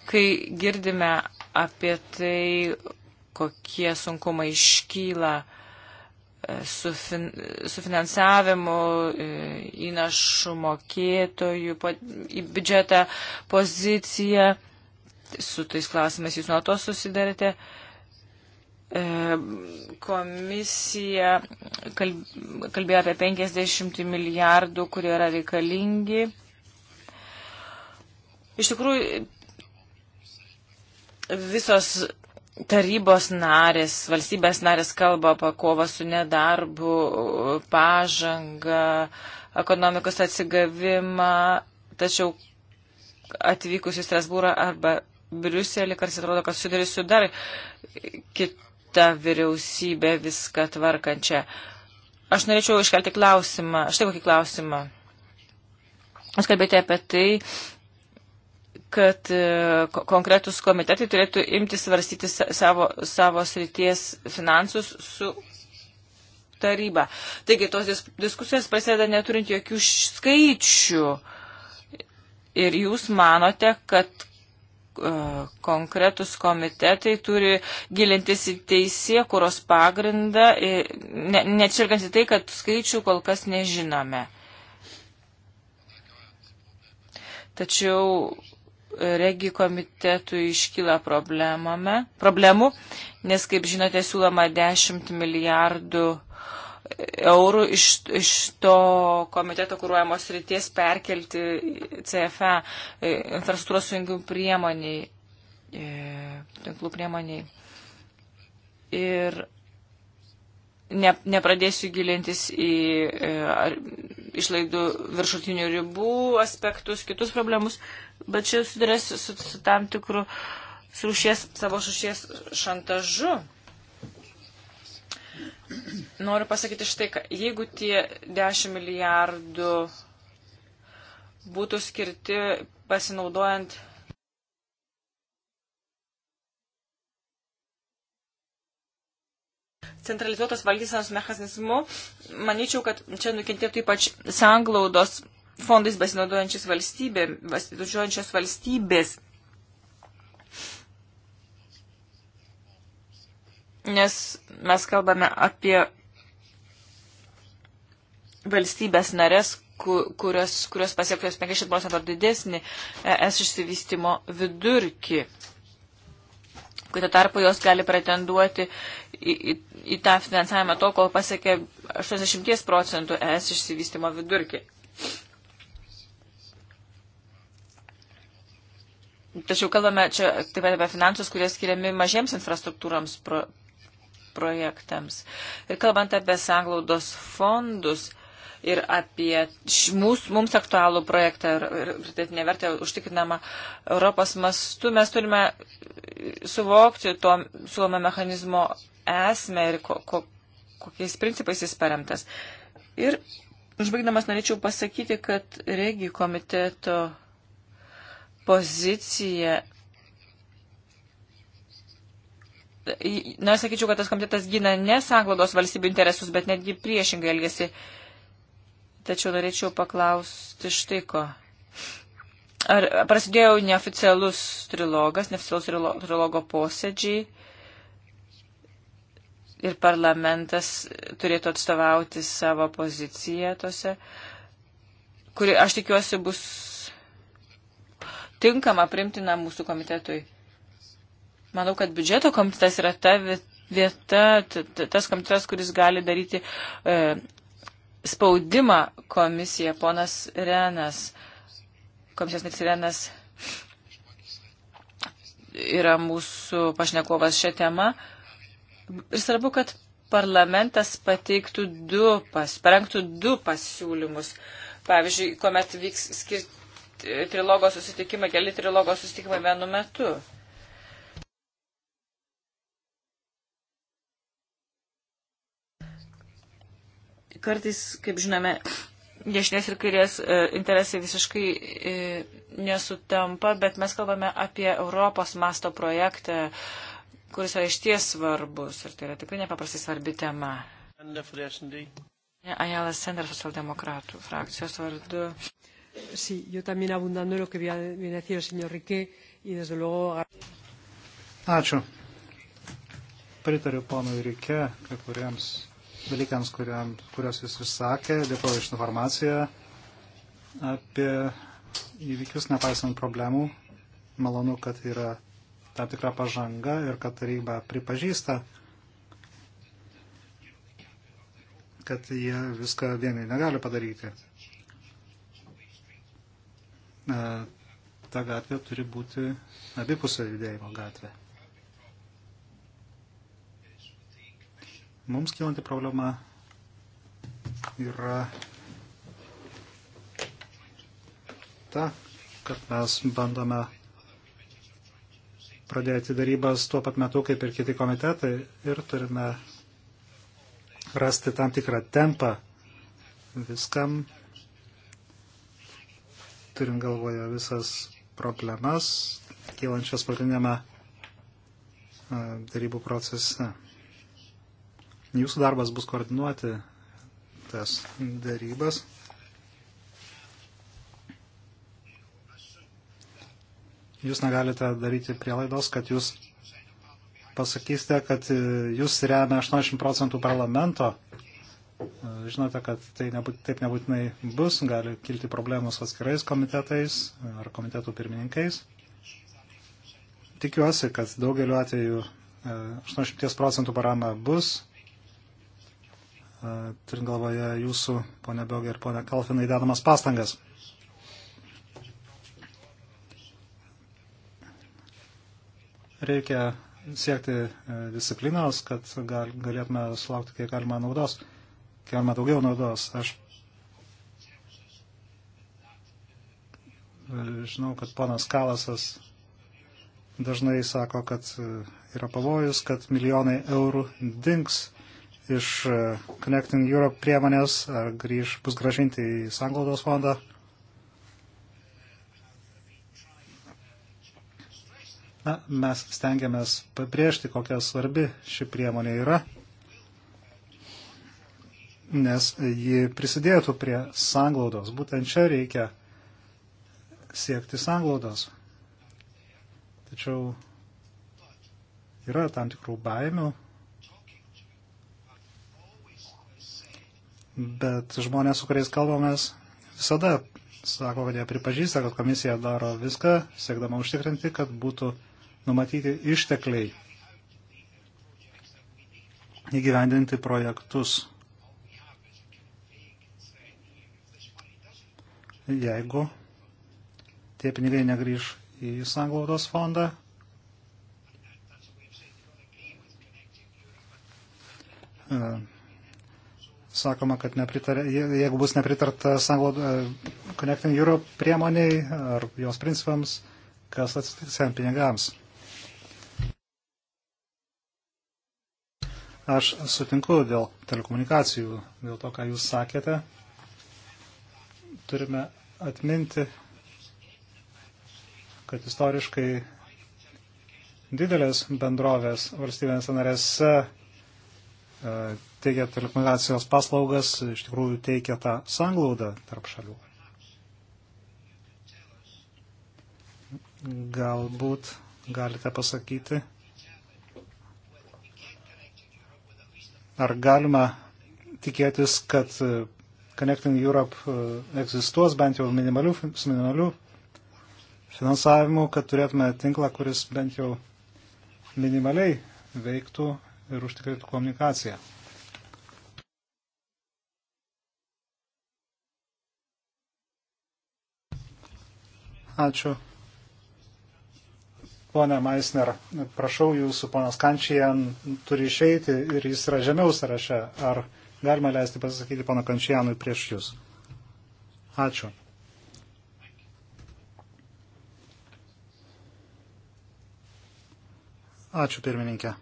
Kai girdime apie tai, kokie sunkumai iškyla su, fin, su finansavimu įnašų mokėtojų į biudžetą poziciją, su tais klausimais jūs nuo to susidarėte. E, komisija kalbėjo apie 50 milijardų, kurie yra reikalingi. Iš tikrųjų, visos tarybos narės, valstybės narės kalba apie kovą su nedarbu, pažangą, ekonomikos atsigavimą, tačiau atvykus į Strasbūrą arba Briuselį, kartais atrodo, kad sudarys su dar kita vyriausybė viską tvarkančią. Aš norėčiau iškelti klausimą, štai kokį klausimą. Jūs kalbėjote apie tai, kad e, konkretus komitetai turėtų imti svarstyti savo, savo srities finansus su taryba. Taigi tos diskusijos prasideda neturint jokių skaičių. Ir jūs manote, kad konkretus komitetai turi gilintis į teisėkuros pagrindą, neatsirgant į tai, kad skaičių kol kas nežinome. Tačiau regi komitetui iškyla problemų, nes, kaip žinote, siūloma 10 milijardų eurų iš, iš to komiteto kūruojamos ryties perkelti CFE infrastruktūros sujungimų priemoniai, e, tinklų priemoniai. Ir ne, nepradėsiu gilintis į e, ar, išlaidų viršutinių ribų aspektus, kitus problemus, bet čia sudarėsiu su, su tam tikru su šies, savo šušies šantažu. Noriu pasakyti štai, kad jeigu tie 10 milijardų būtų skirti pasinaudojant centralizuotos valdysenos mechanizmu, manyčiau, kad čia nukentėtų ypač sanglaudos fondais besinaudojančios valstybės, valstybės nes mes kalbame apie valstybės narės, kurios, kurios pasiektos 50 procentų ar didesnį ES išsivystimo vidurkį. Kai tuo tarpu jos gali pretenduoti į, į, į tą finansavimą to, kol pasiekė 80 procentų ES išsivystimo vidurkį. Tačiau kalbame čia taip pat apie finansus, kurie skiriami mažiems infrastruktūrams pro, projektams. Ir kalbant apie sanglaudos fondus ir apie mūs, mums aktualų projektą ir pridėtinę vertę užtikrinamą Europos mastu, mes turime suvokti to siūlomą mechanizmo esmę ir ko, ko, kokiais principais jis paremtas. Ir užbaigdamas norėčiau pasakyti, kad regijų komiteto pozicija na, sakyčiau, kad tas komitetas gina ne sanglodos valstybių interesus, bet netgi priešingai elgesi. Tačiau norėčiau paklausti štai ko. Ar prasidėjo neoficialus trilogas, neoficialus trilogo posėdžiai ir parlamentas turėtų atstovauti savo poziciją tose, kuri, aš tikiuosi, bus tinkama primtina mūsų komitetui. Manau, kad biudžeto komitetas yra ta vieta, tas komitetas, kuris gali daryti e, spaudimą komisiją. Ponas Renas, komisijos net Renas yra mūsų pašnekovas šią temą. Ir svarbu, kad parlamentas pateiktų du, pas, parengtų du pasiūlymus. Pavyzdžiui, kuomet vyks skirti e, trilogo susitikimai, keli trilogo susitikimai vienu metu. Kartais, kaip žinome, dešinės ir kairės e, interesai visiškai e, nesutampa, bet mes kalbame apie Europos masto projektą, kuris yra išties svarbus ir tai yra tikrai nepaprastai svarbi tema. Ajala Sender, socialdemokratų frakcijos vardu. Sí, yo también abundando en lo que viene a decir el señor Riquet y desde luego. Ačiū. Pritariu ponui Rike, kai kuriems dalykams, kuriam, kurios jūs išsakė. Dėkuoju iš informaciją apie įvykius, nepaisant problemų. Malonu, kad yra tam tikra pažanga ir kad taryba pripažįsta, kad jie viską vieni negali padaryti. E, ta gatvė turi būti abipusio judėjimo gatvė. Mums kilanti problema yra ta, kad mes bandome pradėti darybas tuo pat metu kaip ir kiti komitetai ir turime rasti tam tikrą tempą viskam, turint galvoje visas problemas, kylančias pagrindinėme darybų procese. Jūsų darbas bus koordinuoti tas darybas. Jūs negalite daryti prielaidos, kad jūs pasakysite, kad e, jūs remia 80 procentų parlamento. E, žinote, kad tai nebūt, taip nebūtinai bus, gali kilti problemų su atskirais komitetais ar komitetų pirmininkais. Tikiuosi, kad daugeliu atveju 80 e, procentų parama bus turint galvoje jūsų, ponia Biogė ir ponia Kalfinai, dedamas pastangas. Reikia siekti e, disciplinos, kad gal, galėtume sulaukti kiek galima naudos, kiek galima daugiau naudos. Aš e, žinau, kad ponas Kalasas dažnai sako, kad e, yra pavojus, kad milijonai eurų dinks iš e, Connecting Europe priemonės ar grįž, bus gražinti į Sanglaudos fondą. Na, mes stengiamės pabrėžti, kokia svarbi ši priemonė yra, nes ji prisidėtų prie sanglaudos. Būtent čia reikia siekti sanglaudos. Tačiau yra tam tikrų baimių bet žmonės, su kuriais kalbamės, visada sako, kad jie pripažįsta, kad komisija daro viską, siekdama užtikrinti, kad būtų numatyti ištekliai įgyvendinti projektus. Jeigu tie pinigai negrįž į sanglaudos fondą, uh, sakoma, kad nepritarė, jeigu bus nepritarta savo e, Connecting Europe priemoniai ar jos principams, kas atsitiks jam pinigams. Aš sutinku dėl telekomunikacijų, dėl to, ką jūs sakėte. Turime atminti, kad istoriškai didelės bendrovės valstybės narėse e, teikia telekomunikacijos paslaugas, iš tikrųjų teikia tą sanglaudą tarp šalių. Galbūt galite pasakyti, ar galima tikėtis, kad Connecting Europe e, egzistuos bent jau minimaliu, su minimaliu finansavimu, kad turėtume tinklą, kuris bent jau minimaliai veiktų ir užtikrintų komunikaciją. Ačiū. Pone Maisner, prašau jūsų, ponas Kančijan turi išeiti ir jis yra žemiau sąraše. Ar galima leisti pasisakyti pono Kančijanui prieš jūs? Ačiū. Ačiū pirmininkė.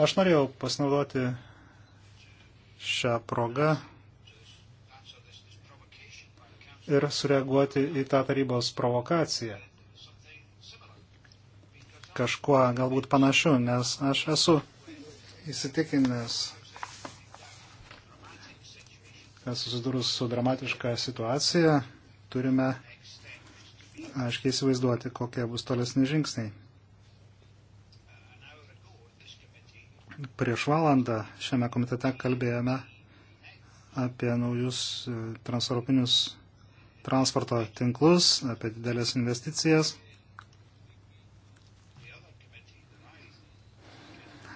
Aš norėjau pasinaudoti šią progą ir sureaguoti į tą tarybos provokaciją. Kažkuo galbūt panašiu, nes aš esu įsitikinęs, kad susidūrus su dramatiška situacija turime aiškiai įsivaizduoti, kokie bus tolesni žingsniai. Prieš valandą šiame komitete kalbėjome apie naujus e, transeuropinius transporto tinklus, apie didelės investicijas.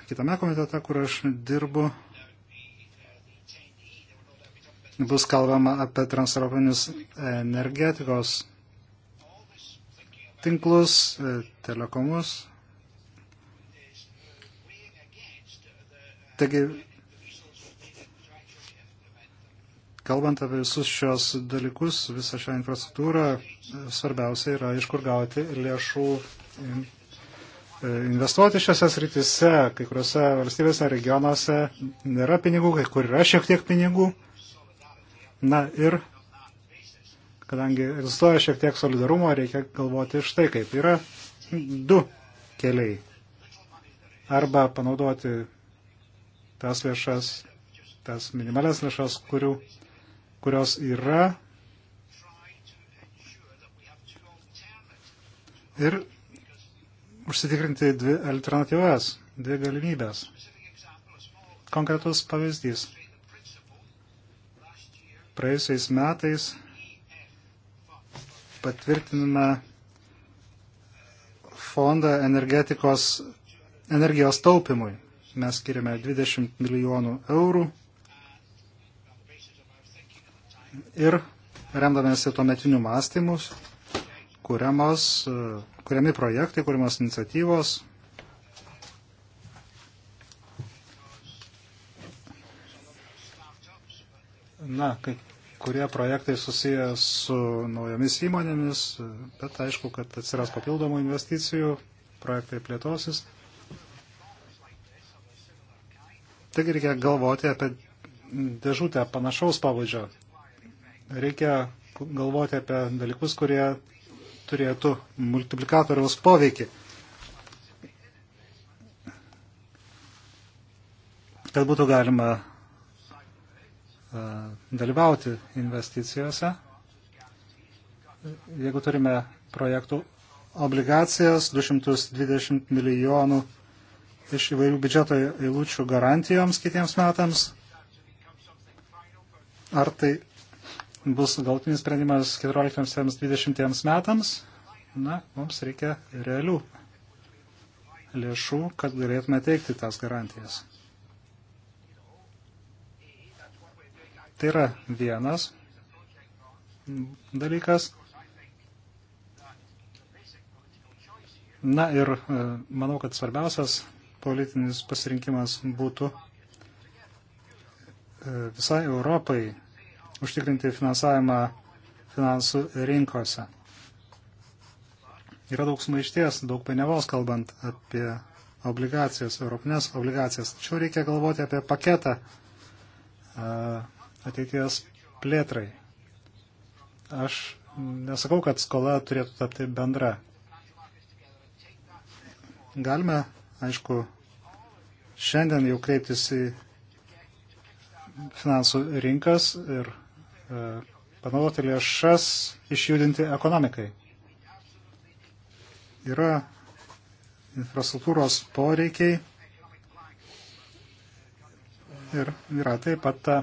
Kitame komitete, kur aš dirbu, bus kalbama apie transeuropinius energetikos tinklus, e, telekomus. Taigi Kalbant apie visus šios dalykus, visą šią infrastruktūrą, svarbiausia yra iš kur gauti lėšų e, investuoti šiose srityse, kai kuriuose valstybėse, regionuose nėra pinigų, kai kur yra šiek tiek pinigų. Na ir kadangi egzistuoja šiek tiek solidarumo, reikia galvoti štai kaip. Yra du keliai. Arba panaudoti tas lėšas, tas minimales lėšas, kurių kurios yra. Ir užsitikrinti dvi alternatyvas, dvi galimybės. Konkretus pavyzdys. Praėjusiais metais patvirtiname fondą energetikos energijos taupimui. Mes skiriame 20 milijonų eurų ir remdamėsi tuometiniu mąstymus, kuriamos, e, kuriami projektai, kuriamos iniciatyvos. Na, kai kurie projektai susiję su naujomis įmonėmis, e, bet aišku, kad atsiras papildomų investicijų, projektai plėtosis. Taigi reikia galvoti apie dėžutę panašaus pavadžio. Reikia galvoti apie dalykus, kurie turėtų multiplikatoriaus poveikį. Kad būtų galima dalyvauti investicijose. Jeigu turime projektų obligacijas, 220 milijonų iš įvairių biudžeto eilučių garantijoms kitiems metams, ar tai bus galtinis sprendimas 14-20 metams, na, mums reikia realių lėšų, kad galėtume teikti tas garantijas. Tai yra vienas dalykas. Na ir e, manau, kad svarbiausias politinis pasirinkimas būtų e, visai Europai užtikrinti finansavimą finansų rinkose. Yra daug sumaišties, daug painiavos kalbant apie obligacijas, europinės obligacijas. Tačiau reikia galvoti apie paketą ateities plėtrai. Aš nesakau, kad skola turėtų tapti bendra. Galime, aišku, šiandien jau kreiptis į finansų rinkas ir E, panaudoti lėšas išjudinti ekonomikai. Yra infrastruktūros poreikiai ir yra taip pat ta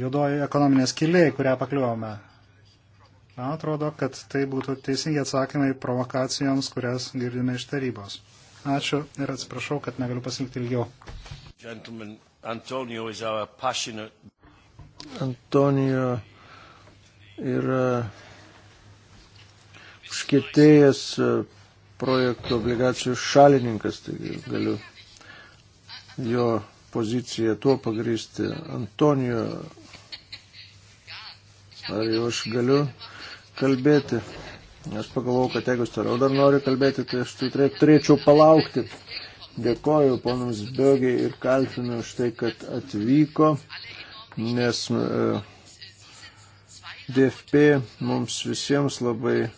juodoji ekonominė skilė, į kurią pakliuome. Man atrodo, kad tai būtų teisingi atsakymai provokacijoms, kurias girdime iš tarybos. Ačiū ir atsiprašau, kad negaliu pasilikti ilgiau. Gentlemen, Antonio is our passionate Antonijo yra užkėtėjęs e, projektų obligacijų šalininkas, taigi galiu jo poziciją tuo pagrysti. Antonijo, ar jau aš galiu kalbėti? Aš pagalvojau, kad jeigu toliau dar noriu kalbėti, tai aš tai turėčiau palaukti. Dėkoju ponams Biogiai ir Kalfinui už tai, kad atvyko nes e, DFP mums visiems labai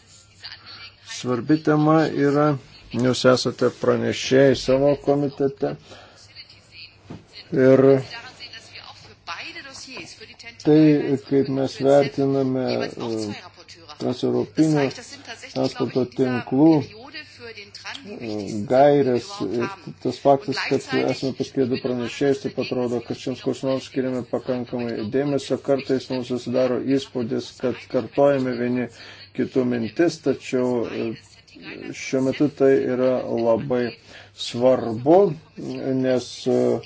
svarbi tema yra, jūs esate pranešėjai savo komitete. Ir tai, kaip mes vertiname e, transeuropinių transporto tinklų gairės ir tas faktas, kad esame paskirti du pranešėjus, taip atrodo, kad šiems klausimams skiriame pakankamai dėmesio. Kartais mums susidaro įspūdis, kad kartojame vieni kitų mintis, tačiau e, šiuo metu tai yra labai svarbu, nes e,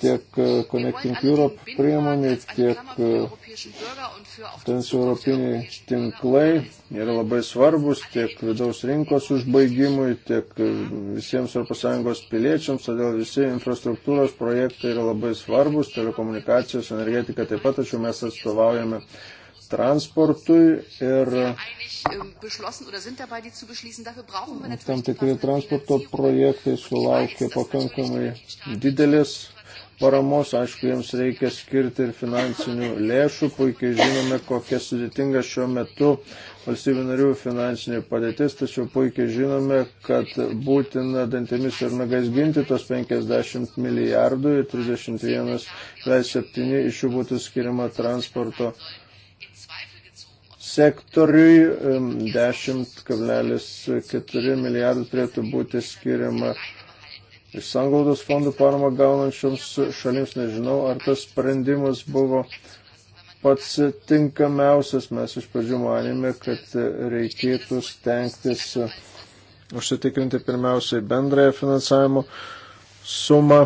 tiek e, Connecting Europe priemonė, tiek e, transeuropiniai tinklai yra labai svarbus tiek vidaus rinkos užbaigimui, tiek visiems ES piliečiams, todėl visi infrastruktūros projektai yra labai svarbus, telekomunikacijos, energetika taip pat, tačiau mes atstovaujame transportui ir tam tikri transporto projektai sulaukia pakankamai didelės paramos, aišku, jiems reikia skirti ir finansinių lėšų, puikiai žinome, kokia sudėtinga šiuo metu valstybių narių finansinė padėtis, tačiau puikiai žinome, kad būtina dantimis ir nagais ginti tos 50 milijardų ir 31,7 iš jų būtų skiriama transporto sektoriui 10,4 milijardų turėtų būti skiriama iš sanglaudos fondų paramą gaunančioms šalims. Nežinau, ar tas sprendimas buvo pats tinkamiausias. Mes iš pradžių manėme, kad reikėtų stengtis užsitikrinti pirmiausiai bendrąją finansavimo sumą.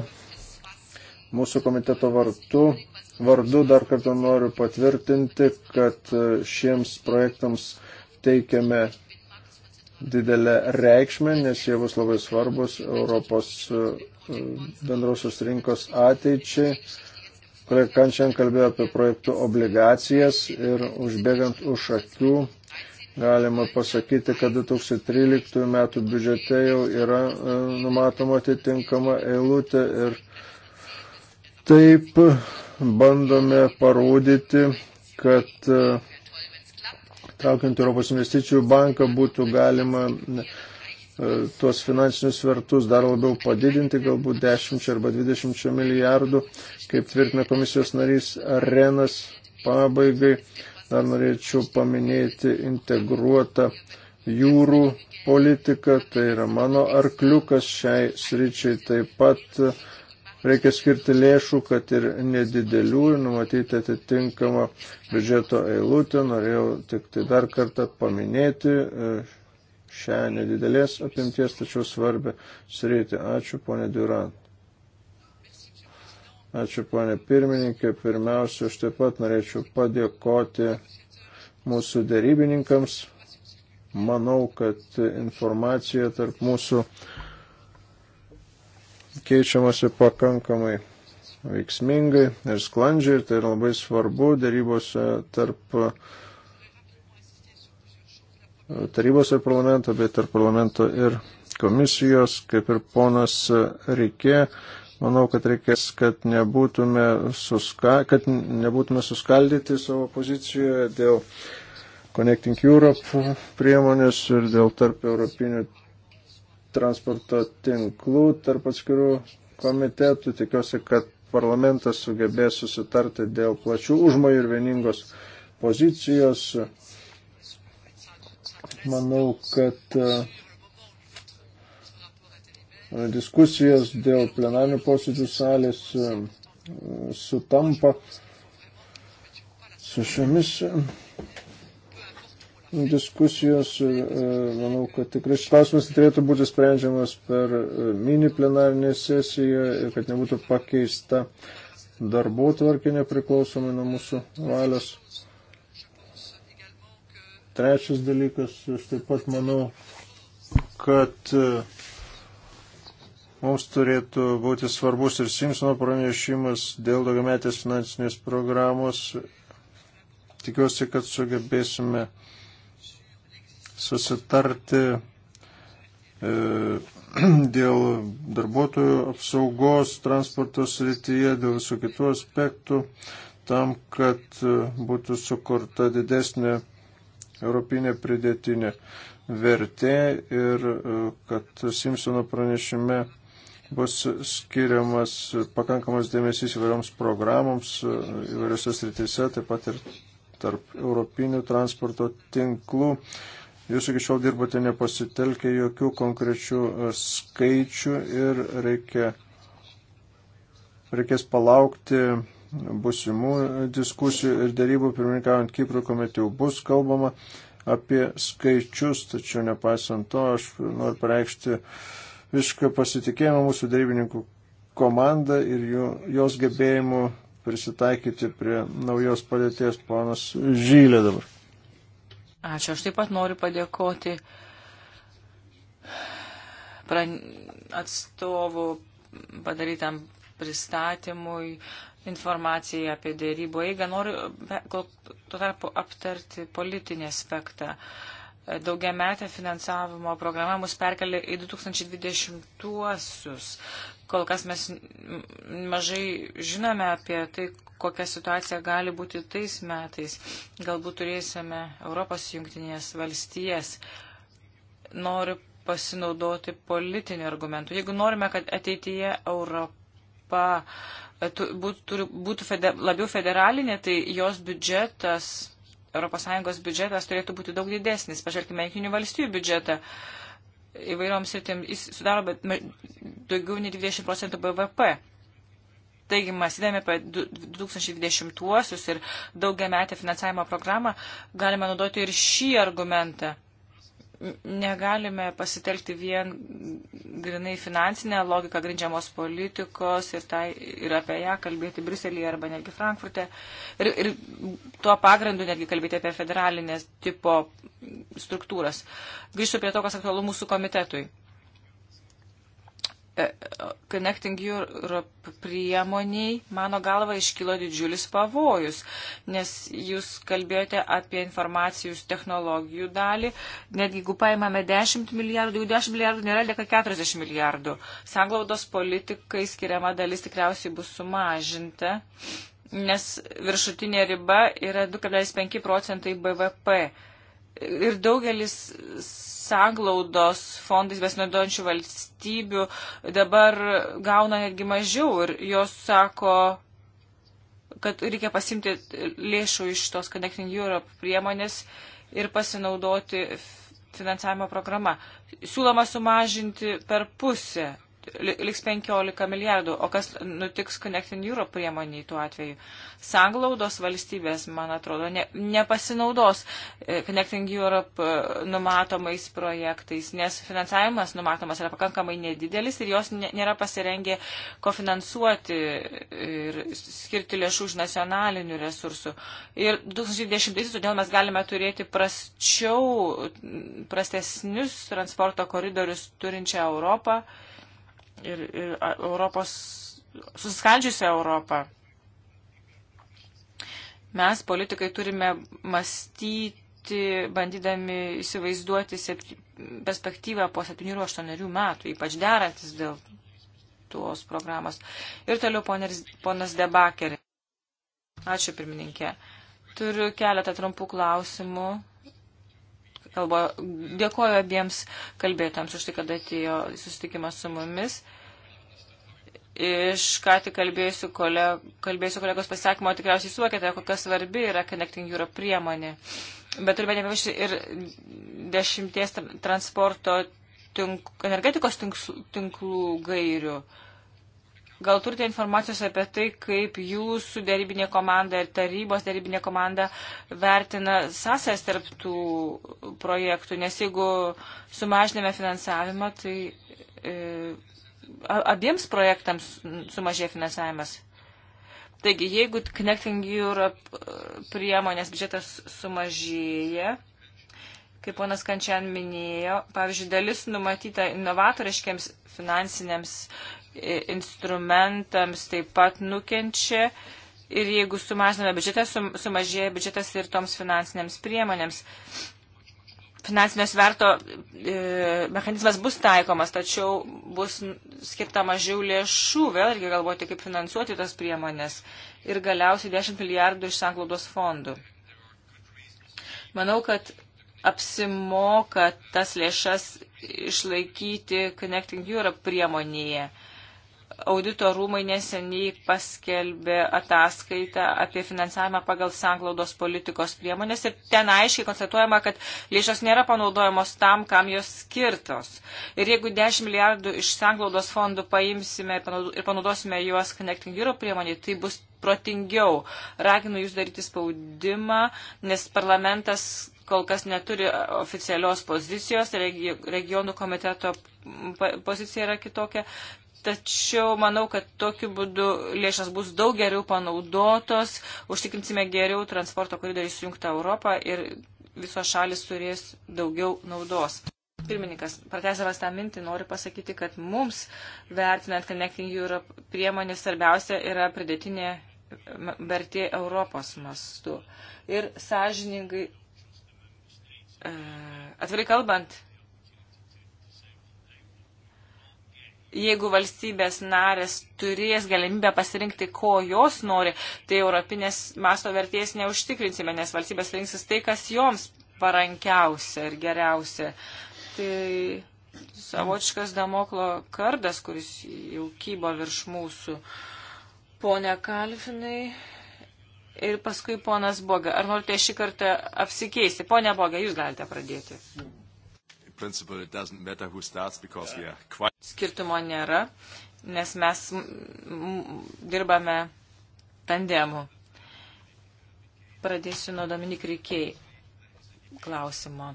Mūsų komiteto vartų vardu dar kartą noriu patvirtinti, kad šiems projektams teikiame didelę reikšmę, nes jie bus labai svarbus Europos e, bendrosios rinkos ateičiai. Kolega Kančian kalbėjo apie projektų obligacijas ir užbėgant už akių galima pasakyti, kad 2013 metų biudžete jau yra e, numatoma atitinkama eilutė ir taip bandome parodyti, kad e, traukiant Europos investicijų banką būtų galima e, tuos finansinius svertus dar labiau padidinti, galbūt 10 arba 20 milijardų, kaip tvirtina komisijos narys Arenas pabaigai. Dar norėčiau paminėti integruotą jūrų politiką, tai yra mano arkliukas šiai sričiai taip pat reikia skirti lėšų, kad ir nedidelių, numatyti atitinkamą biudžeto eilutę. Norėjau tik tai dar kartą paminėti e, šią nedidelės apimties, tačiau svarbę sritį. Ačiū, ponė Durant. Ačiū, ponė pirmininkė. Pirmiausia, aš taip pat norėčiau padėkoti mūsų dėrybininkams. Manau, kad informacija tarp mūsų keičiamasi pakankamai veiksmingai ir sklandžiai ir tai yra labai svarbu darybose tarp tarybos ir parlamento, bet tarp parlamento ir komisijos, kaip ir ponas Rikė, manau, kad reikės, kad nebūtume, suska, kad nebūtume suskaldyti savo pozicijoje dėl Connecting Europe priemonės ir dėl tarp europinių transporto tinklų tarp atskirų komitetų. Tikiuosi, kad parlamentas sugebės susitarti dėl plačių užmojų ir vieningos pozicijos. Manau, kad e, diskusijos dėl plenarnių posėdžių salės e, sutampa su šiomis diskusijos ir e, manau, kad tikrai šis klausimas turėtų būti sprendžiamas per e, mini plenarinę sesiją ir kad nebūtų pakeista darbų tvarkė nepriklausomai nuo mūsų valios. Trečias dalykas, aš taip pat manau, kad e, mums turėtų būti svarbus ir Simpsono pranešimas dėl daugiametės finansinės programos. Tikiuosi, kad sugebėsime uh, susitarti e, dėl darbuotojų apsaugos transporto srityje, dėl visų kitų aspektų, tam, kad e, būtų sukurta didesnė europinė pridėtinė vertė ir e, kad Simpsono pranešime bus skiriamas pakankamas dėmesys įvairioms programoms įvairiose srityse, taip pat ir tarp europinių transporto tinklų Jūs iki šiol dirbate nepasitelkę jokių konkrečių e, skaičių ir reikia, reikės palaukti busimų diskusijų ir darybų, pirmininkaujant Kiprui, kuomet jau bus kalbama apie skaičius, tačiau nepaisant to, aš noriu pareikšti viską pasitikėjimą mūsų darybininkų komandą ir jų, jos gebėjimų prisitaikyti prie naujos padėties ponas Žylė dabar. Ačiū. Aš taip pat noriu padėkoti pran... atstovų padarytam pristatymui, informacijai apie dėrybų eigą. Noriu tuo tarpu aptarti politinį aspektą. Daugiametė finansavimo programa mus perkelė į 2020-uosius. Kol kas mes mažai žinome apie tai, kokia situacija gali būti tais metais. Galbūt turėsime Europos jungtinės valstijas. Noriu pasinaudoti politiniu argumentu. Jeigu norime, kad ateityje Europa e, būtų, būtų feder, labiau federalinė, tai jos biudžetas, ES biudžetas turėtų būti daug didesnis. Pažvelkime, jungtinių valstijų biudžetą. Uh, įvairioms sritėms, jis sudaro bet, daugiau nei 20 procentų BVP. Taigi, mąstydami apie 2020-uosius ir daugiametę finansavimo programą, galime naudoti ir šį argumentą negalime pasitelkti vien grinai finansinę logiką grindžiamos politikos ir, tai, ir apie ją kalbėti Briuselėje arba netgi Frankfurte. Ir, ir tuo pagrindu netgi kalbėti apie federalinės tipo struktūras. Grįžtu prie to, kas aktualu mūsų komitetui. E, Connecting Europe priemoniai, mano galva, iškilo didžiulis pavojus, nes jūs kalbėjote apie informacijus technologijų dalį, netgi jeigu paimame 10 milijardų, jau 10 milijardų nėra, lieka 40 milijardų. Sanglaudos politikai skiriama dalis tikriausiai bus sumažinta, nes viršutinė riba yra 2,5 procentai BVP ir daugelis sanglaudos fondais besinaudojančių valstybių dabar gauna netgi mažiau ir jos sako, kad reikia pasimti lėšų iš tos Connecting Europe priemonės ir pasinaudoti finansavimo programą. Siūloma sumažinti per pusę liks 15 milijardų, o kas nutiks Connecting Europe priemoniai tuo atveju? Sanglaudos valstybės, man atrodo, ne, nepasinaudos e, Connecting Europe e, numatomais projektais, nes finansavimas numatomas yra pakankamai nedidelis ir jos nėra pasirengę kofinansuoti ir skirti lėšų už nacionalinių resursų. Ir 2010 todėl mes galime turėti prasčiau, prastesnius transporto koridorius turinčią Europą. Europą ir, ir Europos, suskaldžiusią Europą. Mes, politikai, turime mąstyti, bandydami įsivaizduoti septy, perspektyvą po 7-8 metų, ypač derantis dėl tos programos. Ir toliau ponas, ponas Debakeri. Ačiū, pirmininkė. Turiu keletą trumpų klausimų kalbo. Dėkoju abiems kalbėtams už tai, kad atėjo susitikimas su mumis. Iš ką tik kalbėjusių koleg kolegos pasisakymo tikriausiai suvokėte, kokia svarbi yra Connecting Europe priemonė. Bet turime nepamiršti ir dešimties transporto tink, energetikos tinklų gairių. Uh, Gal turite informacijos apie tai, kaip jūsų darybinė komanda ir tarybos darybinė komanda vertina sąsęs tarp tų projektų, nes jeigu sumažiname finansavimą, tai e, abiems projektams sumažė finansavimas. Taigi, jeigu Connecting Europe e, priemonės biudžetas sumažėja, kaip ponas Kančian minėjo, pavyzdžiui, dalis numatyta inovatoriškiams finansiniams instrumentams taip pat nukenčia. Ir jeigu sumažiname biudžetą, sumažėja biudžetas ir toms finansinėms priemonėms. Finansinio sverto e, mechanizmas bus taikomas, tačiau bus skirta mažiau lėšų, vėlgi galvoti, kaip finansuoti tas priemonės. Ir galiausiai 10 milijardų iš sanglaudos fondų. Manau, kad apsimoka tas lėšas išlaikyti Connecting Europe priemonėje. E, Audito rūmai neseniai paskelbė ataskaitą apie finansavimą pagal sanglaudos politikos priemonės ir ten aiškiai konstatuojama, kad lėšos nėra panaudojamos tam, kam jos skirtos. Ir jeigu 10 milijardų iš sanglaudos fondų paimsime ir panaudosime juos Connecting Europe priemonė, tai bus protingiau. Raginu jūs daryti spaudimą, nes parlamentas kol kas neturi oficialios pozicijos, regionų komiteto pozicija yra kitokia. Tačiau manau, kad tokiu būdu lėšas bus daug geriau panaudotos, užtikrinsime geriau transporto koridorių sujungtą Europą ir visos šalis turės daugiau naudos. Pirmininkas, pratesavas tą mintį, noriu pasakyti, kad mums, vertinant Connecting Europe priemonė, svarbiausia yra pridėtinė vertė Europos mastu. Ir sąžiningai, e, atvirai kalbant, jeigu valstybės narės turės galimybę pasirinkti, ko jos nori, tai europinės masto vertės neužtikrinsime, nes valstybės rinksis tai, kas joms parankiausia ir geriausia. Tai savočiškas damoklo kardas, kuris jau kybo virš mūsų. Pone Kalfinai ir paskui ponas Boga. Ar norite šį kartą apsikeisti? Pone Boga, jūs galite pradėti. Mm principle it doesn't matter who starts because we are quite. Skirtumo nėra, nes mes dirbame tandemu. Pradėsiu nuo Dominik Reikiai klausimo.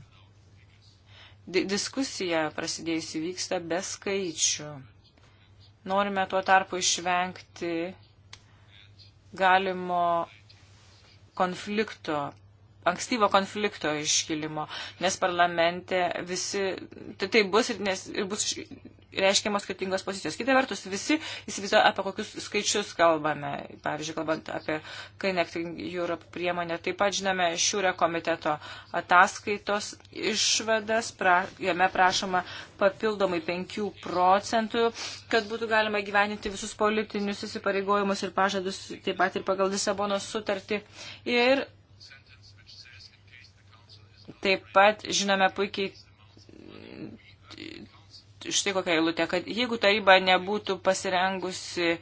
Di diskusija prasidėjusi vyksta be skaičių. Norime tuo tarpu išvengti galimo konflikto ankstyvo konflikto iškilimo, nes parlamente visi, tai, tai bus ir, nes, ir bus reiškiamos skirtingos pozicijos. Kita vertus, visi įsivaizduoja, apie kokius skaičius kalbame. Pavyzdžiui, kalbant apie Connecting Europe priemonę, taip pat žinome šiūrio komiteto ataskaitos išvadas, pra, jame prašoma papildomai 5 procentų, kad būtų galima gyveninti visus politinius įsipareigojimus ir pažadus, taip pat ir pagal Lisabono sutartį. Ir Taip pat žinome puikiai štai kokią eilutę, kad jeigu taryba nebūtų pasirengusi e,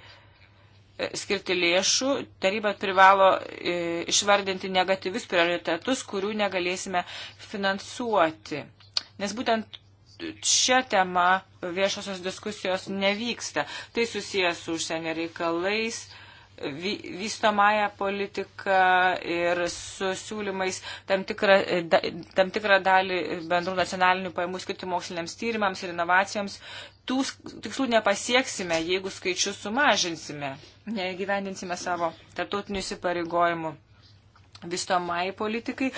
skirti lėšų, taryba privalo e, išvardinti negatyvius prioritetus, kurių negalėsime finansuoti. Nes būtent šią temą viešosios diskusijos nevyksta. Tai susijęs su užsienio reikalais, vystomąją politiką ir su siūlymais tam tikrą, tam tikrą dalį bendrų nacionalinių pajamų skirti moksliniams tyrimams ir inovacijoms. Tų tikslų nepasieksime, jeigu skaičius sumažinsime, negyvendinsime savo tarptautinių įsipareigojimų vystomai politikai,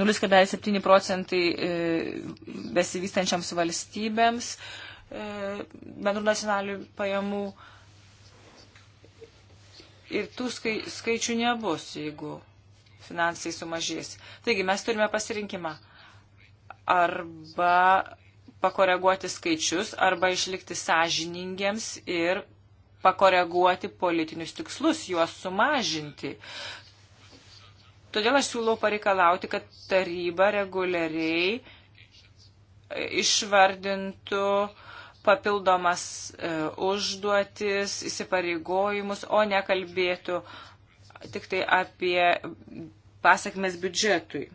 0,7 procentai e, besivystančiams valstybėms e, bendrų nacionalių pajamų ir tų skai, skaičių nebus, jeigu finansai sumažės. Taigi mes turime pasirinkimą arba pakoreguoti skaičius, arba išlikti sąžiningiems ir pakoreguoti politinius tikslus, juos sumažinti. Todėl aš siūlau pareikalauti, kad taryba reguliariai išvardintų uh, papildomas e, užduotis, įsipareigojimus, o nekalbėtų tik tai apie pasakmes biudžetui.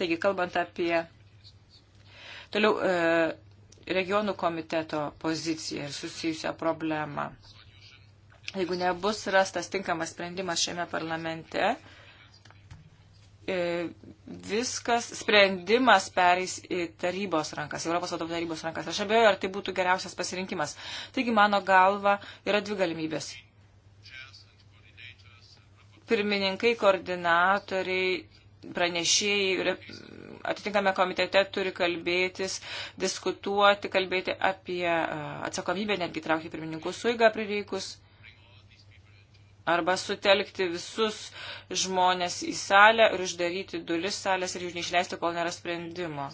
Taigi, kalbant apie toliau e, regionų komiteto poziciją ir susijusią problemą. Jeigu nebus rastas tinkamas sprendimas šiame parlamente, E, viskas, sprendimas pereis į tarybos rankas, Europos vadovų tarybos rankas. Aš abejoju, ar tai būtų geriausias pasirinkimas. Taigi, mano galva, yra dvi galimybės. Pirmininkai, koordinatoriai, pranešėjai atitinkame komitete turi kalbėtis, diskutuoti, kalbėti apie e, atsakomybę, netgi traukti pirmininkų suigą prireikus. Arba sutelkti visus žmonės į salę ir uždaryti duris salės ir jų neišleisti, kol nėra sprendimo.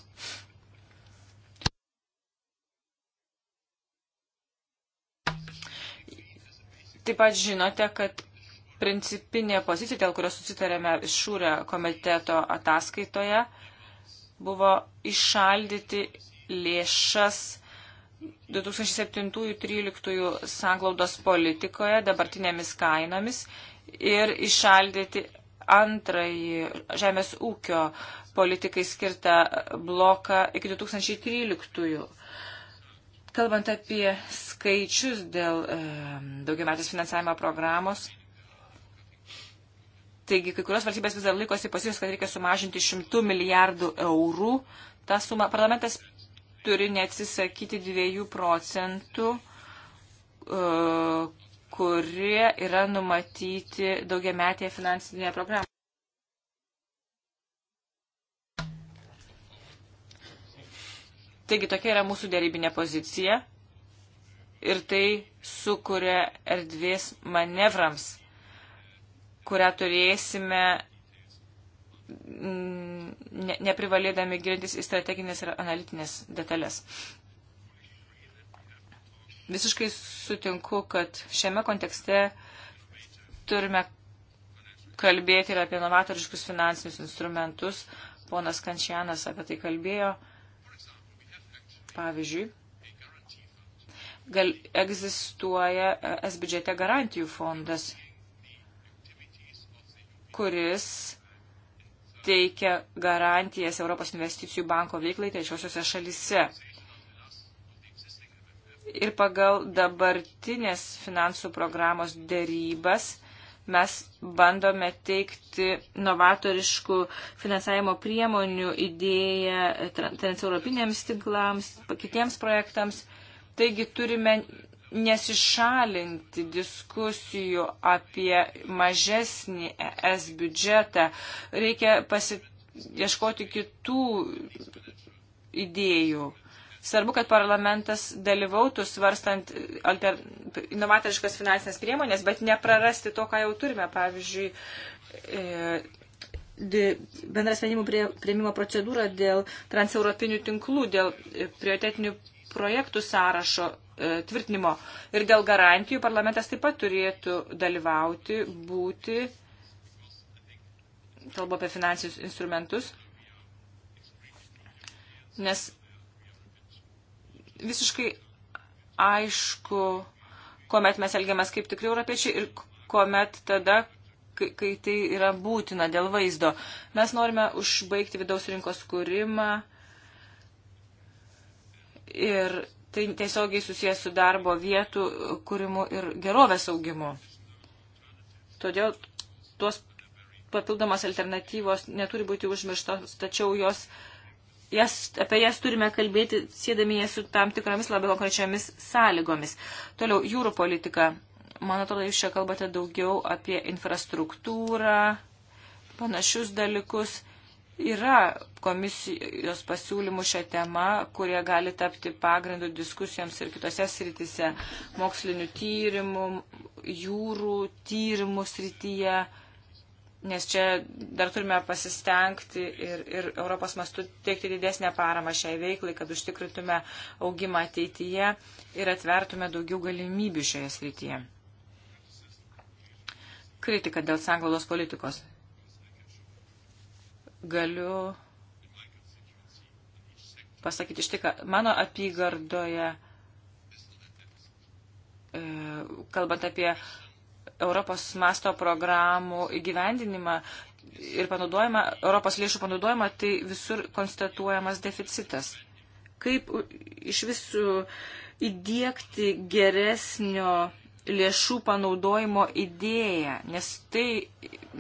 Taip pat žinote, kad principinė pozicija, dėl kurios susitarėme šūrę komiteto ataskaitoje, buvo išaldyti lėšas 2007-2013 sanglaudos politikoje dabartinėmis kainomis ir išaldyti antrąjį žemės ūkio politikai skirtą bloką iki 2013. Kalbant apie skaičius dėl e, daugiametės finansavimo programos, taigi kai kurios valstybės vis dar laikosi pozicijos, kad reikia sumažinti 100 milijardų eurų. Ta suma parlamentas turi neatsisakyti 2 procentų, e, kurie yra numatyti daugiametėje finansinėje programoje. Taigi tokia yra mūsų dėrybinė pozicija ir tai sukuria erdvės manevrams, kurią turėsime ne, neprivalėdami gilintis į strateginės ir analitinės detalės. Visiškai sutinku, kad šiame kontekste turime kalbėti ir apie novatoriškus finansinius instrumentus. Ponas Kančianas apie tai kalbėjo. Pavyzdžiui, gal, egzistuoja e, es biudžete garantijų fondas, kuris teikia garantijas Europos investicijų banko veiklai trečiosiuose šalise. Ir pagal dabartinės finansų programos dėrybas mes bandome teikti novatoriškų finansavimo priemonių idėją transeuropiniams tinklams, kitiems projektams. Taigi turime nesišalinti diskusijų apie mažesnį ES biudžetą. Reikia ieškoti kitų idėjų. Svarbu, kad parlamentas dalyvautų svarstant alter... inovatoriškas finansinės priemonės, bet neprarasti to, ką jau turime. Pavyzdžiui, e, bendras sprendimų prie, prieimimo procedūra dėl transeuropinių tinklų, dėl prioritetinių projektų sąrašo E, tvirtinimo. Ir dėl garantijų parlamentas taip pat turėtų dalyvauti, būti, kalbu apie finansinius instrumentus, nes visiškai aišku, kuomet mes elgiamės kaip tikri europiečiai ir kuomet tada, kai, kai tai yra būtina dėl vaizdo. Mes norime užbaigti vidaus rinkos kūrimą ir tai tiesiogiai susijęs su darbo vietų kūrimu ir gerovės augimu. Todėl tuos papildomas alternatyvos neturi būti užmirštos, tačiau jos, jas, apie jas turime kalbėti, sėdami jas su tam tikromis labai konkrečiamis sąlygomis. Toliau, jūrų politika. Man atrodo, jūs čia kalbate daugiau apie infrastruktūrą, panašius dalykus Yra komisijos pasiūlymų šią temą, kurie gali tapti pagrindu diskusijoms ir kitose sritise - mokslinių tyrimų, jūrų tyrimų srityje, nes čia dar turime pasistengti ir, ir Europos mastu teikti didesnę paramą šiai veiklai, kad užtikrintume augimą ateityje ir atvertume daugiau galimybių šioje srityje. Kritika dėl sanglaudos politikos galiu pasakyti štai, ką mano apygardoje, e, kalbant apie Europos masto programų įgyvendinimą ir panaudojimą, Europos lėšų panaudojimą, tai visur konstatuojamas deficitas. Kaip iš visų įdėkti geresnio lėšų panaudojimo idėją, nes tai,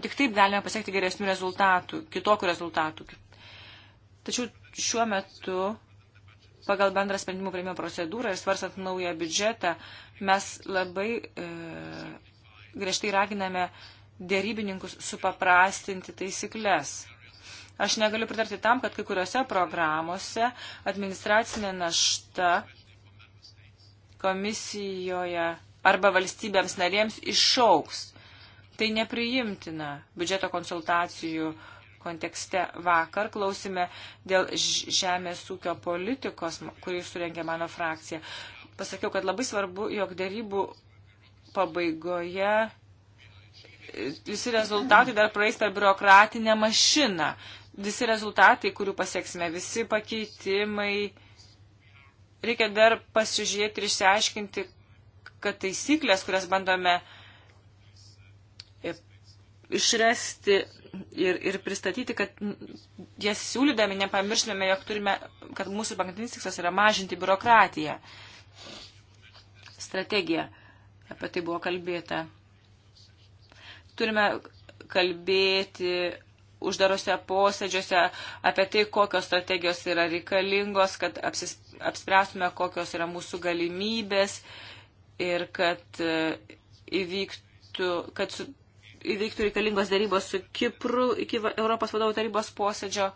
tik taip galime pasiekti geresnių rezultatų, kitokių rezultatų. Tačiau šiuo metu pagal bendrą sprendimų prieimimo procedūrą ir svarstant naują biudžetą, mes labai e, griežtai raginame dėrybininkus supaprastinti taisyklės. Aš negaliu pritarti tam, kad kai kuriuose programuose administracinė našta komisijoje arba valstybėms narėms išauks. Tai nepriimtina biudžeto konsultacijų kontekste vakar klausime dėl žemės ūkio politikos, kurį surengė mano frakcija. Pasakiau, kad labai svarbu, jog dėrybų pabaigoje e, visi rezultatai dar praeis per biurokratinę mašiną. Visi rezultatai, kurių pasieksime, visi pakeitimai. Reikia dar pasižiūrėti ir išsiaiškinti, kad taisyklės, kurias bandome e, išrasti ir, ir pristatyti, kad jas siūlydami nepamirštume, jog turime, kad mūsų pagrindinis tikslas yra mažinti biurokratiją. Strategija. Apie tai buvo kalbėta. Turime kalbėti uždarose posėdžiuose apie tai, kokios strategijos yra reikalingos, kad apsispręstume, kokios yra mūsų galimybės. Uh, ir kad e, įvyktų, kad su, įvyktų reikalingos darybos su Kipru iki Europos vadovų tarybos posėdžio.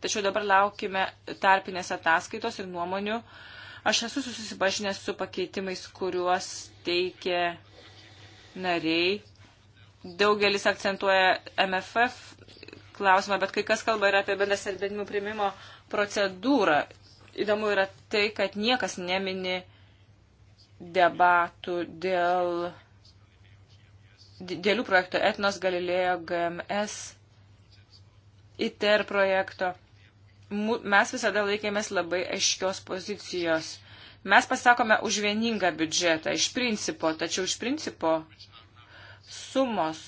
Tačiau dabar laukime tarpinės ataskaitos ir nuomonių. Aš esu susipažinęs su pakeitimais, kuriuos teikia nariai. Daugelis akcentuoja MFF klausimą, bet kai kas kalba ir apie bendras sprendimų primimo procedūrą. Įdomu yra tai, kad niekas nemini debatų dėl dėlių projekto Etnos Galilėjo GMS ITER projekto. Mes visada laikėmės labai aiškios pozicijos. Mes pasakome už vieningą biudžetą iš principo, tačiau iš principo sumos,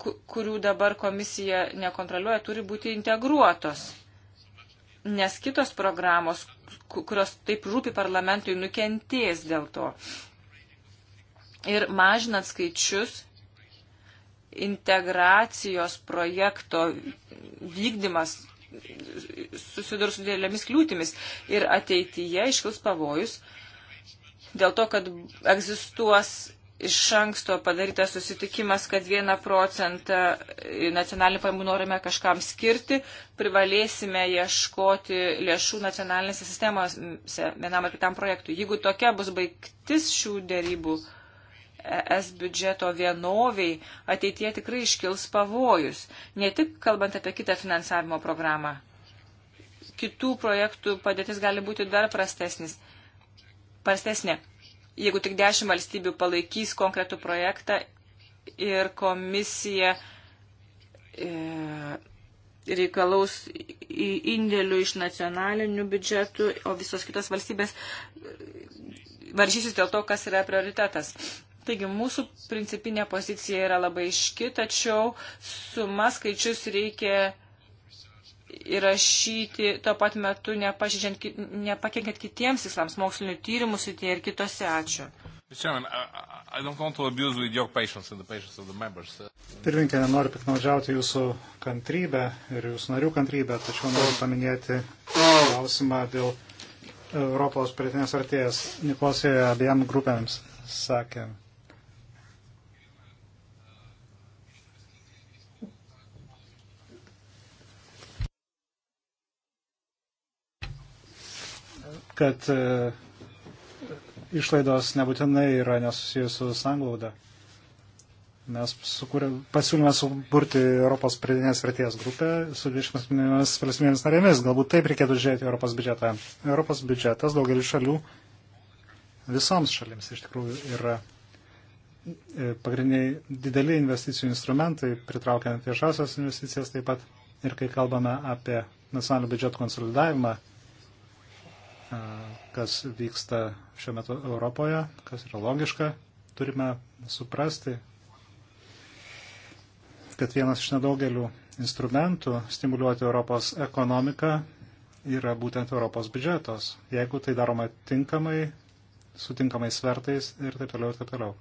kurių dabar komisija nekontroliuoja, turi būti integruotos nes kitos programos, kurios taip rūpi parlamentui, nukentės dėl to. Ir mažinant skaičius, integracijos projekto vykdymas susidurs su dėlėmis kliūtimis ir ateityje iškils pavojus dėl to, kad egzistuos iš anksto padarytas susitikimas, kad vieną procentą nacionalinių pajamų norime kažkam skirti, privalėsime ieškoti lėšų nacionalinėse sistemose vienam ar kitam projektui. Jeigu tokia bus baigtis šių dėrybų ES biudžeto vienoviai, ateitie tikrai iškils pavojus, ne tik kalbant apie kitą finansavimo programą. Kitų projektų padėtis gali būti dar prastesnis. Prastesnė jeigu tik dešimt valstybių palaikys konkretų projektą ir komisija e, reikalaus indėlių iš nacionalinių biudžetų, o visos kitos valstybės e, varžysis dėl to, kas yra prioritetas. Taigi mūsų principinė pozicija yra labai iški, tačiau suma skaičius reikia įrašyti tuo pat metu, nepakenkiant kitiems tikslams, mokslinių tyrimų srityje ir kitose. Ačiū. Pirminkė, nenoriu piknaudžiauti jūsų kantrybę ir jūsų narių kantrybę, tačiau noriu paminėti klausimą dėl Europos pritinės artėjas. Nikolosėje abiem grupėms sakė kad e, išlaidos nebūtinai yra nesusijusios su sanglauda. Mes sukūrė, pasiūlėme suburti Europos pridinės vertės grupę su 27 valstybėmis narėmis. Galbūt taip reikėtų žiūrėti Europos biudžetą. Europos biudžetas daugelis šalių, visoms šalims iš tikrųjų yra e, pagrindiniai dideli investicijų instrumentai, pritraukiant viešasias investicijas taip pat. Ir kai kalbame apie nacionalinio biudžeto konsolidavimą, kas vyksta šiuo metu Europoje, kas yra logiška. Turime suprasti, kad vienas iš nedaugelių instrumentų stimuliuoti Europos ekonomiką yra būtent Europos biudžetos, jeigu tai daroma tinkamai, sutinkamai svertais ir taip toliau ir taip toliau.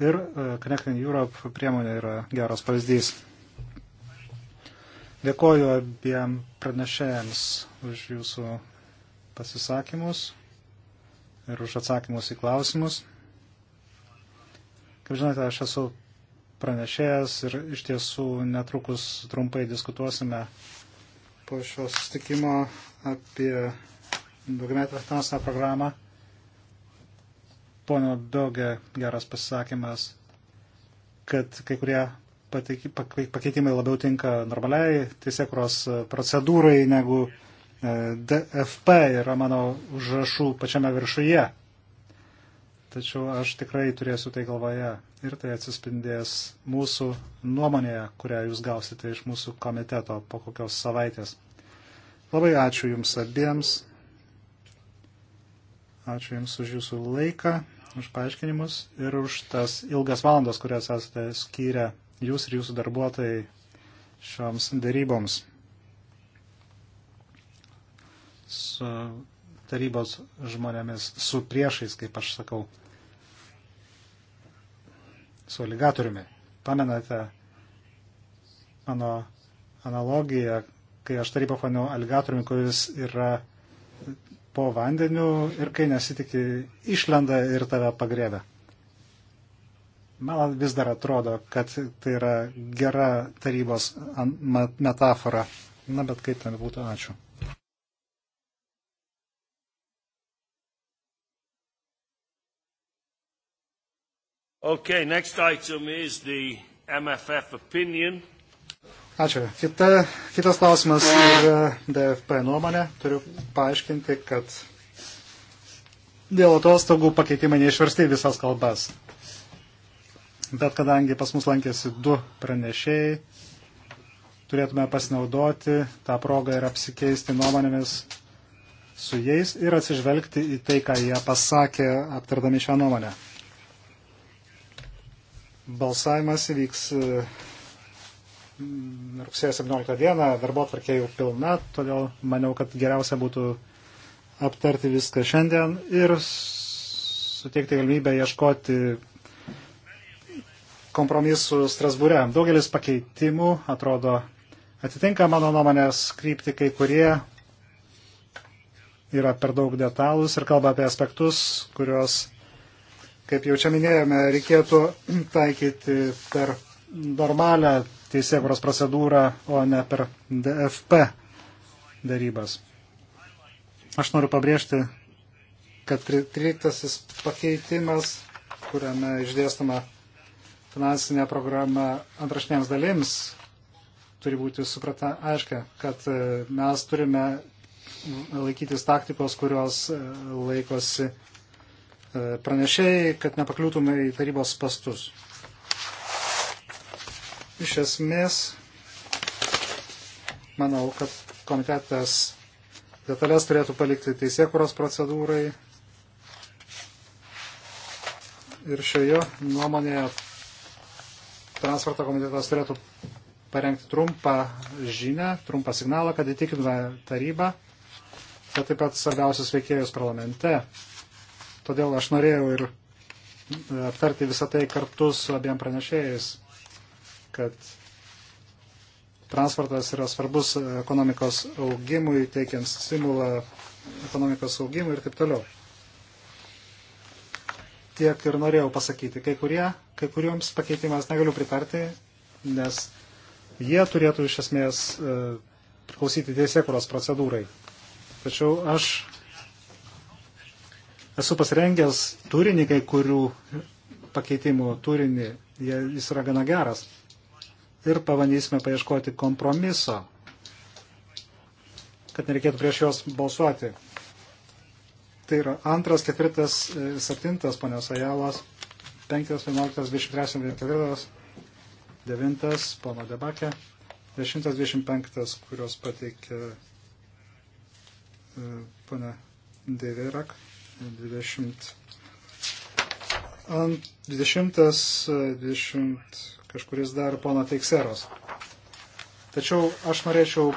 Ir e, Connecting Europe priemonė yra geras pavyzdys. Dėkoju abiem pranešėjams už jūsų pasisakymus ir už atsakymus į klausimus. Kaip žinote, aš esu pranešėjas ir iš tiesų netrukus trumpai diskutuosime po šios stikimo apie daugiametę finansinę programą. Pono Biogė geras pasisakymas, kad kai kurie pakeitimai labiau tinka normaliai teisėkuros procedūrai negu uh, E, DFP yra mano užrašų pačiame viršuje. Tačiau aš tikrai turėsiu tai galvoje ir tai atsispindės mūsų nuomonėje, kurią jūs gausite iš mūsų komiteto po kokios savaitės. Labai ačiū Jums abiems. Ačiū Jums už Jūsų laiką, už paaiškinimus ir už tas ilgas valandas, kurias esate skyrę Jūs ir Jūsų darbuotojai šioms daryboms su tarybos žmonėmis, su priešais, kaip aš sakau, su aligatoriumi. Pamenate mano analogiją, kai aš tarybą paniau aligatoriumi, kuris yra po vandeniu ir kai nesitikė išlenda ir tave pagrėbė. Man vis dar atrodo, kad tai yra gera tarybos metafora. Na, bet kaip ten būtų, ačiū. Okay, next item is the MFF opinion. Ačiū. Kita, kitas klausimas yra e, DFP nuomonė. Turiu paaiškinti, kad dėl atostogų pakeitimai neišversti visas kalbas. Bet kadangi pas mus lankėsi du pranešėjai, turėtume pasinaudoti tą progą ir apsikeisti nuomonėmis su jais ir atsižvelgti į tai, ką jie pasakė aptardami šią nuomonę. Balsavimas įvyks e, rugsėjo 17 dieną, darbo tvarkė jau pilna, todėl maniau, kad geriausia būtų aptarti viską šiandien ir suteikti galimybę ieškoti kompromisų Strasbūre. Daugelis pakeitimų, atrodo, atitinka mano nuomonės krypti kai kurie yra per daug detalus ir kalba apie aspektus, kuriuos Kaip jau čia minėjome, reikėtų taikyti per normalią teisėkuros procedūrą, o ne per DFP darybas. Aš noriu pabrėžti, kad 13 pakeitimas, kuriame išdėstama finansinė programa antrašinėms dalims, turi būti suprata aiškia, kad e, mes turime laikytis taktikos, kurios e, laikosi E, pranešėjai, kad nepakliūtume į tarybos pastus. Iš esmės, manau, kad komitetas detalės turėtų palikti teisėkuros procedūrai. Ir šioje nuomonėje transporto komitetas turėtų parengti trumpą žinę, trumpą signalą, kad įtikintume tarybą, bet taip pat svarbiausius veikėjus parlamente Todėl aš norėjau ir e, aptarti visą tai kartu su abiem pranešėjais, kad transportas yra svarbus ekonomikos augimui, teikiant stimulą ekonomikos augimui ir taip toliau. Tiek ir norėjau pasakyti. Kai, kurie, kai kuriems pakeitimas negaliu pritarti, nes jie turėtų iš esmės priklausyti e, teisėkuros procedūrai. Tačiau aš Esu pasirengęs turinį kai kurių pakeitimų turinį, jis yra gana geras. Ir pabandysime paieškoti kompromiso, kad nereikėtų prieš juos balsuoti. Tai yra antras, ketvirtas, e, septintas ponios Ajalas, penktas, vienuoliktas, dvidešimt trečias, ketvirtas, devintas, pono Debakė, dešimtas, dvidešimt penktas, kurios pateikė e, pana Devirak. 20 ant 20, 20 kažkuris dar pono Teikseros. Tačiau aš norėčiau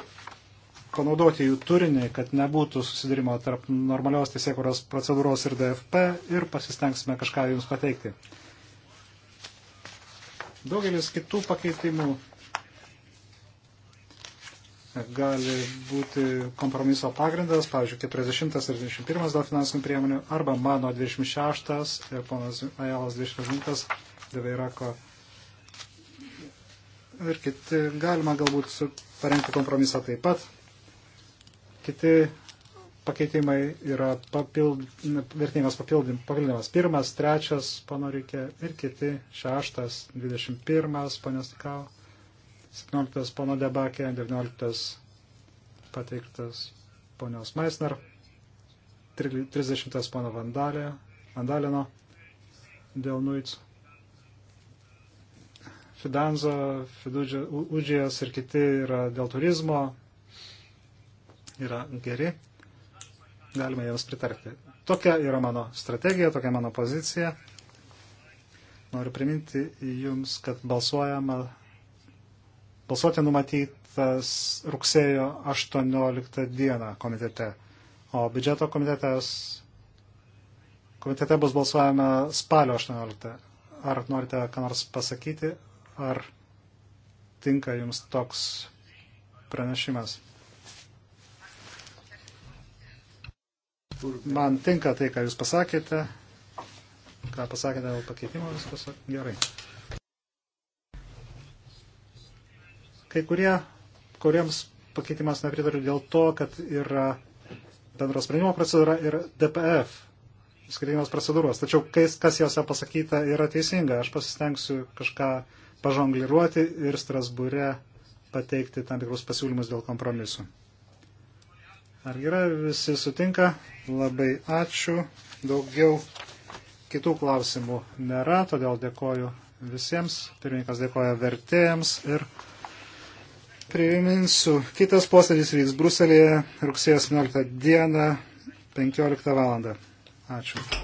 panaudoti jų turinį, kad nebūtų susidarimo tarp normalios teisėkuros procedūros ir DFP ir pasistengsime kažką jums pateikti. Daugelis kitų pakeitimų gali būti kompromiso pagrindas, pavyzdžiui, 40 ir 21 dėl finansinių priemonių, arba mano 26 ir ponas Ajalas 29, Deveirako ir kiti. Galima galbūt parengti kompromisą taip pat. Kiti pakeitimai yra papild, vertinimas papildymas. Pirmas, trečias, pano reikia, ir kiti, šeštas, dvidešimt pirmas, panestikau. 17 pono Debakė, 19 pateiktas ponios Meisner, 30 pono Vandalė, Vandalino, dėl Nuits, Fidanzo, Udžijas ir kiti yra dėl turizmo, yra geri, galime jiems pritarti. Tokia yra mano strategija, tokia mano pozicija. Noriu priminti jums, kad balsuojama Balsuoti numatytas rugsėjo 18 dieną komitete, o biudžeto komitetas, komitete bus balsuojama spalio 18. Ar norite ką nors pasakyti, ar tinka jums toks pranešimas? Man tinka tai, ką jūs pasakėte, ką pasakėte dėl pakeitimo, viskas gerai. Kai kurie, kuriems pakeitimas nepritariu dėl to, kad yra bendros sprendimo procedūra ir DPF, skirtingos procedūros. Tačiau kas jose pasakyta yra teisinga. Aš pasistengsiu kažką pažongliruoti ir Strasbūre pateikti tam tikrus pasiūlymus dėl kompromisų. Ar yra visi sutinka? Labai ačiū. Daugiau kitų klausimų nėra, todėl dėkoju visiems. Pirmininkas dėkoja vertėjams ir priminsiu, kitas posėdis vyks Bruselėje rugsėjo 17 dieną 15 val. Ačiū.